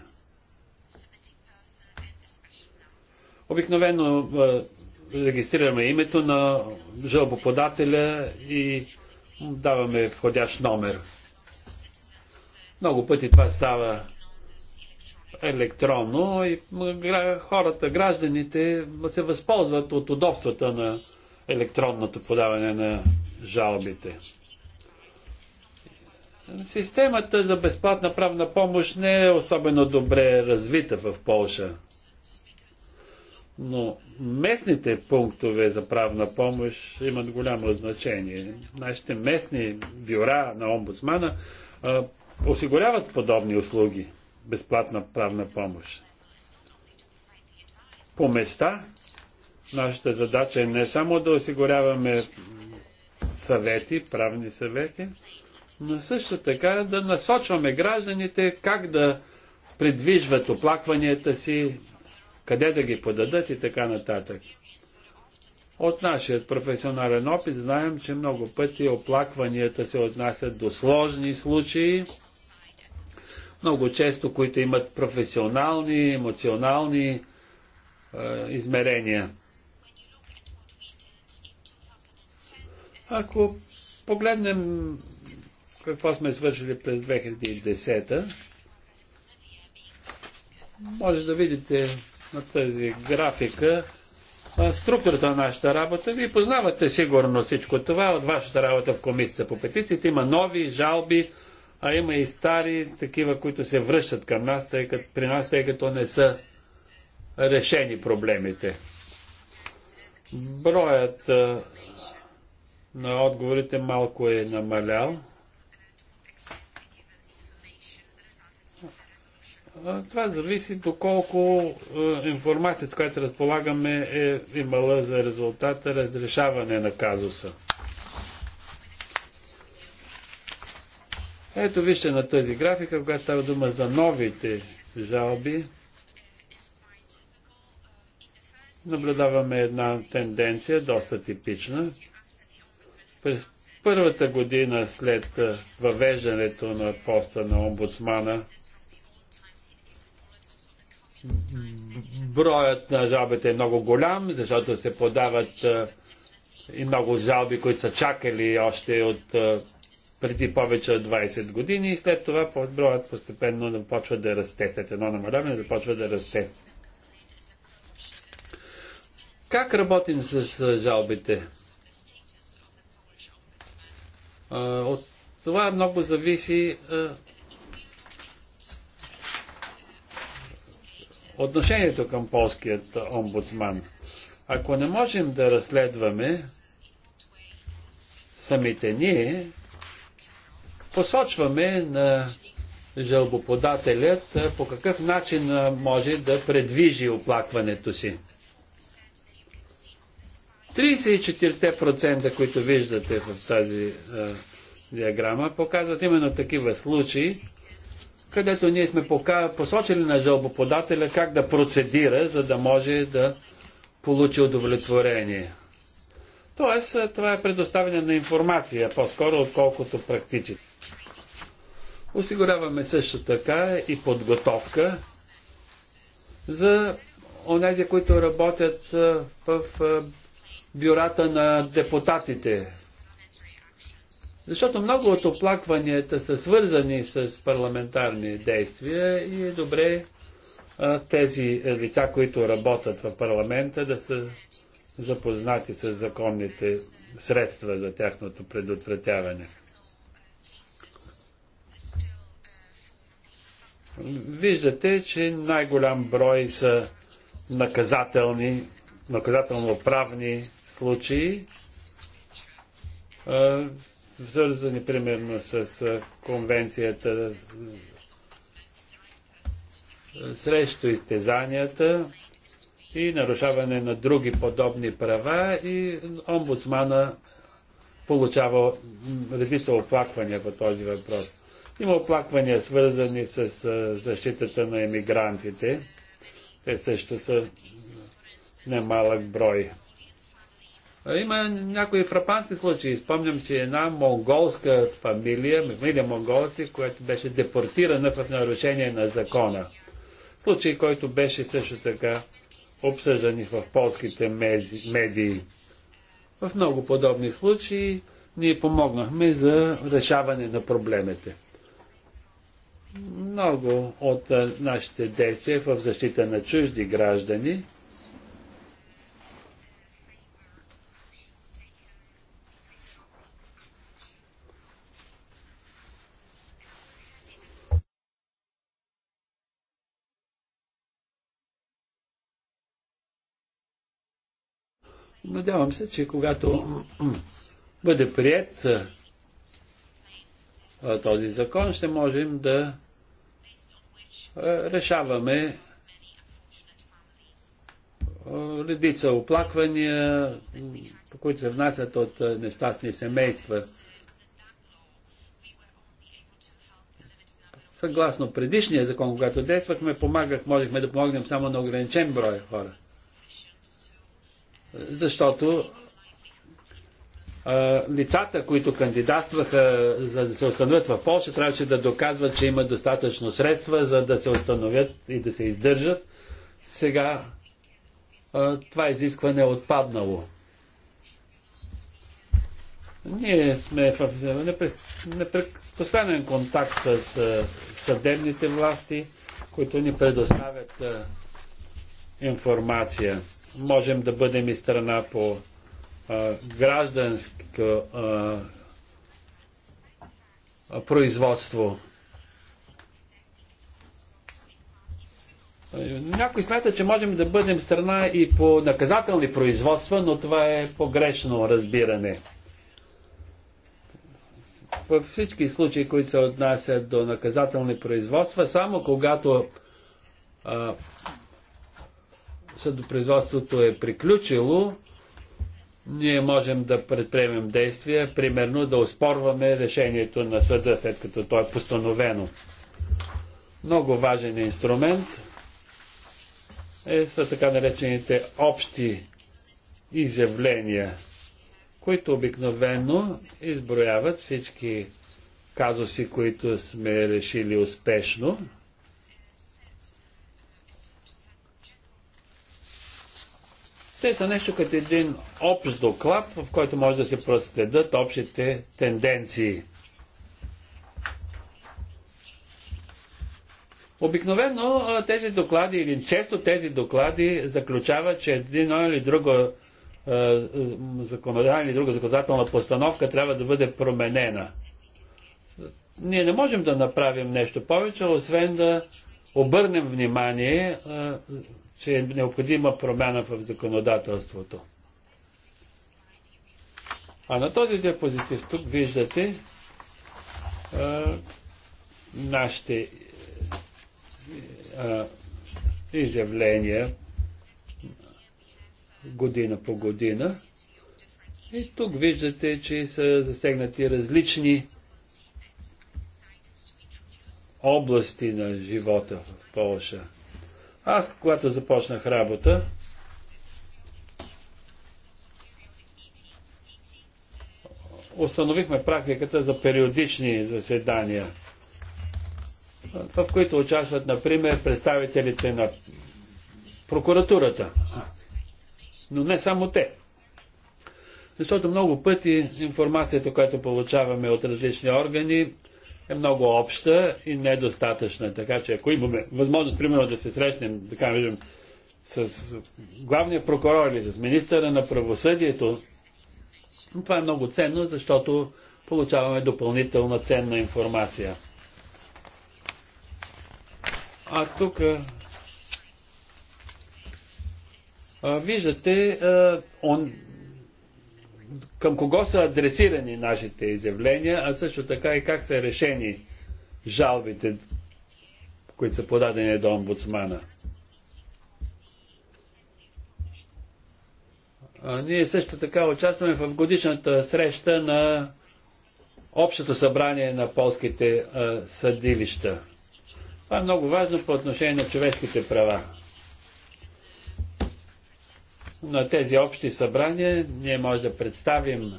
Обикновено регистрираме името на жалбоподателя и даваме входящ номер. Много пъти това става електронно и хората, гражданите се възползват от удобствата на електронното подаване на жалбите. Системата за безплатна правна помощ не е особено добре развита в Полша. Но местните пунктове за правна помощ имат голямо значение. Нашите местни бюра на омбудсмана осигуряват подобни услуги безплатна правна помощ. По места нашата задача е не само да осигуряваме съвети, правни съвети, но също така да насочваме гражданите как да предвижват оплакванията си, къде да ги подадат и така нататък. От нашия професионален опит знаем, че много пъти оплакванията се отнасят до сложни случаи, много често, които имат професионални, емоционални е, измерения. Ако погледнем какво сме свършили през 2010, може да видите на тази графика структурата на нашата работа. Вие познавате сигурно всичко това от вашата работа в комисията по петициите. Има нови жалби, а има и стари, такива, които се връщат към нас, тъй като, при нас, тъй като не са решени проблемите. Броят а, на отговорите малко е намалял. А, това зависи доколко а, информацията, с която разполагаме, е имала за резултата разрешаване на казуса. Ето вижте на тази графика, когато става дума за новите жалби, наблюдаваме една тенденция, доста типична. През първата година след въвеждането на поста на омбудсмана, броят на жалбите е много голям, защото се подават и много жалби, които са чакали още от преди повече от 20 години и след това броят постепенно започва да расте. След едно намаляване започва да расте. Как работим с жалбите? От това много зависи отношението към полският омбудсман. Ако не можем да разследваме самите ние, посочваме на жалбоподателят по какъв начин може да предвижи оплакването си. 34%, които виждате в тази а, диаграма, показват именно такива случаи, където ние сме посочили на жалбоподателя как да процедира, за да може да получи удовлетворение. Тоест, това е предоставяне на информация, по-скоро отколкото практически. Осигуряваме също така и подготовка за онези, които работят в бюрата на депутатите. Защото много от оплакванията са свързани с парламентарни действия и е добре тези лица, които работят в парламента, да са запознати с законните средства за тяхното предотвратяване. Виждате, че най-голям брой са наказателни, наказателно-правни случаи, свързани примерно с конвенцията срещу изтезанията и нарушаване на други подобни права и омбудсмана получава редица оплаквания по този въпрос. Има оплаквания, свързани с защитата на емигрантите. Те също са немалък брой. Има някои фрапанти случаи. Спомням си една монголска фамилия, фамилия монголци, която беше депортирана в нарушение на закона. Случай, който беше също така обсъждан в полските медии. В много подобни случаи ние помогнахме за решаване на проблемите. Много от нашите действия в защита на чужди граждани Надявам се, че когато бъде прият този закон, ще можем да решаваме редица оплаквания, които се внасят от нещастни семейства. Съгласно предишния закон, когато действахме, помагах, можехме да помогнем само на ограничен брой хора. Защото лицата, които кандидатстваха за да се установят в Польша, трябваше да доказват, че имат достатъчно средства, за да се установят и да се издържат. Сега това изискване е отпаднало. Ние сме в непостоянен контакт с съдебните власти, които ни предоставят информация. Можем да бъдем и страна по гражданско производство. Някой смята, че можем да бъдем страна и по наказателни производства, но това е погрешно разбиране. Във всички случаи, които се отнасят до наказателни производства, само когато а, съдопроизводството е приключило, ние можем да предприемем действия, примерно да оспорваме решението на съда, след като то е постановено. Много важен инструмент е са така наречените общи изявления, които обикновено изброяват всички казуси, които сме решили успешно Те са нещо като един общ доклад, в който може да се проследят общите тенденции. Обикновено тези доклади или често тези доклади заключават, че едно или друго законодателна или друга законодателна постановка трябва да бъде променена. Ние не можем да направим нещо повече, освен да обърнем внимание че е необходима промяна в законодателството. А на този диапозитив тук виждате а, нашите а, изявления година по година. И тук виждате, че са засегнати различни области на живота в Польша. Аз, когато започнах работа, установихме практиката за периодични заседания, в които участват, например, представителите на прокуратурата. Но не само те. Защото много пъти информацията, която получаваме от различни органи, е много обща и недостатъчна. Така че ако имаме възможност, примерно, да се срещнем, да кажем, с главния прокурор или с министъра на правосъдието, това е много ценно, защото получаваме допълнителна ценна информация. А тук виждате към кого са адресирани нашите изявления, а също така и как са решени жалбите, които са подадени до омбудсмана. А, ние също така участваме в годишната среща на Общото събрание на полските а, съдилища. Това е много важно по отношение на човешките права на тези общи събрания ние може да представим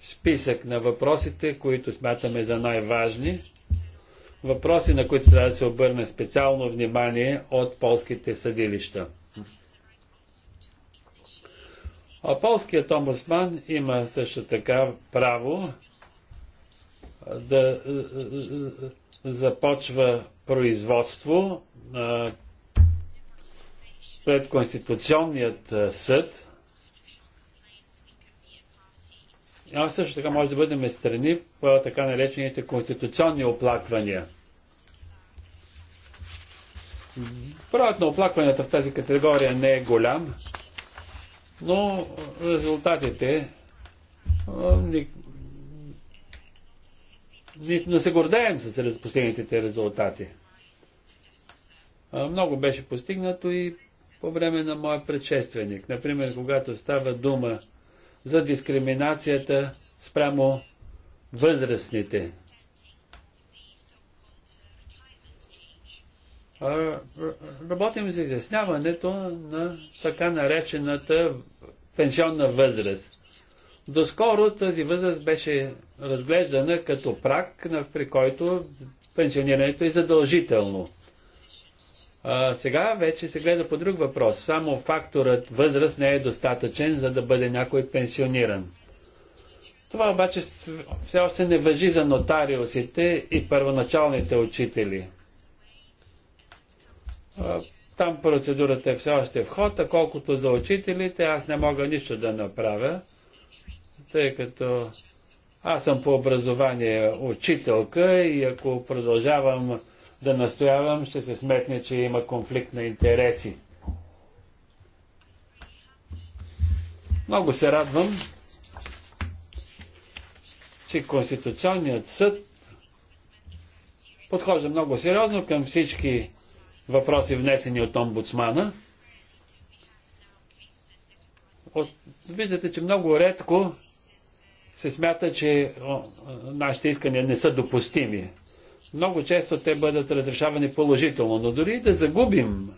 списък на въпросите, които смятаме за най-важни. Въпроси, на които трябва да се обърне специално внимание от полските съдилища. А полският омбудсман има също така право да е, е, е, започва производство пред Конституционният е, съд. А също така може да бъдем страни по така наречените конституционни оплаквания. Правят на оплакванията в тази категория не е голям, но резултатите Не се гордеем с последните резултати. Е, много беше постигнато и по време на моя предшественик. Например, когато става дума за дискриминацията спрямо възрастните. Работим за изясняването на така наречената пенсионна възраст. Доскоро тази възраст беше разглеждана като прак, при който пенсионирането е задължително. А, сега вече се гледа по друг въпрос. Само факторът възраст не е достатъчен, за да бъде някой пенсиониран. Това обаче все още не въжи за нотариусите и първоначалните учители. А, там процедурата е все още в ход, а колкото за учителите, аз не мога нищо да направя, тъй като аз съм по образование учителка и ако продължавам да настоявам, ще се сметне, че има конфликт на интереси. Много се радвам, че Конституционният съд подхожда много сериозно към всички въпроси, внесени от омбудсмана. От... Виждате, че много редко се смята, че нашите искания не са допустими много често те бъдат разрешавани положително. Но дори да загубим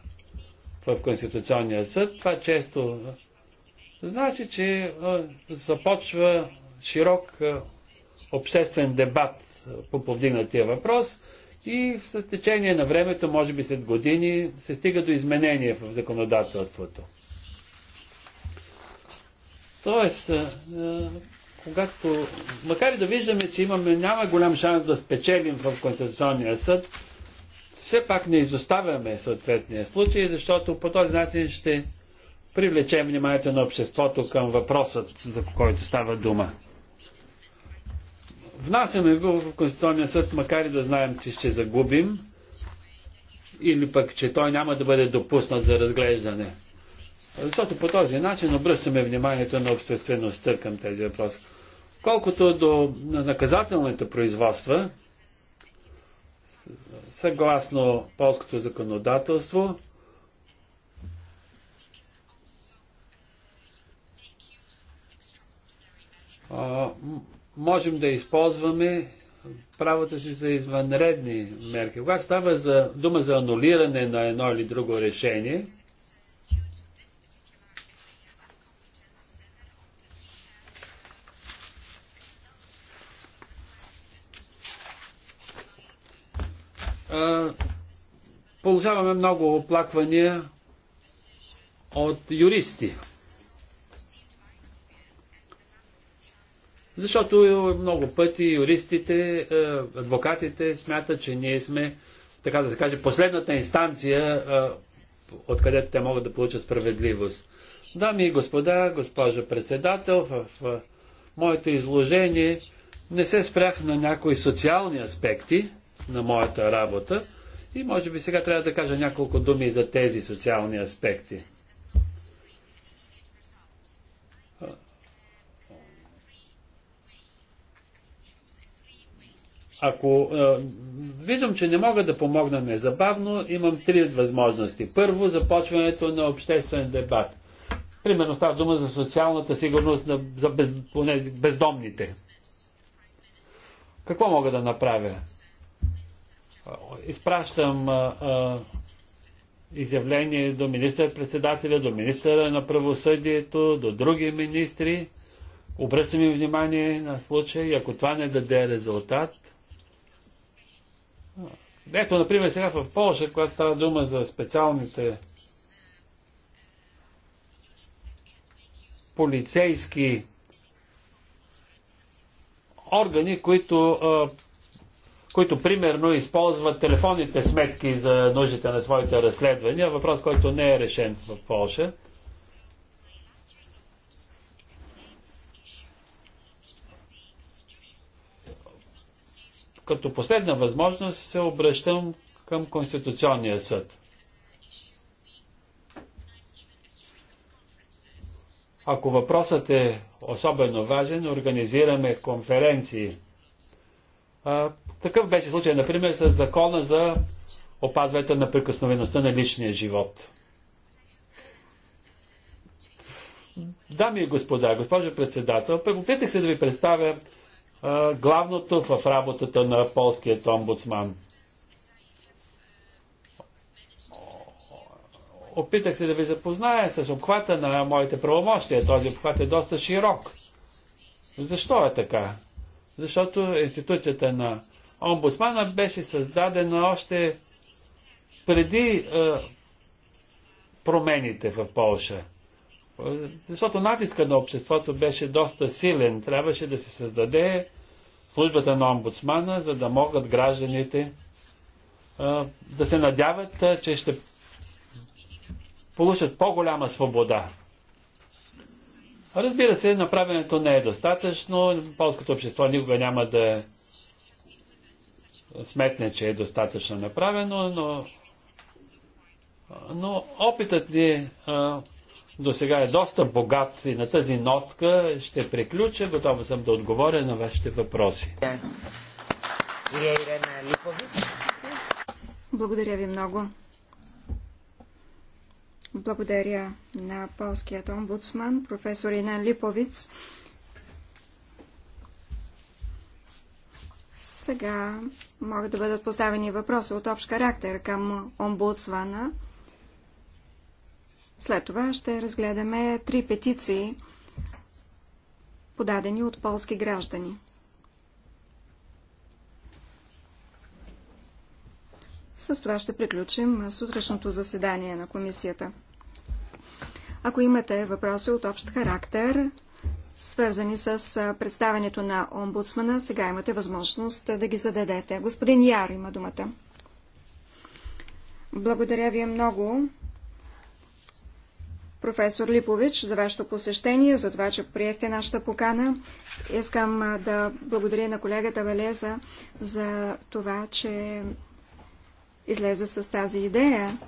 в Конституционния съд, това често значи, че започва широк обществен дебат по повдигнатия въпрос и с течение на времето, може би след години, се стига до изменение в законодателството. Тоест, когато, макар и да виждаме, че имаме, няма голям шанс да спечелим в Конституционния съд, все пак не изоставяме съответния случай, защото по този начин ще привлечем вниманието на обществото към въпросът, за който става дума. Внасяме го в Конституционния съд, макар и да знаем, че ще загубим, или пък, че той няма да бъде допуснат за разглеждане. Защото по този начин обръщаме вниманието на обществеността към тези въпроси. Колкото до наказателните производства, съгласно полското законодателство, можем да използваме правото си за извънредни мерки. Когато става за, дума за анулиране на едно или друго решение, получаваме много оплаквания от юристи. Защото много пъти юристите, адвокатите смятат, че ние сме, така да се каже, последната инстанция, откъдето те могат да получат справедливост. Дами и господа, госпожа председател, в моето изложение не се спрях на някои социални аспекти, на моята работа. И може би сега трябва да кажа няколко думи за тези социални аспекти. Ако е, виждам, че не мога да помогна незабавно, имам три възможности. Първо, започването на обществен дебат. Примерно става дума за социалната сигурност на, за без, бездомните. Какво мога да направя? изпращам а, а, изявление до министър-председателя, до министъра на правосъдието, до други министри. Обръщам им внимание на случай, ако това не даде резултат. Ето, например, сега в Польша, когато става дума за специалните полицейски органи, които а, които примерно използват телефонните сметки за нуждите на своите разследвания, въпрос, който не е решен в Польша. Като последна възможност се обръщам към Конституционния съд. Ако въпросът е особено важен, организираме конференции такъв беше случай, например, с закона за опазването на прикосновеността на личния живот. Дами и господа, госпожо председател, опитах се да ви представя а, главното в работата на полският омбудсман. Опитах се да ви запозная с обхвата на моите правомощия. Този обхват е доста широк. Защо е така? Защото институцията на Омбудсманът беше създаден още преди е, промените в Полша. Е, защото натиска на обществото беше доста силен. Трябваше да се създаде службата на омбудсмана, за да могат гражданите е, да се надяват, е, че ще получат по-голяма свобода. Разбира се, направенето не е достатъчно. Полското общество никога няма да е сметне, че е достатъчно направено, но, но опитът ни до сега е доста богат и на тази нотка ще приключа. Готова съм да отговоря на вашите въпроси. Благодаря ви много. Благодаря на полският омбудсман, професор Инан Липовиц. Сега могат да бъдат поставени въпроси от общ характер към омбудсвана. След това ще разгледаме три петиции, подадени от полски граждани. С това ще приключим сутрешното заседание на комисията. Ако имате въпроси от общ характер, свързани с представянето на омбудсмана. Сега имате възможност да ги зададете. Господин Яро има думата. Благодаря ви много, професор Липович, за вашето посещение, за това, че приехте нашата покана. Искам да благодаря на колегата Валеза за това, че излезе с тази идея.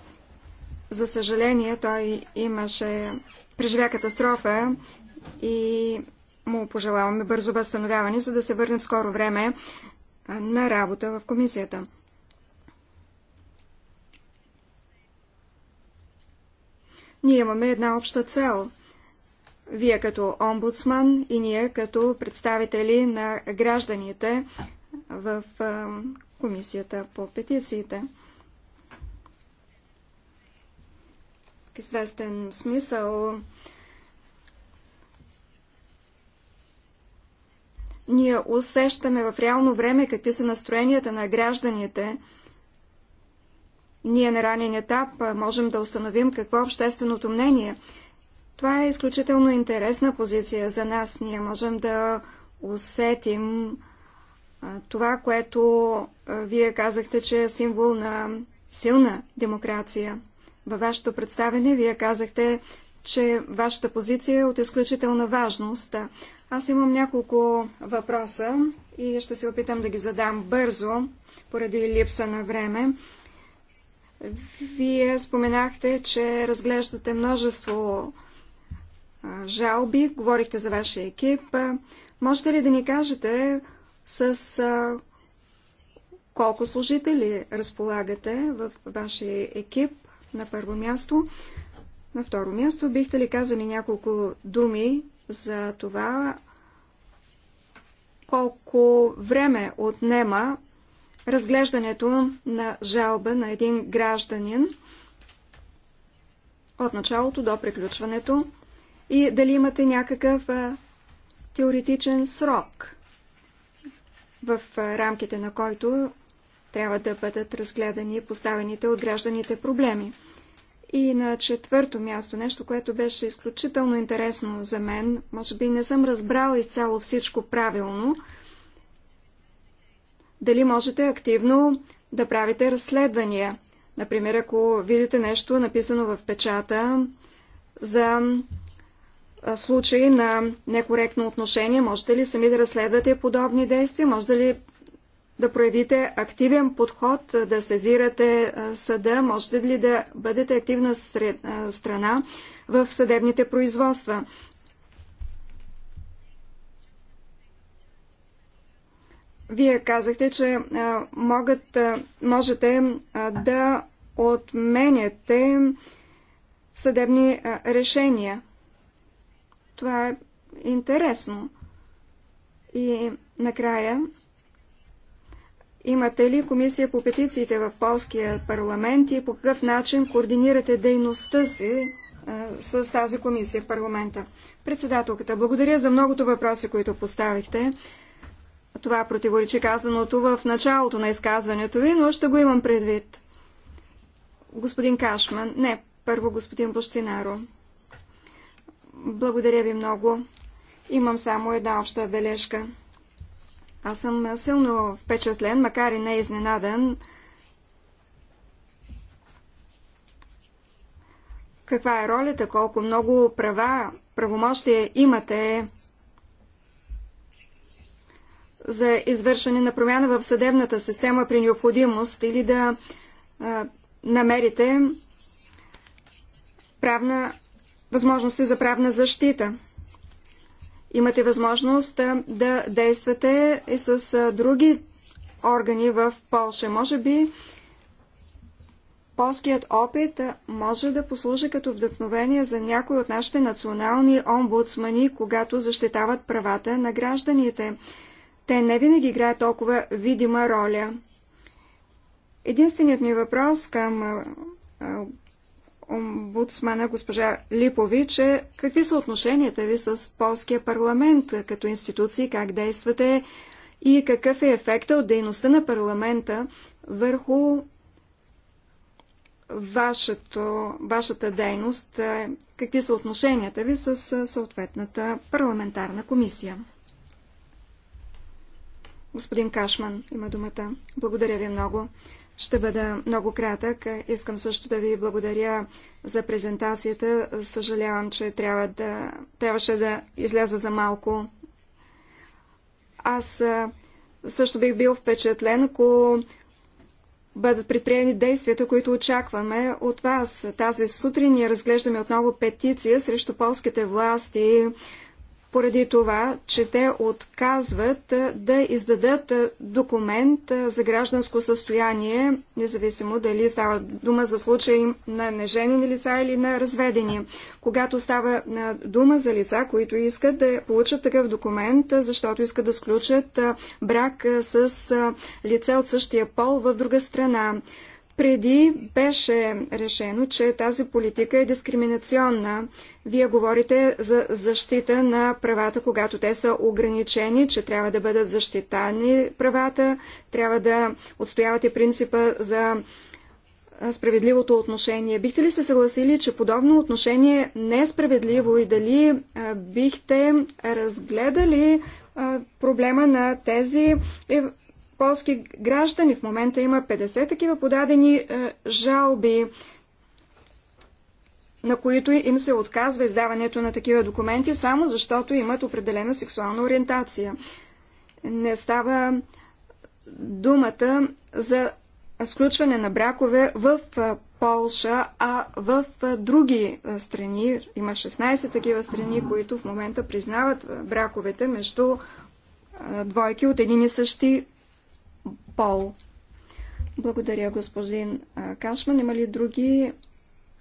За съжаление, той имаше преживя катастрофа и му пожелаваме бързо възстановяване, за да се върне в скоро време на работа в комисията. Ние имаме една обща цел. Вие като омбудсман и ние като представители на гражданите в комисията по петициите. В известен смисъл Ние усещаме в реално време какви са настроенията на гражданите. Ние на ранен етап можем да установим какво е общественото мнение. Това е изключително интересна позиция за нас. Ние можем да усетим това, което вие казахте, че е символ на силна демокрация. Във вашето представене вие казахте, че вашата позиция е от изключителна важност. Аз имам няколко въпроса и ще се опитам да ги задам бързо, поради липса на време. Вие споменахте, че разглеждате множество жалби, говорихте за вашия екип. Можете ли да ни кажете с колко служители разполагате в вашия екип на първо място? На второ място бихте ли казали няколко думи за това колко време отнема разглеждането на жалба на един гражданин от началото до приключването и дали имате някакъв теоретичен срок, в рамките на който трябва да бъдат разгледани поставените от гражданите проблеми. И на четвърто място, нещо, което беше изключително интересно за мен, може би не съм разбрала изцяло всичко правилно, дали можете активно да правите разследвания. Например, ако видите нещо написано в печата за случаи на некоректно отношение, можете ли сами да разследвате подобни действия? Може ли да проявите активен подход, да сезирате съда, можете ли да бъдете активна страна в съдебните производства. Вие казахте, че могат, можете да отменяте съдебни решения. Това е интересно. И накрая Имате ли комисия по петициите в полския парламент и по какъв начин координирате дейността си а, с тази комисия в парламента? Председателката, благодаря за многото въпроси, които поставихте. Това противоречи казаното в началото на изказването ви, но ще го имам предвид. Господин Кашман, не, първо господин Бощинаро. Благодаря ви много. Имам само една обща бележка. Аз съм силно впечатлен, макар и не изненадан, каква е ролята, колко много права, правомощия имате за извършване на промяна в съдебната система при необходимост или да а, намерите правна, възможности за правна защита. Имате възможност да действате и с други органи в Польша. Може би полският опит може да послужи като вдъхновение за някои от нашите национални омбудсмани, когато защитават правата на гражданите. Те не винаги играят толкова видима роля. Единственият ми въпрос към омбудсмана госпожа Липович е какви са отношенията ви с полския парламент като институции, как действате и какъв е ефекта от дейността на парламента върху вашето, вашата дейност, е, какви са отношенията ви с е, съответната парламентарна комисия. Господин Кашман има думата. Благодаря ви много. Ще бъда много кратък. Искам също да ви благодаря за презентацията. Съжалявам, че трябва да, трябваше да изляза за малко. Аз също бих бил впечатлен, ако бъдат предприемани действията, които очакваме от вас. Тази сутрин ние разглеждаме отново петиция срещу полските власти поради това, че те отказват да издадат документ за гражданско състояние, независимо дали става дума за случаи на неженени лица или на разведени. Когато става дума за лица, които искат да получат такъв документ, защото искат да сключат брак с лице от същия пол в друга страна. Преди беше решено, че тази политика е дискриминационна. Вие говорите за защита на правата, когато те са ограничени, че трябва да бъдат защитани правата, трябва да отстоявате принципа за справедливото отношение. Бихте ли се съгласили, че подобно отношение не е справедливо и дали бихте разгледали проблема на тези е, полски граждани? В момента има 50 такива подадени жалби на които им се отказва издаването на такива документи, само защото имат определена сексуална ориентация. Не става думата за сключване на бракове в Полша, а в други страни. Има 16 такива страни, които в момента признават браковете между двойки от един и същи пол. Благодаря, господин Кашман. Има ли други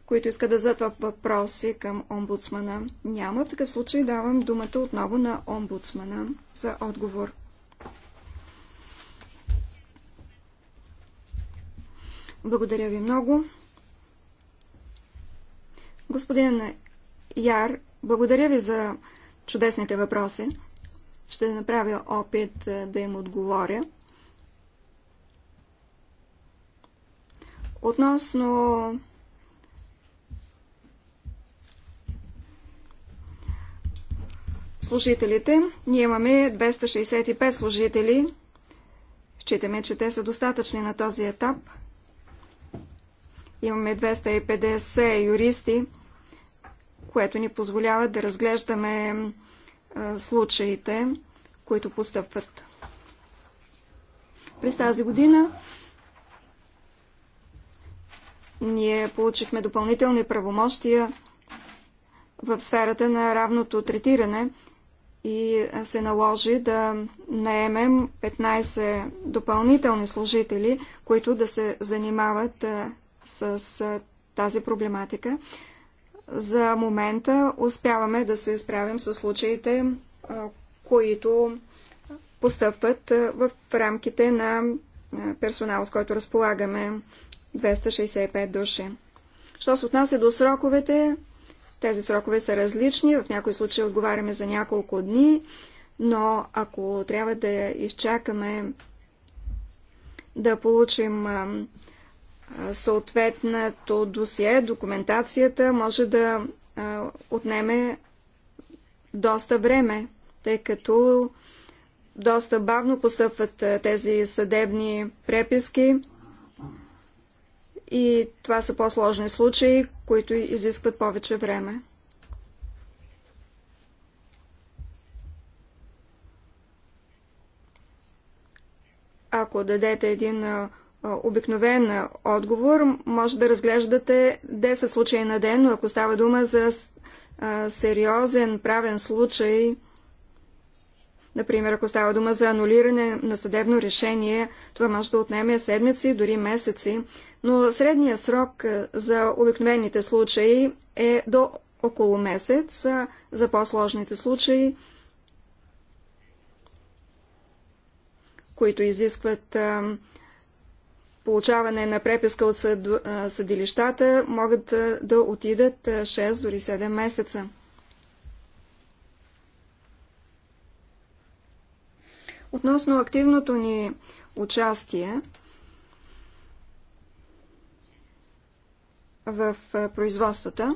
които искат да зададат въпроси към омбудсмана? Няма. В такъв случай давам думата отново на омбудсмана за отговор. Благодаря ви много. Господин Яр, благодаря ви за чудесните въпроси. Ще направя опит е, да им отговоря. Относно служителите. Ние имаме 265 служители. Считаме, че те са достатъчни на този етап. Имаме 250 юристи, което ни позволява да разглеждаме случаите, които постъпват. През тази година ние получихме допълнителни правомощия в сферата на равното третиране и се наложи да наемем 15 допълнителни служители, които да се занимават с тази проблематика. За момента успяваме да се справим с случаите, които постъпват в рамките на персонал, с който разполагаме 265 души. Що се отнася до сроковете, тези срокове са различни, в някои случаи отговаряме за няколко дни, но ако трябва да изчакаме да получим съответното досие, документацията може да отнеме доста време, тъй като доста бавно постъпват тези съдебни преписки и това са по-сложни случаи, които изискват повече време. Ако дадете един обикновен отговор, може да разглеждате 10 случаи на ден, но ако става дума за сериозен правен случай, Например, ако става дума за анулиране на съдебно решение, това може да отнеме седмици, дори месеци, но средния срок е, за обикновените случаи е до около месец, за по-сложните случаи, които изискват е, получаване на преписка от съд... Е, съдилищата, могат да отидат 6 дори 7 месеца. Относно активното ни участие в производствата,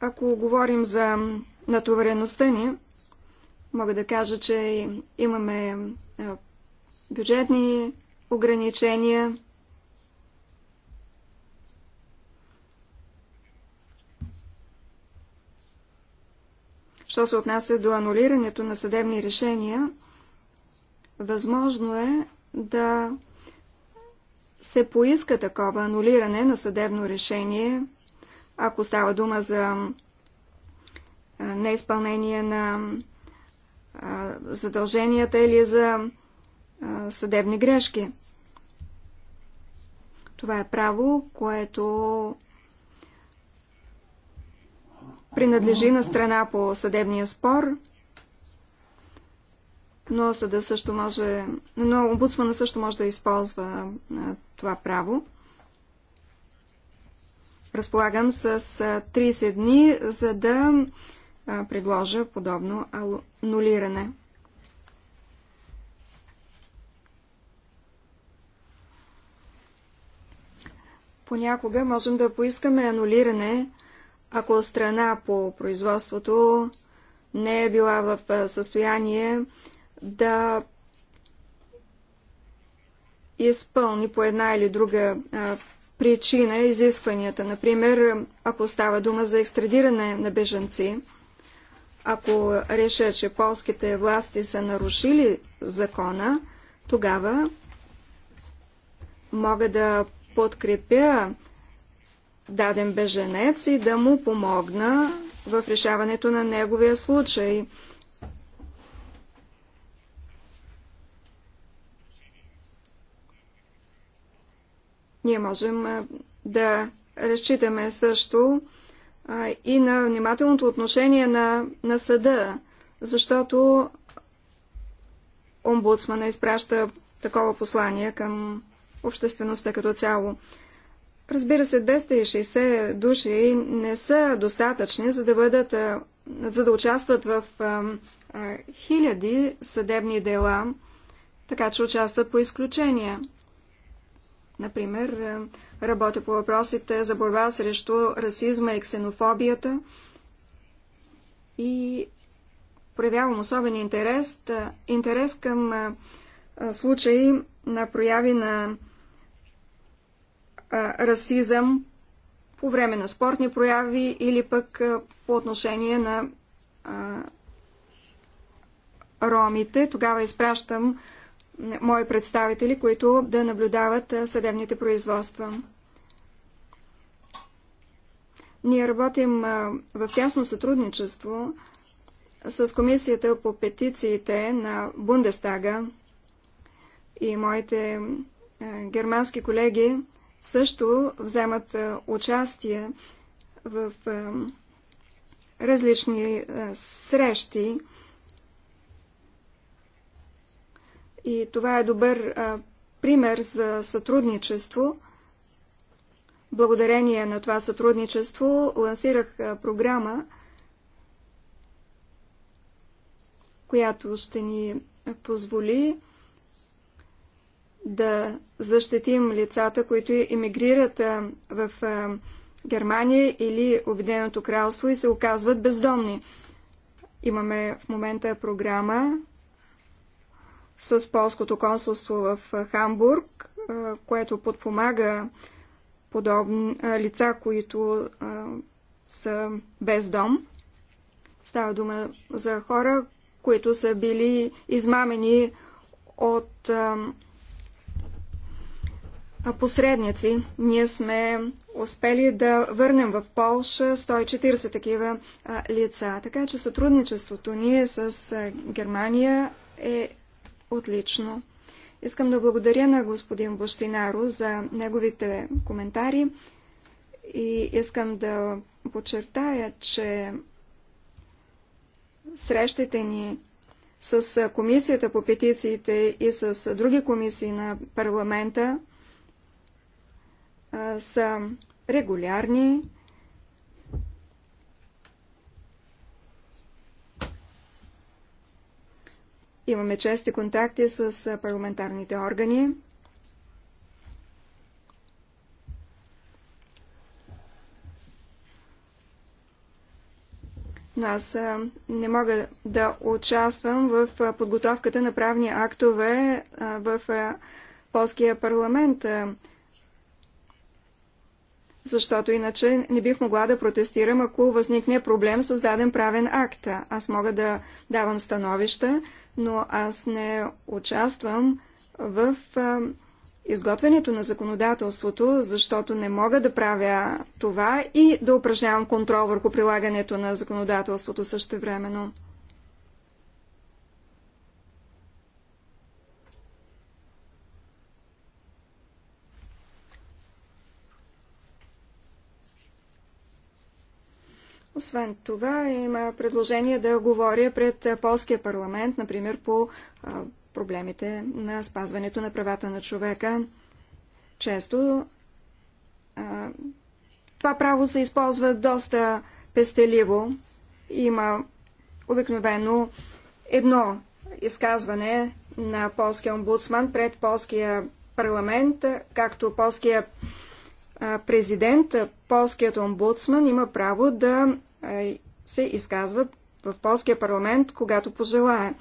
ако говорим за натовареността ни, мога да кажа, че имаме бюджетни ограничения, Що се отнася до анулирането на съдебни решения, възможно е да се поиска такова анулиране на съдебно решение, ако става дума за неизпълнение на задълженията или за съдебни грешки. Това е право, което принадлежи на страна по съдебния спор, но съда също може, но омбудсмана също може да използва това право. Разполагам с 30 дни, за да предложа подобно анулиране. Понякога можем да поискаме анулиране ако страна по производството не е била в състояние да изпълни по една или друга причина изискванията. Например, ако става дума за екстрадиране на бежанци, ако реша, че полските власти са нарушили закона, тогава мога да подкрепя даден беженец и да му помогна в решаването на неговия случай. Ние можем да разчитаме също и на внимателното отношение на, на съда, защото омбудсмана изпраща такова послание към обществеността като цяло. Разбира се, 260 души не са достатъчни, за да, бъдат, за да участват в хиляди съдебни дела, така че участват по изключения. Например, работя по въпросите за борба срещу расизма и ксенофобията и проявявам особен интерес, интерес към случаи на прояви на а, расизъм по време на спортни прояви или пък а, по отношение на а, ромите. Тогава изпращам мои представители, които да наблюдават съдебните производства. Ние работим в тясно сътрудничество с Комисията по петициите на Бундестага и моите германски колеги също вземат е, участие в е, различни е, срещи. И това е добър пример за сътрудничество. Благодарение на това сътрудничество лансирах програма, която ще ни позволи да защитим лицата, които емигрират в Германия или Обединеното кралство и се оказват бездомни. Имаме в момента програма с полското консулство в Хамбург, което подпомага подобни лица, които са без дом. Става дума за хора, които са били измамени от а, посредници. Ние сме успели да върнем в Полша 140 такива лица. Така че сътрудничеството ни с Германия е отлично. Искам да благодаря на господин Бощинаро за неговите коментари и искам да подчертая, че срещите ни с Комисията по петициите и с други комисии на парламента – са регулярни. Имаме чести контакти с парламентарните органи. но аз не мога да участвам в подготовката на правни актове в полския парламент защото иначе не бих могла да протестирам, ако възникне проблем с даден правен акт. Аз мога да давам становища, но аз не участвам в изготвянето на законодателството, защото не мога да правя това и да упражнявам контрол върху прилагането на законодателството същевременно. времено. Освен това, има предложение да говоря пред полския парламент, например, по проблемите на спазването на правата на човека. Често това право се използва доста пестеливо. Има обикновено едно изказване на полския омбудсман пред полския парламент, както полския президент, полският омбудсман има право да се изказва в полския парламент, когато пожелае.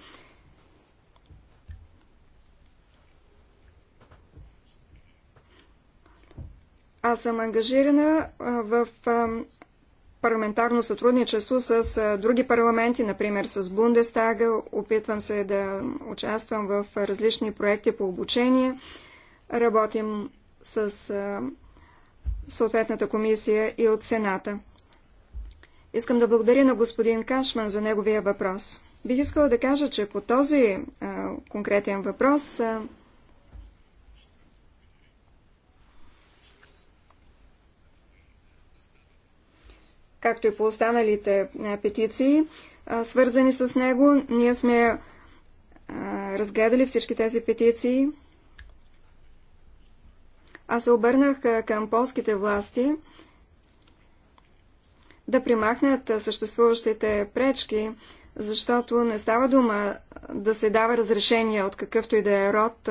Аз съм ангажирана в парламентарно сътрудничество с други парламенти, например с Бундестага. Опитвам се да участвам в различни проекти по обучение. Работим с съответната комисия и от Сената. Искам да благодаря на господин Кашман за неговия въпрос. Бих искала да кажа, че по този а, конкретен въпрос а, както и по останалите а, петиции, а, свързани с него, ние сме а, разгледали всички тези петиции. Аз се обърнах към полските власти да примахнат съществуващите пречки, защото не става дума да се дава разрешение от какъвто и да е род.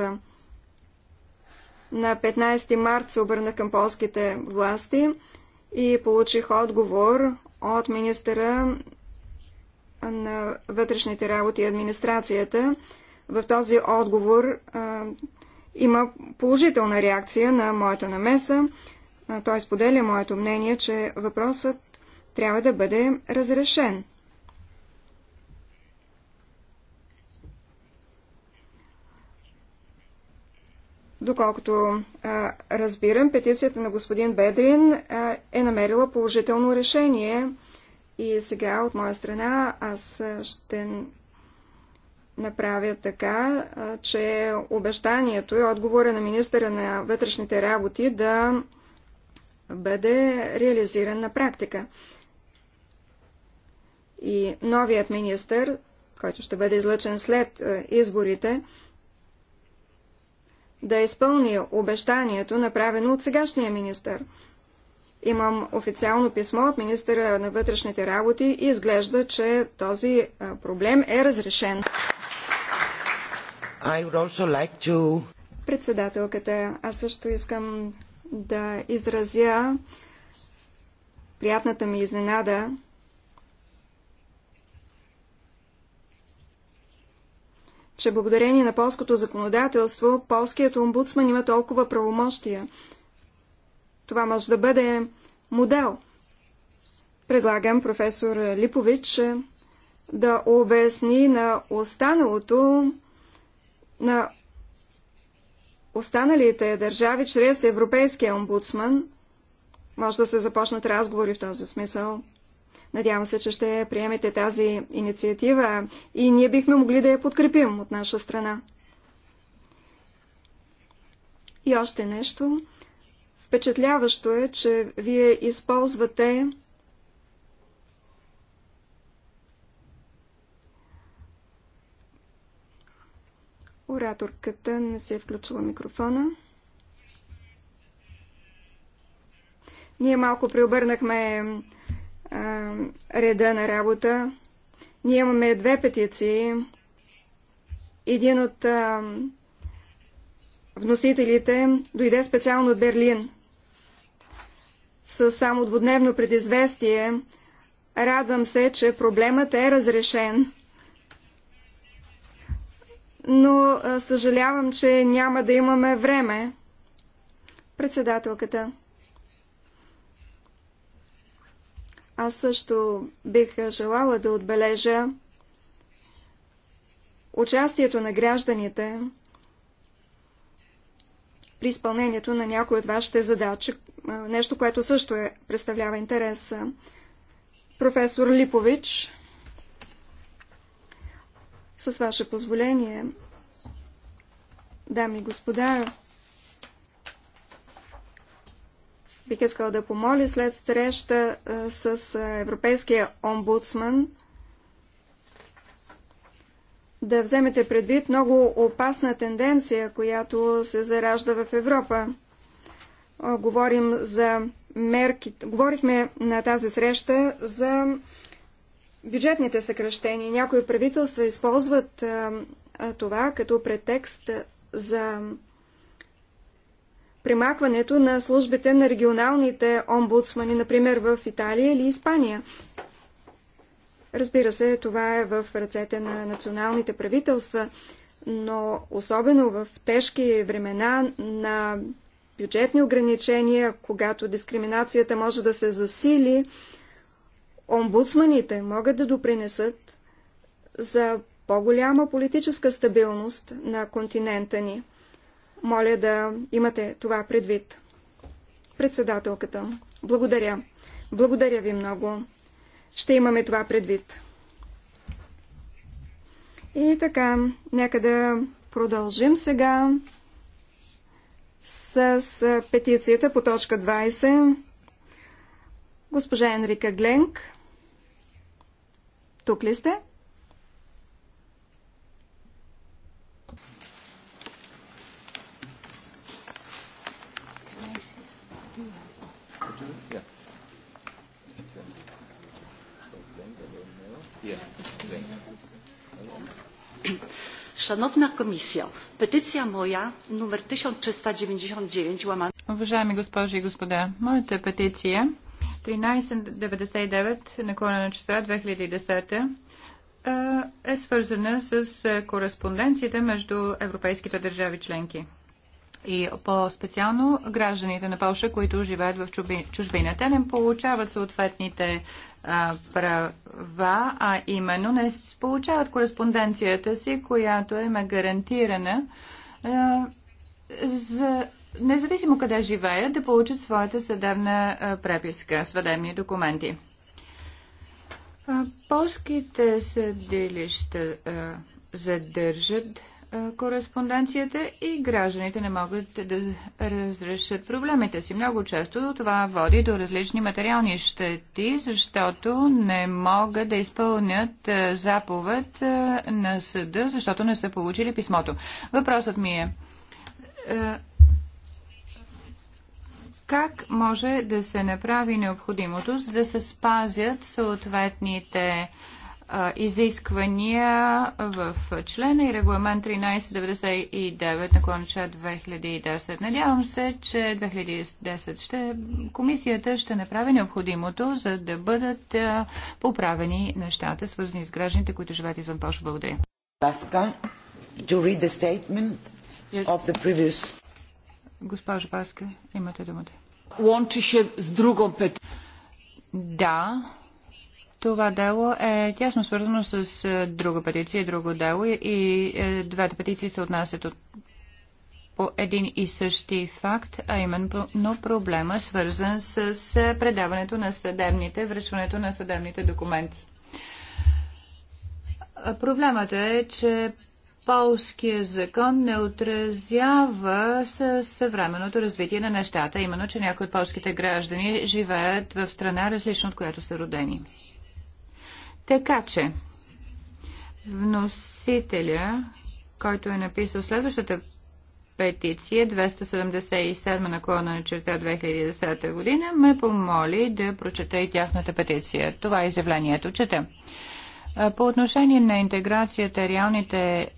На 15 март се обърна към полските власти и получих отговор от министъра на вътрешните работи и администрацията. В този отговор има положителна реакция на моята намеса. Той споделя моето мнение, че въпросът трябва да бъде разрешен. Доколкото а, разбирам, петицията на господин Бедрин а, е намерила положително решение и сега от моя страна аз ще направя така, че обещанието и отговора на министъра на вътрешните работи да бъде реализиран на практика. И новият министър, който ще бъде излъчен след изборите, да изпълни обещанието, направено от сегашния министър. Имам официално писмо от министъра на вътрешните работи и изглежда, че този проблем е разрешен. I would also like to... Председателката, аз също искам да изразя приятната ми изненада, че благодарение на полското законодателство, полският омбудсман има толкова правомощия. Това може да бъде модел. Предлагам професор Липович да обясни на останалото на останалите държави чрез Европейския омбудсман. Може да се започнат разговори в този смисъл. Надявам се, че ще приемете тази инициатива и ние бихме могли да я подкрепим от наша страна. И още нещо. Впечатляващо е, че вие използвате Ораторката не се е включила микрофона. Ние малко преобърнахме а, реда на работа. Ние имаме две петиции. Един от а, вносителите дойде специално от Берлин с само двудневно предизвестие. Радвам се, че проблемът е разрешен но съжалявам, че няма да имаме време. Председателката. Аз също бих желала да отбележа участието на гражданите при изпълнението на някои от вашите задачи, нещо, което също е, представлява интерес. Професор Липович с ваше позволение, дами и господа, бих искала да помоля след среща с Европейския омбудсман да вземете предвид много опасна тенденция, която се заражда в Европа. Говорим за мерки. Говорихме на тази среща за бюджетните съкръщения. Някои правителства използват това като претекст за примахването на службите на регионалните омбудсмани, например в Италия или Испания. Разбира се, това е в ръцете на националните правителства, но особено в тежки времена на бюджетни ограничения, когато дискриминацията може да се засили, омбудсманите могат да допринесат за по-голяма политическа стабилност на континента ни. Моля да имате това предвид. Председателката, благодаря. Благодаря ви много. Ще имаме това предвид. И така, нека да продължим сега с петицията по точка 20. Госпожа Енрика Гленк. Тук ли сте? Шановна комисия, петиция моя, номер 1399 ламан... Уважаеми госпожи и господа, моята петиция 1399 наклона на чета 2010 е свързана с кореспонденцията между европейските държави членки и по-специално гражданите на Польша, които живеят в чужбина. Те не получават съответните а, права, а именно не получават кореспонденцията си, която им е гарантирана а, за независимо къде живеят, да получат своята съдебна преписка, съдебни документи. Полските съдилища задържат кореспонденцията и гражданите не могат да разрешат проблемите си. Много често това води до различни материални щети, защото не могат да изпълнят заповед на съда, защото не са получили писмото. Въпросът ми е как може да се направи необходимото, за да се спазят съответните а, изисквания в члена и регламент 1399 на конча 2010. Надявам се, че 2010 ще, комисията ще направи необходимото, за да бъдат а, поправени нещата, свързани с гражданите, които живеят извън Польша. Благодаря. Госпожо Паска, имате думата. Łączy się z drugą petycją. Да, това дело е тясно свързано с друга петиция и друго дело и е, двете петиции се отнасят от по един и същи факт, а именно проблема е свързан с предаването на съдебните, връчването на съдебните документи. Проблемът е, че полския закон не отразява съвременното развитие на нещата, именно, че някои от полските граждани живеят в страна различна от която са родени. Така че, вносителя, който е написал следващата петиция 277 наклона на черта 2010 година, ме помоли да прочета и тяхната петиция. Това е изявлението. Чета. По отношение на интеграцията, реалните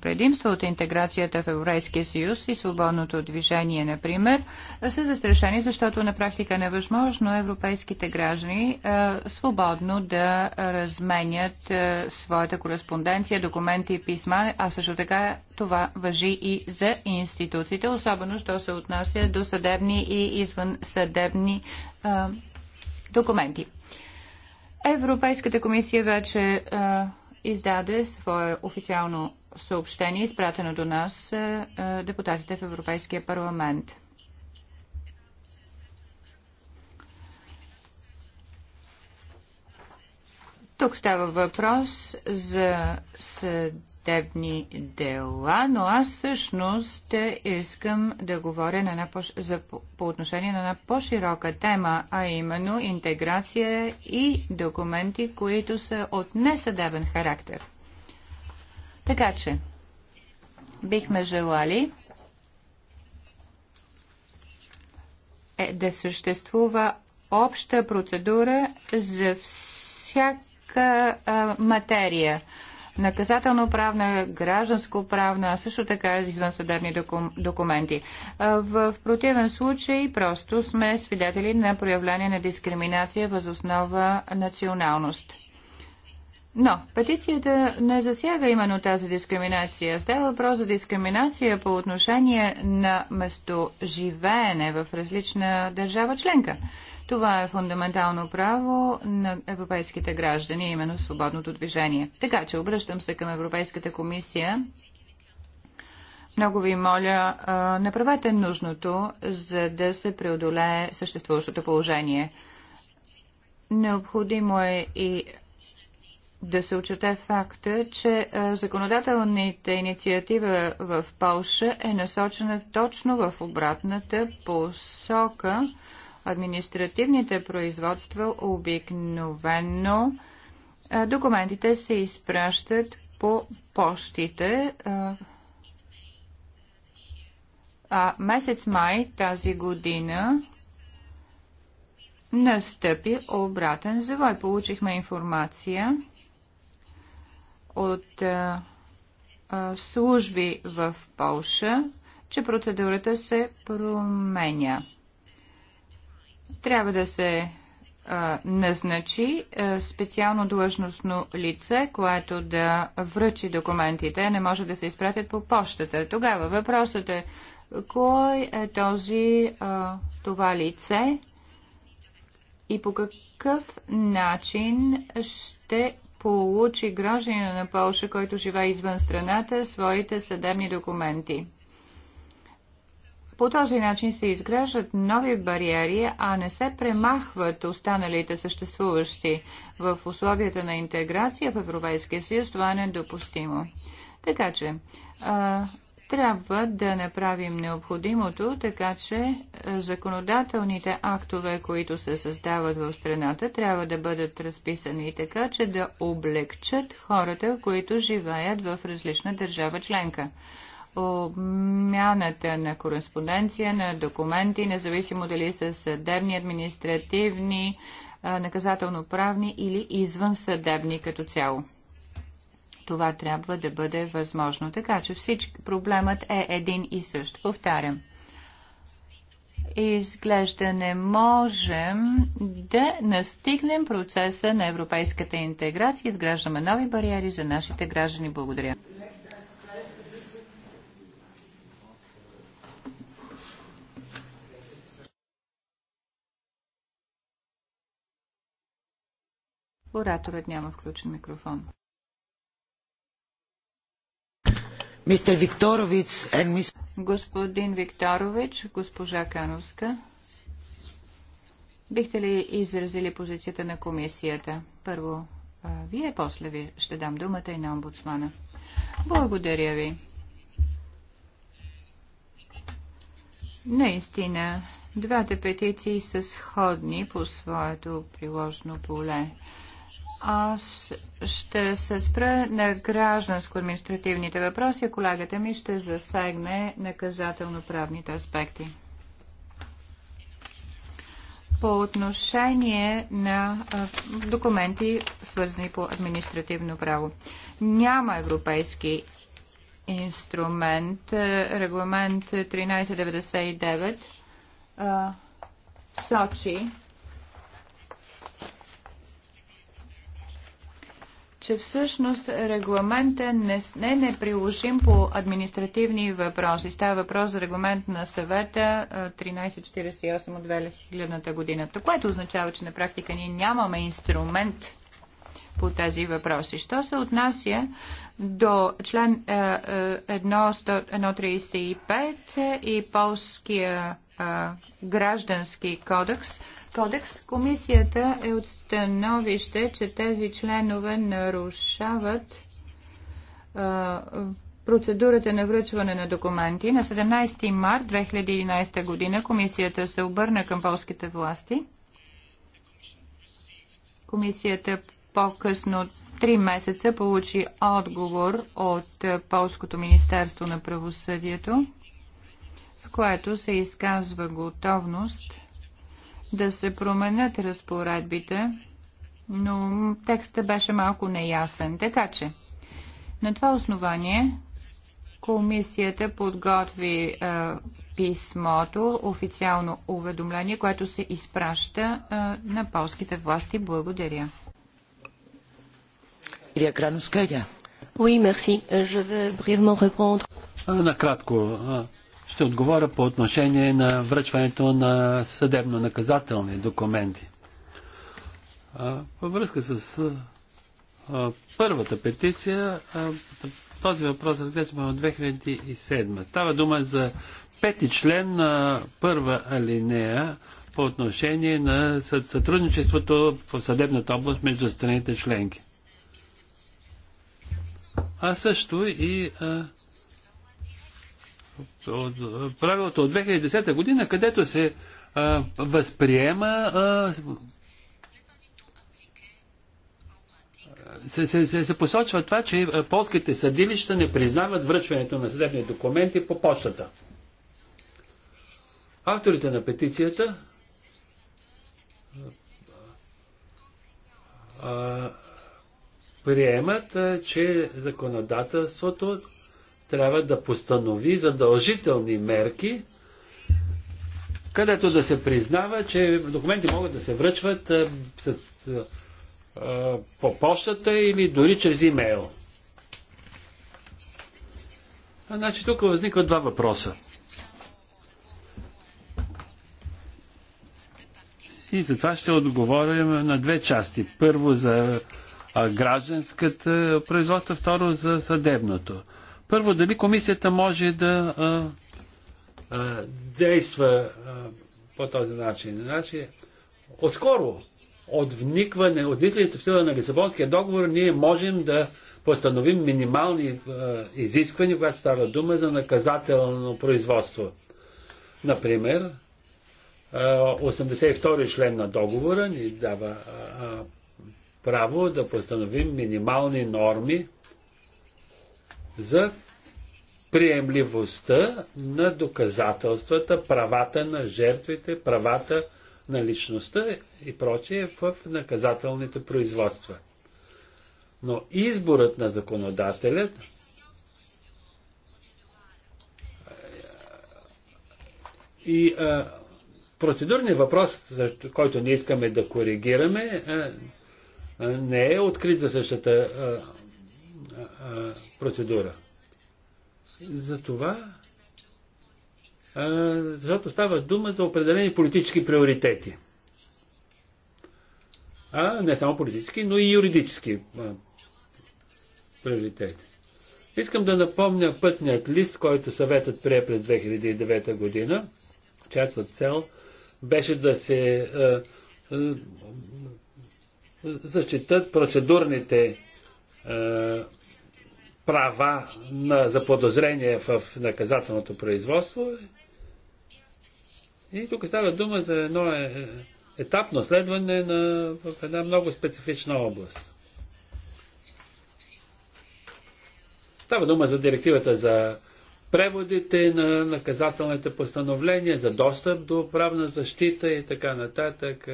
предимства от интеграцията в Европейския съюз и свободното движение, например, са застрашени, защото на практика е невъзможно европейските граждани свободно да разменят своята кореспонденция, документи и писма, а също така това въжи и за институциите, особено що се отнася до съдебни и извънсъдебни документи. Европейската комисия вече а, издаде свое официално съобщение, изпратено до нас а, депутатите в Европейския парламент. Тук става въпрос за съдебни дела, но аз всъщност искам да говоря на една по, за, по отношение на една по-широка тема, а именно интеграция и документи, които са от несъдебен характер. Така че, бихме желали е да съществува обща процедура за всяка всяка а, материя. Наказателно-правна, гражданско-правна, а също така извънсъдебни докум, документи. А, в, в противен случай просто сме свидетели на проявление на дискриминация въз основа националност. Но петицията не засяга именно тази дискриминация. Става въпрос за дискриминация по отношение на местоживеене в различна държава членка. Това е фундаментално право на европейските граждани, именно свободното движение. Така че обръщам се към Европейската комисия много ви моля, направете нужното, за да се преодолее съществуващото положение. Необходимо е и да се очете факта, че законодателната инициатива в Полша е насочена точно в обратната посока административните производства обикновено е, документите се изпращат по почтите. Е, а месец май тази година настъпи обратен завой. Получихме информация от е, служби в Полша, че процедурата се променя трябва да се а, назначи а, специално длъжностно лице, което да връчи документите, не може да се изпратят по почтата. Тогава въпросът е кой е този, а, това лице и по какъв начин ще получи гражданина на Полша, който живее извън страната, своите съдебни документи. По този начин се изграждат нови бариери, а не се премахват останалите съществуващи. В условията на интеграция в Европейския съюз това е недопустимо. Така че, а, трябва да направим необходимото, така че законодателните актове, които се създават в страната, трябва да бъдат разписани така, че да облегчат хората, които живеят в различна държава членка обмяната на кореспонденция, на документи, независимо дали са съдебни, административни, наказателно-правни или извънсъдебни като цяло. Това трябва да бъде възможно. Така че всички, проблемът е един и същ. Повтарям. Изглежда не можем да настигнем процеса на европейската интеграция. Изграждаме нови бариери за нашите граждани. Благодаря. Ораторът няма включен микрофон. Мистер Викторович и мис... Господин Викторович, госпожа Кановска, бихте ли изразили позицията на комисията? Първо вие, после ви ще дам думата и на омбудсмана. Благодаря ви. Наистина, двата петиции са сходни по своето приложно поле. Аз ще се спра на гражданско-административните въпроси, а колегата ми ще засегне наказателно-правните аспекти. По отношение на документи, свързани по административно право, няма европейски инструмент, регламент 1399 сочи, че всъщност регламента не, не е неприложим по административни въпроси. Става въпрос за регламент на съвета 1348 от 2000 година, което означава, че на практика ние нямаме инструмент по тези въпроси. Що се отнася до член 1.135 и полския граждански кодекс – кодекс, комисията е от становище, че тези членове нарушават а, процедурата на връчване на документи. На 17 март 2011 година комисията се обърна към полските власти. Комисията по-късно 3 месеца получи отговор от Полското Министерство на правосъдието, в което се изказва готовност да се променят разпоредбите, но текста беше малко неясен. Така че, на това основание комисията подготви е, писмото, официално уведомление, което се изпраща е, на полските власти. Благодаря. Oui, merci. Je veux brièvement répondre. Накратко, ще отговоря по отношение на връчването на съдебно-наказателни документи. Във връзка с първата петиция, този въпрос разглеждаме от 2007. Става дума за пети член на първа алинея по отношение на сътрудничеството в съдебната област между страните членки. А също и а, от, правилото от 2010 година, където се а, възприема а, се, се, се, се посочва това, че полските съдилища не признават връчването на съдебни документи по почтата. Авторите на петицията а, приемат, че законодателството трябва да постанови задължителни мерки, където да се признава, че документи могат да се връчват а, с, а, по почтата или дори чрез имейл. А, значи тук възникват два въпроса. И затова ще отговорим на две части. Първо за гражданската производство, второ за съдебното. Първо, дали комисията може да а, а, действа а, по този начин? Значи, отскоро, от вникване, от вникването в сила на Лисабонския договор, ние можем да постановим минимални а, изисквания, когато става дума за наказателно производство. Например, 82 член на договора ни дава а, право да постановим минимални норми за приемливостта на доказателствата, правата на жертвите, правата на личността и прочие в наказателните производства. Но изборът на законодателят и процедурният въпрос, който не искаме да коригираме, не е открит за същата процедура за това, защото става дума за определени политически приоритети. А не само политически, но и юридически приоритети. Искам да напомня пътният лист, който съветът прие през 2009 година, чиято цел беше да се защитат процедурните е, права на, за подозрение в наказателното производство. И тук става дума за едно е, етапно следване на, в една много специфична област. Става дума за директивата за преводите на наказателните постановления, за достъп до правна защита и така нататък,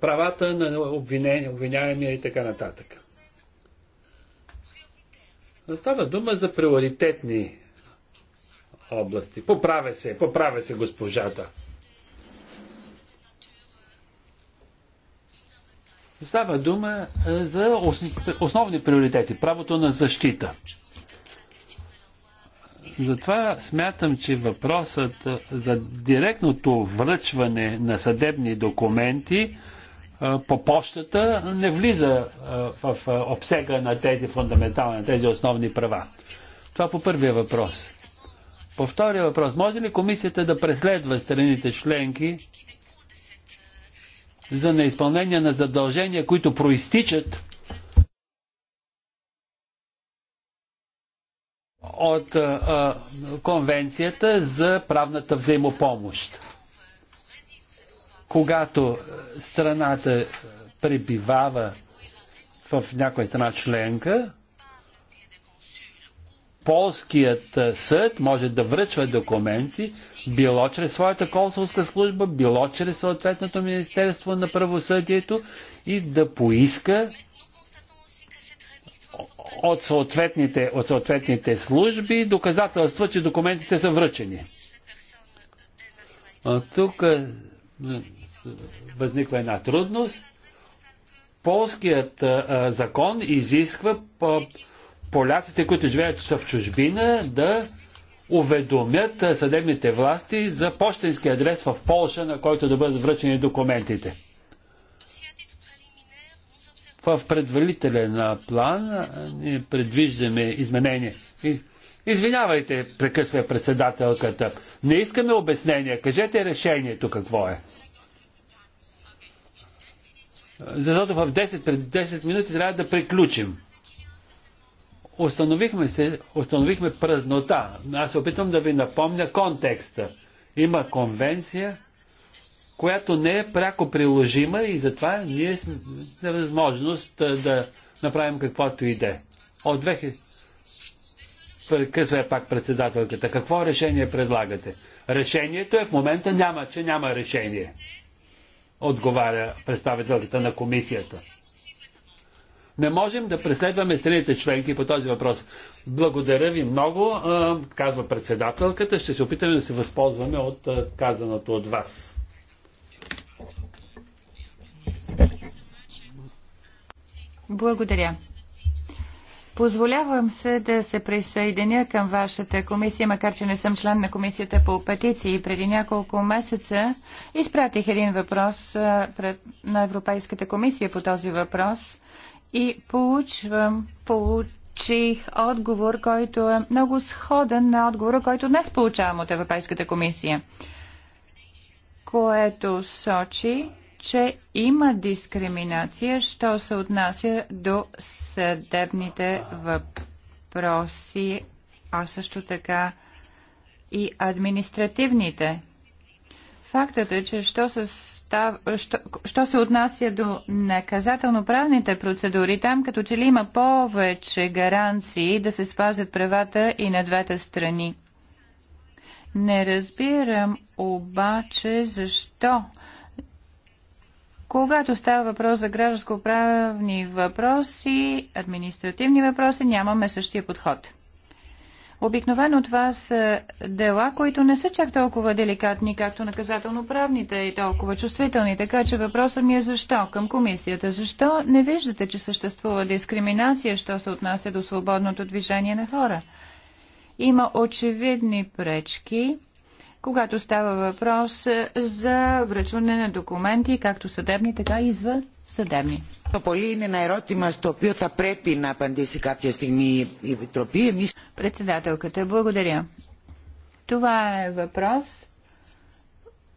правата на обвиняемия и така нататък. Да става дума за приоритетни области. Поправя се, поправя се госпожата. Става дума е, за основни приоритети. Правото на защита. Затова смятам, че въпросът е, за директното връчване на съдебни документи по почтата не влиза в обсега на тези фундаментални, на тези основни права. Това по първия въпрос. По втория въпрос, може ли комисията да преследва страните членки за неизпълнение на задължения, които проистичат от а, конвенцията за правната взаимопомощ? когато страната пребивава в някоя страна членка, полският съд може да връчва документи, било чрез своята консулска служба, било чрез съответното Министерство на правосъдието и да поиска от съответните, от съответните служби доказателства, че документите са връчени. А тук възниква една трудност. Полският а, закон изисква по, поляците, които живеят в чужбина, да уведомят съдебните власти за почтенски адрес в Полша, на който да бъдат връчени документите. В предварителен план ние предвиждаме изменение. Извинявайте, прекъсва председателката. Не искаме обяснение. Кажете решението какво е. Защото в 10, пред 10 минути трябва да приключим. Установихме, се, установихме празнота. Аз се опитвам да ви напомня контекста. Има конвенция, която не е пряко приложима и затова ние сме възможност да направим каквото и да е. От 2000 е пак председателката. Какво решение предлагате? Решението е в момента няма, че няма решение отговаря представителката на комисията. Не можем да преследваме страните членки по този въпрос. Благодаря ви много, казва председателката. Ще се опитаме да се възползваме от казаното от вас. Благодаря. Позволявам се да се присъединя към вашата комисия, макар че не съм член на комисията по петиции. Преди няколко месеца изпратих един въпрос пред, на Европейската комисия по този въпрос и получвам, получих отговор, който е много сходен на отговора, който днес получавам от Европейската комисия, което сочи, че има дискриминация, що се отнася до съдебните въпроси, а също така и административните. Фактът е, че що се став... що, що се отнася до наказателно-правните процедури, там като че ли има повече гаранции да се спазят правата и на двете страни. Не разбирам обаче защо когато става въпрос за гражданско-правни въпроси, административни въпроси, нямаме същия подход. Обикновено това са дела, които не са чак толкова деликатни, както наказателно-правните и толкова чувствителни. Така че въпросът ми е защо към комисията. Защо не виждате, че съществува дискриминация, що се отнася до свободното движение на хора? Има очевидни пречки когато става въпрос е, за връчване на документи, както съдебни, така и извън съдебни. Το πολύ είναι ένα ερώτημα στο οποίο θα πρέπει να απαντήσει κάποια στιγμή η Επιτροπή. Εμείς... Председателката, благодаря. Това е въпрос,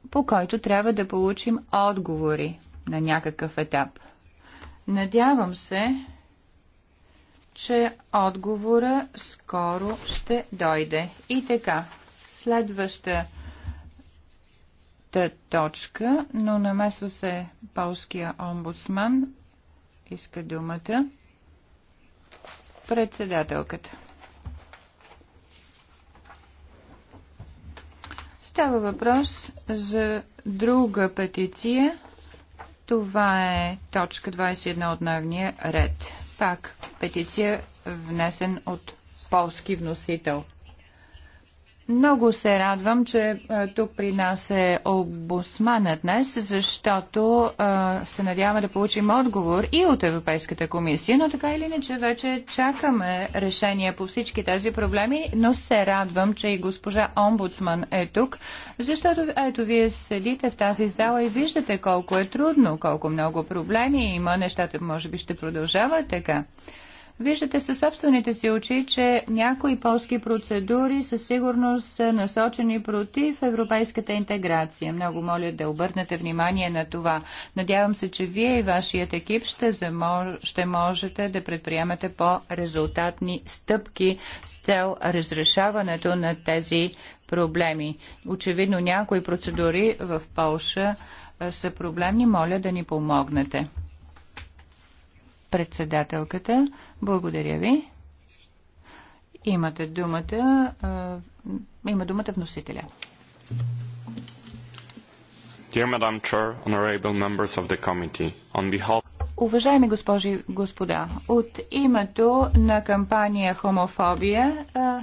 по който трябва да получим отговори на някакъв етап. Надявам се, че отговора скоро ще дойде. И така, следваща точка, но намесва се полския омбудсман. Иска думата. Председателката. Става въпрос за друга петиция. Това е точка 21 от дневния ред. Пак петиция внесен от полски вносител. Много се радвам, че е, тук при нас е обосмана днес, защото е, се надяваме да получим отговор и от Европейската комисия, но така или иначе вече чакаме решение по всички тези проблеми, но се радвам, че и госпожа омбудсман е тук, защото ето вие седите в тази зала и виждате колко е трудно, колко много проблеми има, нещата може би ще продължават така. Виждате със собствените си очи, че някои полски процедури със сигурност са насочени против европейската интеграция. Много моля да обърнете внимание на това. Надявам се, че вие и вашият екип ще, замож... ще можете да предприемате по-резултатни стъпки с цел разрешаването на тези проблеми. Очевидно някои процедури в Полша са проблемни. Моля да ни помогнете. Председателката, благодаря ви. Имате думата, а, има думата вносителя. Dear Madam Chair, honorable members of the committee, on behalf Уважаеми госпожи и господа, от името на кампания Хомофобия а,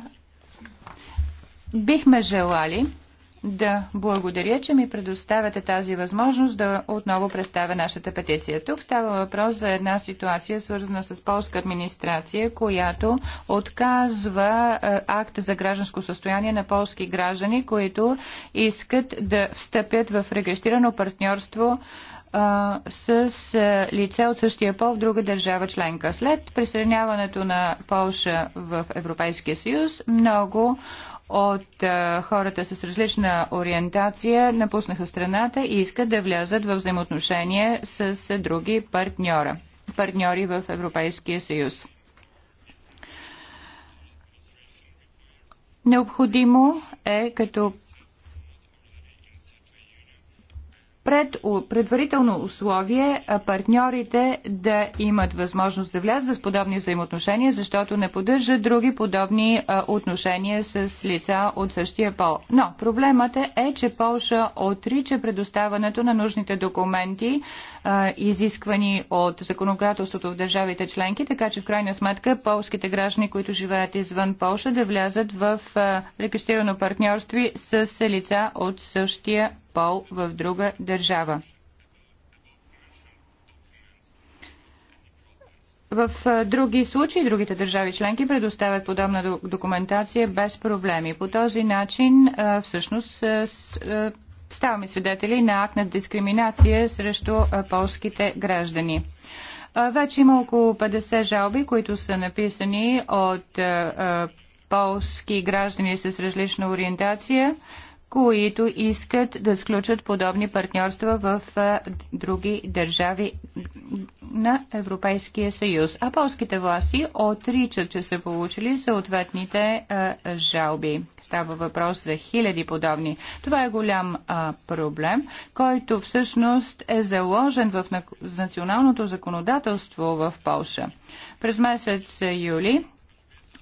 бихме желали да благодаря, че ми предоставяте тази възможност да отново представя нашата петиция. Тук става въпрос за една ситуация, свързана с полска администрация, която отказва е, акт за гражданско състояние на полски граждани, които искат да встъпят в регистрирано партньорство е, с е, лице от същия пол в друга държава членка. След присъединяването на Полша в Европейския съюз, много от а, хората с различна ориентация напуснаха страната и искат да влязат в взаимоотношения с други партньора, партньори в Европейския съюз. Необходимо е като пред, предварително условие партньорите да имат възможност да влязат в подобни взаимоотношения, защото не поддържат други подобни отношения с лица от същия пол. Но проблемът е, че Полша отрича предоставането на нужните документи, изисквани от законодателството в държавите членки, така че в крайна сметка полските граждани, които живеят извън Полша, да влязат в регистрирано партньорство с лица от същия пол в друга държава. В други случаи другите държави членки предоставят подобна документация без проблеми. По този начин всъщност ставаме свидетели на акт на дискриминация срещу полските граждани. Вече има около 50 жалби, които са написани от полски граждани с различна ориентация които искат да сключат подобни партньорства в други държави на Европейския съюз. А полските власти отричат, че са получили съответните жалби. Става въпрос за хиляди подобни. Това е голям проблем, който всъщност е заложен в националното законодателство в Полша. През месец юли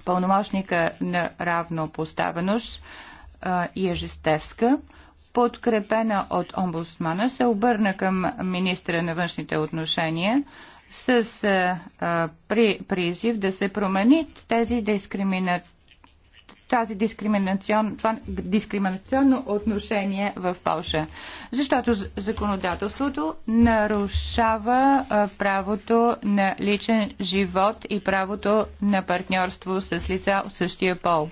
пълномощника на равнопоставеност Ежестевска, подкрепена от омбудсмана, се обърна към министра на външните отношения с а, при, призив да се промени тези дискримина... тази дискриминацион... това дискриминационно отношение в Польша. Защото законодателството нарушава а, правото на личен живот и правото на партньорство с лица от същия пол.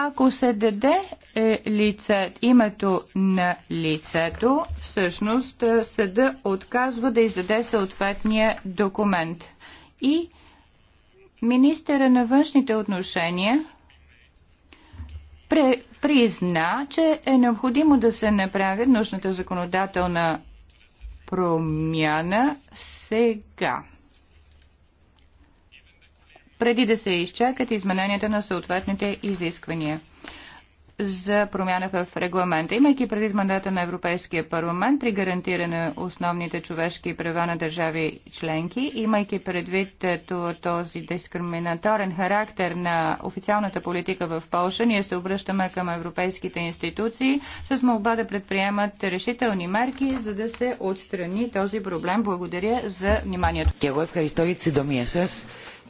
Ако се даде е, лице, името на лицето, всъщност е, съда отказва да издаде съответния документ. И министъра на външните отношения пре, призна, че е необходимо да се направи нужната законодателна промяна сега преди да се изчакат измененията на съответните изисквания за промяна в регламента. Имайки предвид мандата на Европейския парламент при гарантиране основните човешки права на държави членки, имайки предвид е, този дискриминаторен характер на официалната политика в Польша, ние се обръщаме към европейските институции с молба да предприемат решителни мерки, за да се отстрани този проблем. Благодаря за вниманието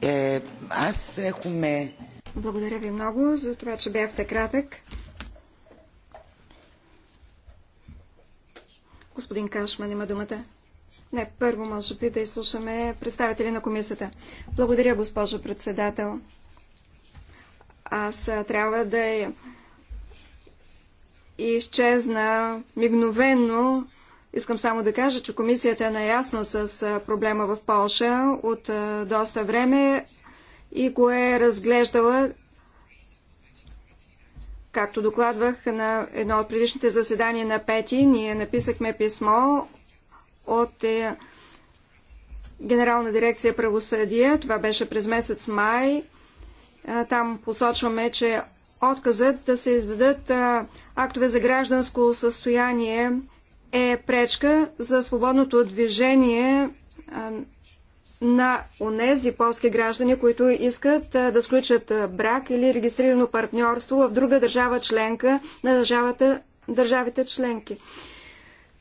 е, аз έχουμε... Благодаря ви много за това, че бяхте кратък. Господин Кашман има думата. Не, първо може би да изслушаме представители на комисията. Благодаря, госпожо председател. Аз трябва да изчезна мигновенно Искам само да кажа, че комисията е наясно с проблема в Полша от доста време и го е разглеждала, както докладвах на едно от предишните заседания на Пети. Ние написахме писмо от е, Генерална дирекция правосъдие. Това беше през месец май. Там посочваме, че отказът да се издадат актове за гражданско състояние е пречка за свободното движение на онези полски граждани, които искат да сключат брак или регистрирано партньорство в друга държава членка на държавата, държавите членки.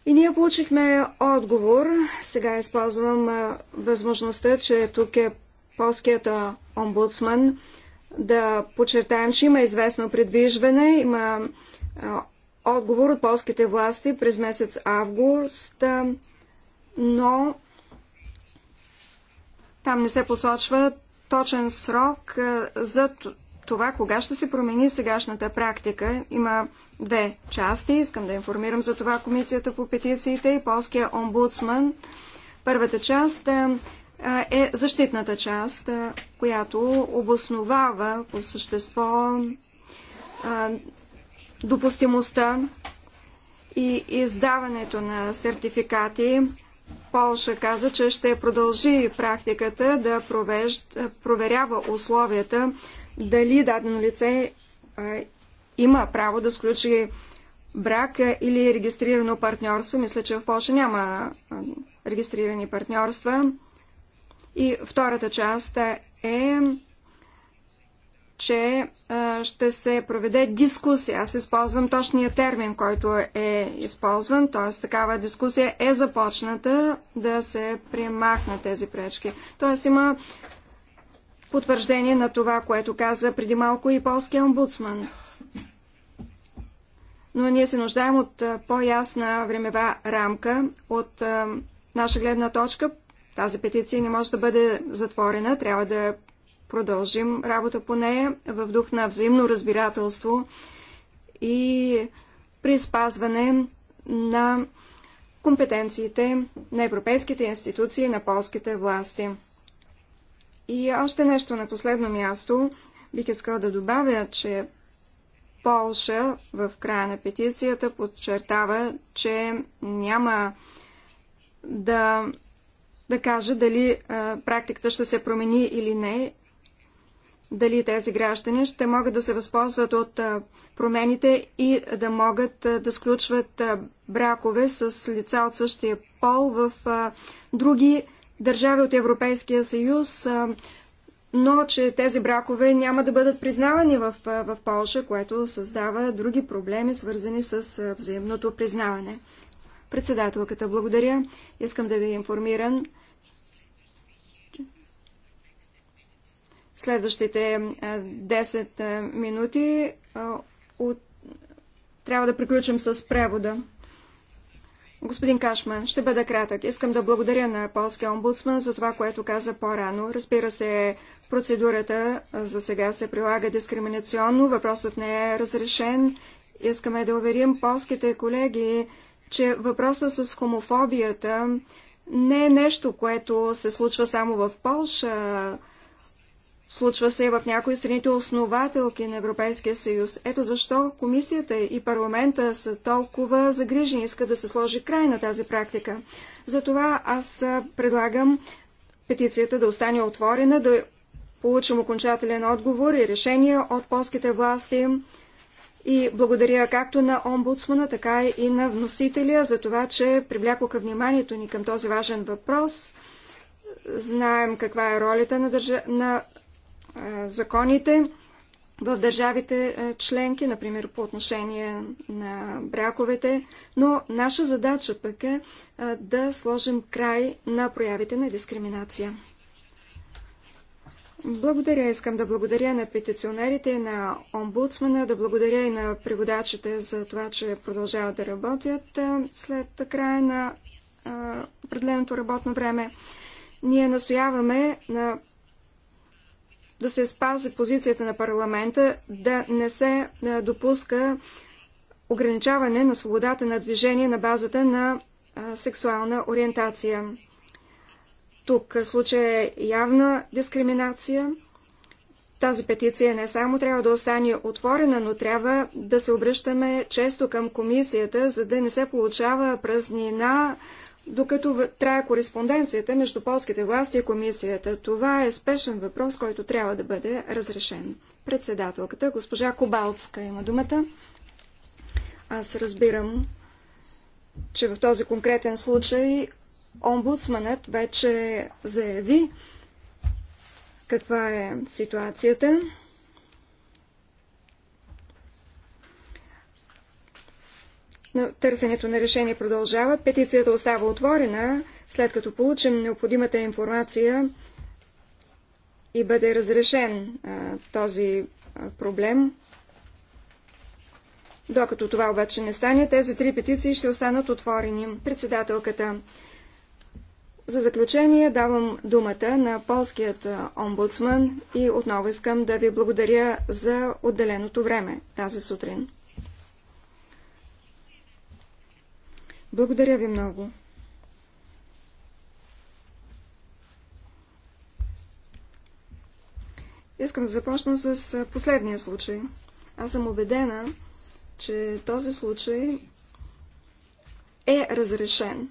И ние получихме отговор. Сега използвам възможността, че тук е полският омбудсман да подчертаем, че има известно предвижване, има отговор от полските власти през месец август, но там не се посочва точен срок за това, кога ще се промени сегашната практика. Има две части. Искам да информирам за това Комисията по петициите и полския омбудсман. Първата част е защитната част, която обосновава по същество допустимостта и издаването на сертификати. Полша каза, че ще продължи практиката да провеж... проверява условията дали дадено лице а, има право да сключи брак или регистрирано партньорство. Мисля, че в Польша няма регистрирани партньорства. И втората част е че а, ще се проведе дискусия. Аз използвам точния термин, който е използван, т.е. такава дискусия е започната да се примахнат тези пречки. Т.е. има потвърждение на това, което каза преди малко и полския омбудсман. Но ние се нуждаем от по-ясна времева рамка, от а, наша гледна точка. Тази петиция не може да бъде затворена, трябва да продължим работа по нея в дух на взаимно разбирателство и при спазване на компетенциите на европейските институции и на полските власти. И още нещо на последно място. Бих искала да добавя, че Полша в края на петицията подчертава, че няма да, да каже дали а, практиката ще се промени или не дали тези граждани ще могат да се възползват от промените и да могат да сключват бракове с лица от същия пол в други държави от Европейския съюз, но че тези бракове няма да бъдат признавани в, в Польша, което създава други проблеми, свързани с взаимното признаване. Председателката, благодаря. Искам да ви информирам, следващите 10 е, е, минути е, от... трябва да приключим с превода. Господин Кашман, ще бъда кратък. Искам да благодаря на полския омбудсман за това, което каза по-рано. Разбира се, процедурата за сега се прилага дискриминационно, въпросът не е разрешен. Искаме да уверим полските колеги, че въпросът с хомофобията не е нещо, което се случва само в Полша Случва се и в някои страните основателки на Европейския съюз. Ето защо комисията и парламента са толкова загрижени, искат да се сложи край на тази практика. Затова аз предлагам петицията да остане отворена, да получим окончателен отговор и решение от полските власти. И благодаря както на омбудсмана, така и на вносителя за това, че привлякоха вниманието ни към този важен въпрос. Знаем каква е ролята на, държа... на законите в държавите членки, например по отношение на бряковете, но наша задача пък е да сложим край на проявите на дискриминация. Благодаря. Искам да благодаря на петиционерите, на омбудсмана, да благодаря и на преводачите за това, че продължават да работят след края на определеното работно време. Ние настояваме на да се спази позицията на парламента, да не се е, допуска ограничаване на свободата на движение на базата на е, сексуална ориентация. Тук случая е явна дискриминация. Тази петиция не само трябва да остане отворена, но трябва да се обръщаме често към комисията, за да не се получава празнина докато трае кореспонденцията между полските власти и комисията. Това е спешен въпрос, който трябва да бъде разрешен. Председателката, госпожа Кобалска, има думата. Аз разбирам, че в този конкретен случай омбудсманът вече заяви каква е ситуацията. Търсенето на решение продължава. Петицията остава отворена. След като получим необходимата информация и бъде разрешен а, този а, проблем, докато това обаче не стане, тези три петиции ще останат отворени. Председателката. За заключение давам думата на полският омбудсман и отново искам да ви благодаря за отделеното време тази сутрин. Благодаря ви много. Искам да започна с последния случай. Аз съм убедена, че този случай е разрешен.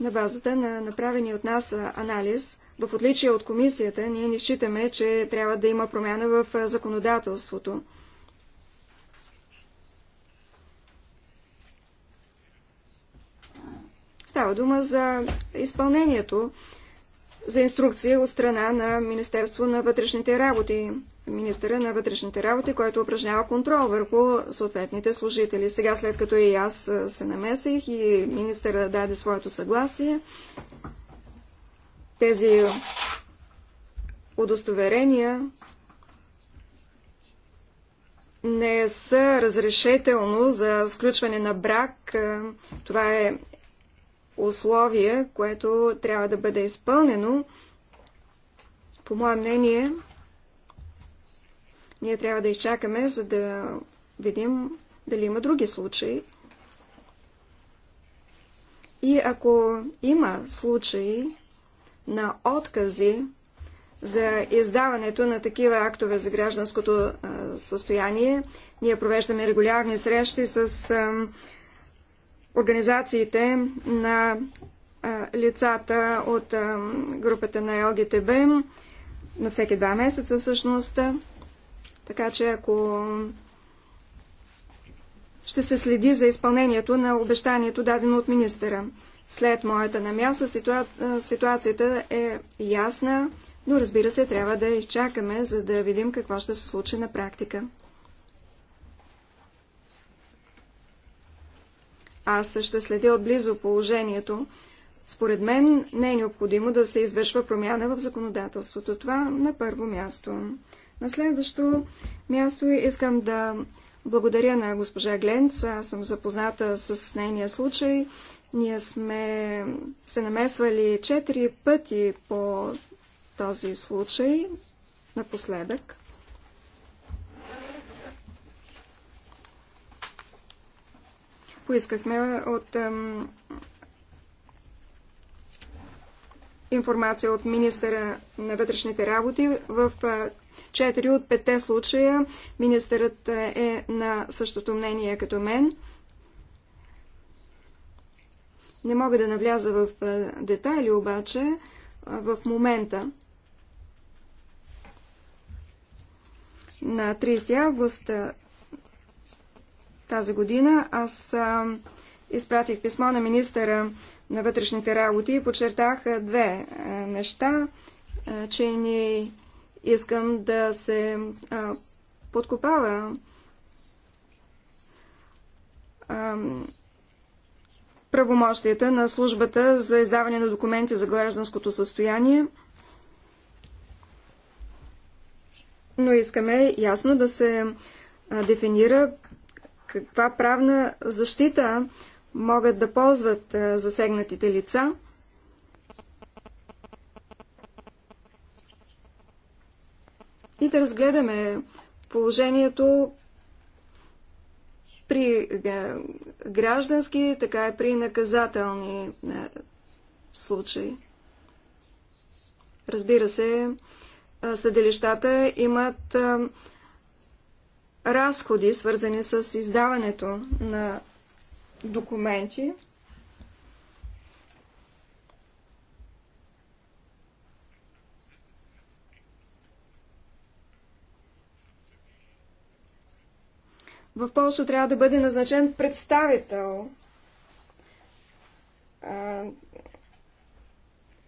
На базата на направения от нас анализ, в отличие от комисията, ние не считаме, че трябва да има промяна в законодателството. Става дума за изпълнението за инструкция от страна на Министерство на вътрешните работи. Министъра на вътрешните работи, който упражнява контрол върху съответните служители. Сега, след като и аз се намесих и министъра даде своето съгласие, тези удостоверения не са разрешително за сключване на брак. Това е условие, което трябва да бъде изпълнено. По мое мнение, ние трябва да изчакаме, за да видим дали има други случаи. И ако има случаи на откази за издаването на такива актове за гражданското състояние, ние провеждаме регулярни срещи с организациите на лицата от групата на ЛГТБ на всеки два месеца всъщност. Така че ако ще се следи за изпълнението на обещанието дадено от министъра. След моята намяса ситуа... ситуацията е ясна, но разбира се, трябва да изчакаме, за да видим какво ще се случи на практика. Аз ще следя отблизо положението. Според мен не е необходимо да се извършва промяна в законодателството. Това на първо място. На следващо място искам да благодаря на госпожа Гленц. Аз съм запозната с нейния случай. Ние сме се намесвали четири пъти по този случай напоследък. Поискахме от ем, информация от министъра на вътрешните работи. В е, четири от петте случая министърът е, е на същото мнение като мен. Не мога да навляза в е, детайли, обаче в момента на 30 август тази година. Аз а, изпратих писмо на министъра на вътрешните работи и подчертах две а, неща, а, че ни искам да се а, подкопава а, правомощията на службата за издаване на документи за гражданското състояние. Но искаме ясно да се дефинира каква правна защита могат да ползват е, засегнатите лица. И да разгледаме положението при е, граждански, така и при наказателни е, случаи. Разбира се, съдилищата имат разходи, свързани с издаването на документи. В Польша трябва да бъде назначен представител.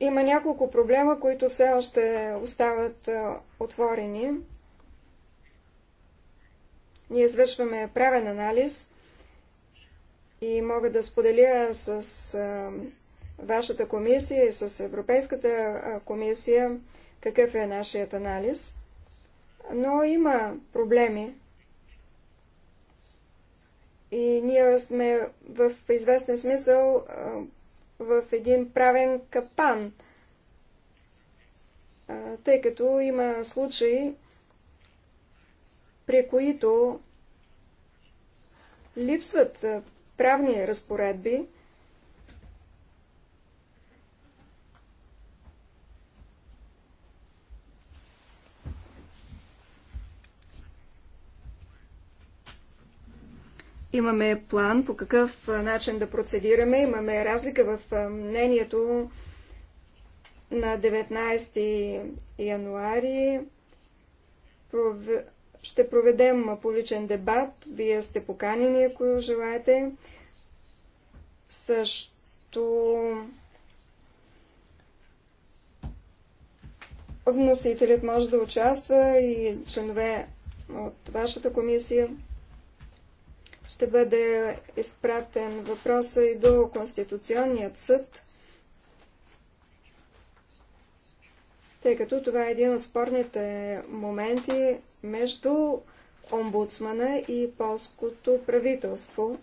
има няколко проблема, които все още остават отворени. Ние извършваме правен анализ и мога да споделя с а, вашата комисия и с Европейската комисия какъв е нашият анализ. Но има проблеми. И ние сме в известен смисъл а, в един правен капан, а, тъй като има случаи, при които липсват правни разпоредби, имаме план по какъв начин да процедираме, имаме разлика в мнението на 19 януари ще проведем публичен дебат. Вие сте поканени, ако желаете. Също вносителят може да участва и членове от вашата комисия. Ще бъде изпратен въпроса и до Конституционният съд. тъй като това е един от спорните моменти между омбудсмана и полското правителство.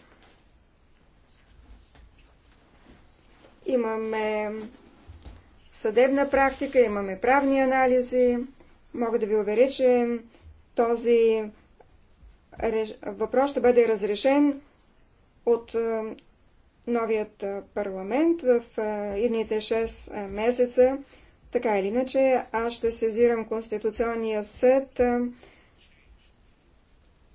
Имаме съдебна практика, имаме правни анализи. Мога да ви уверя, че този въпрос ще бъде разрешен от е, новият парламент в е, едните 6 е, месеца. Така или иначе, аз ще сезирам Конституционния съд.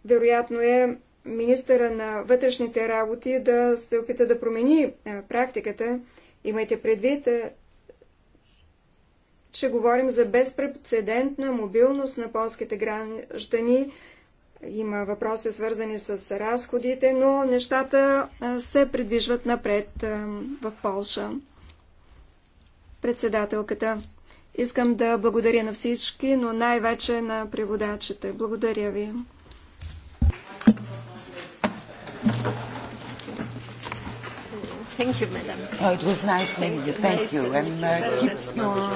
Вероятно е министъра на вътрешните работи да се опита да промени е, практиката. Имайте предвид, е, че говорим за безпредседентна мобилност на полските граждани. Има въпроси свързани с разходите, но нещата е, се придвижват напред в Полша. Председателката, искам да благодаря на всички, но най-вече на преводачите. Благодаря ви. Thank you, madam. Oh, it was nice meeting you. Thank you. And uh, keep your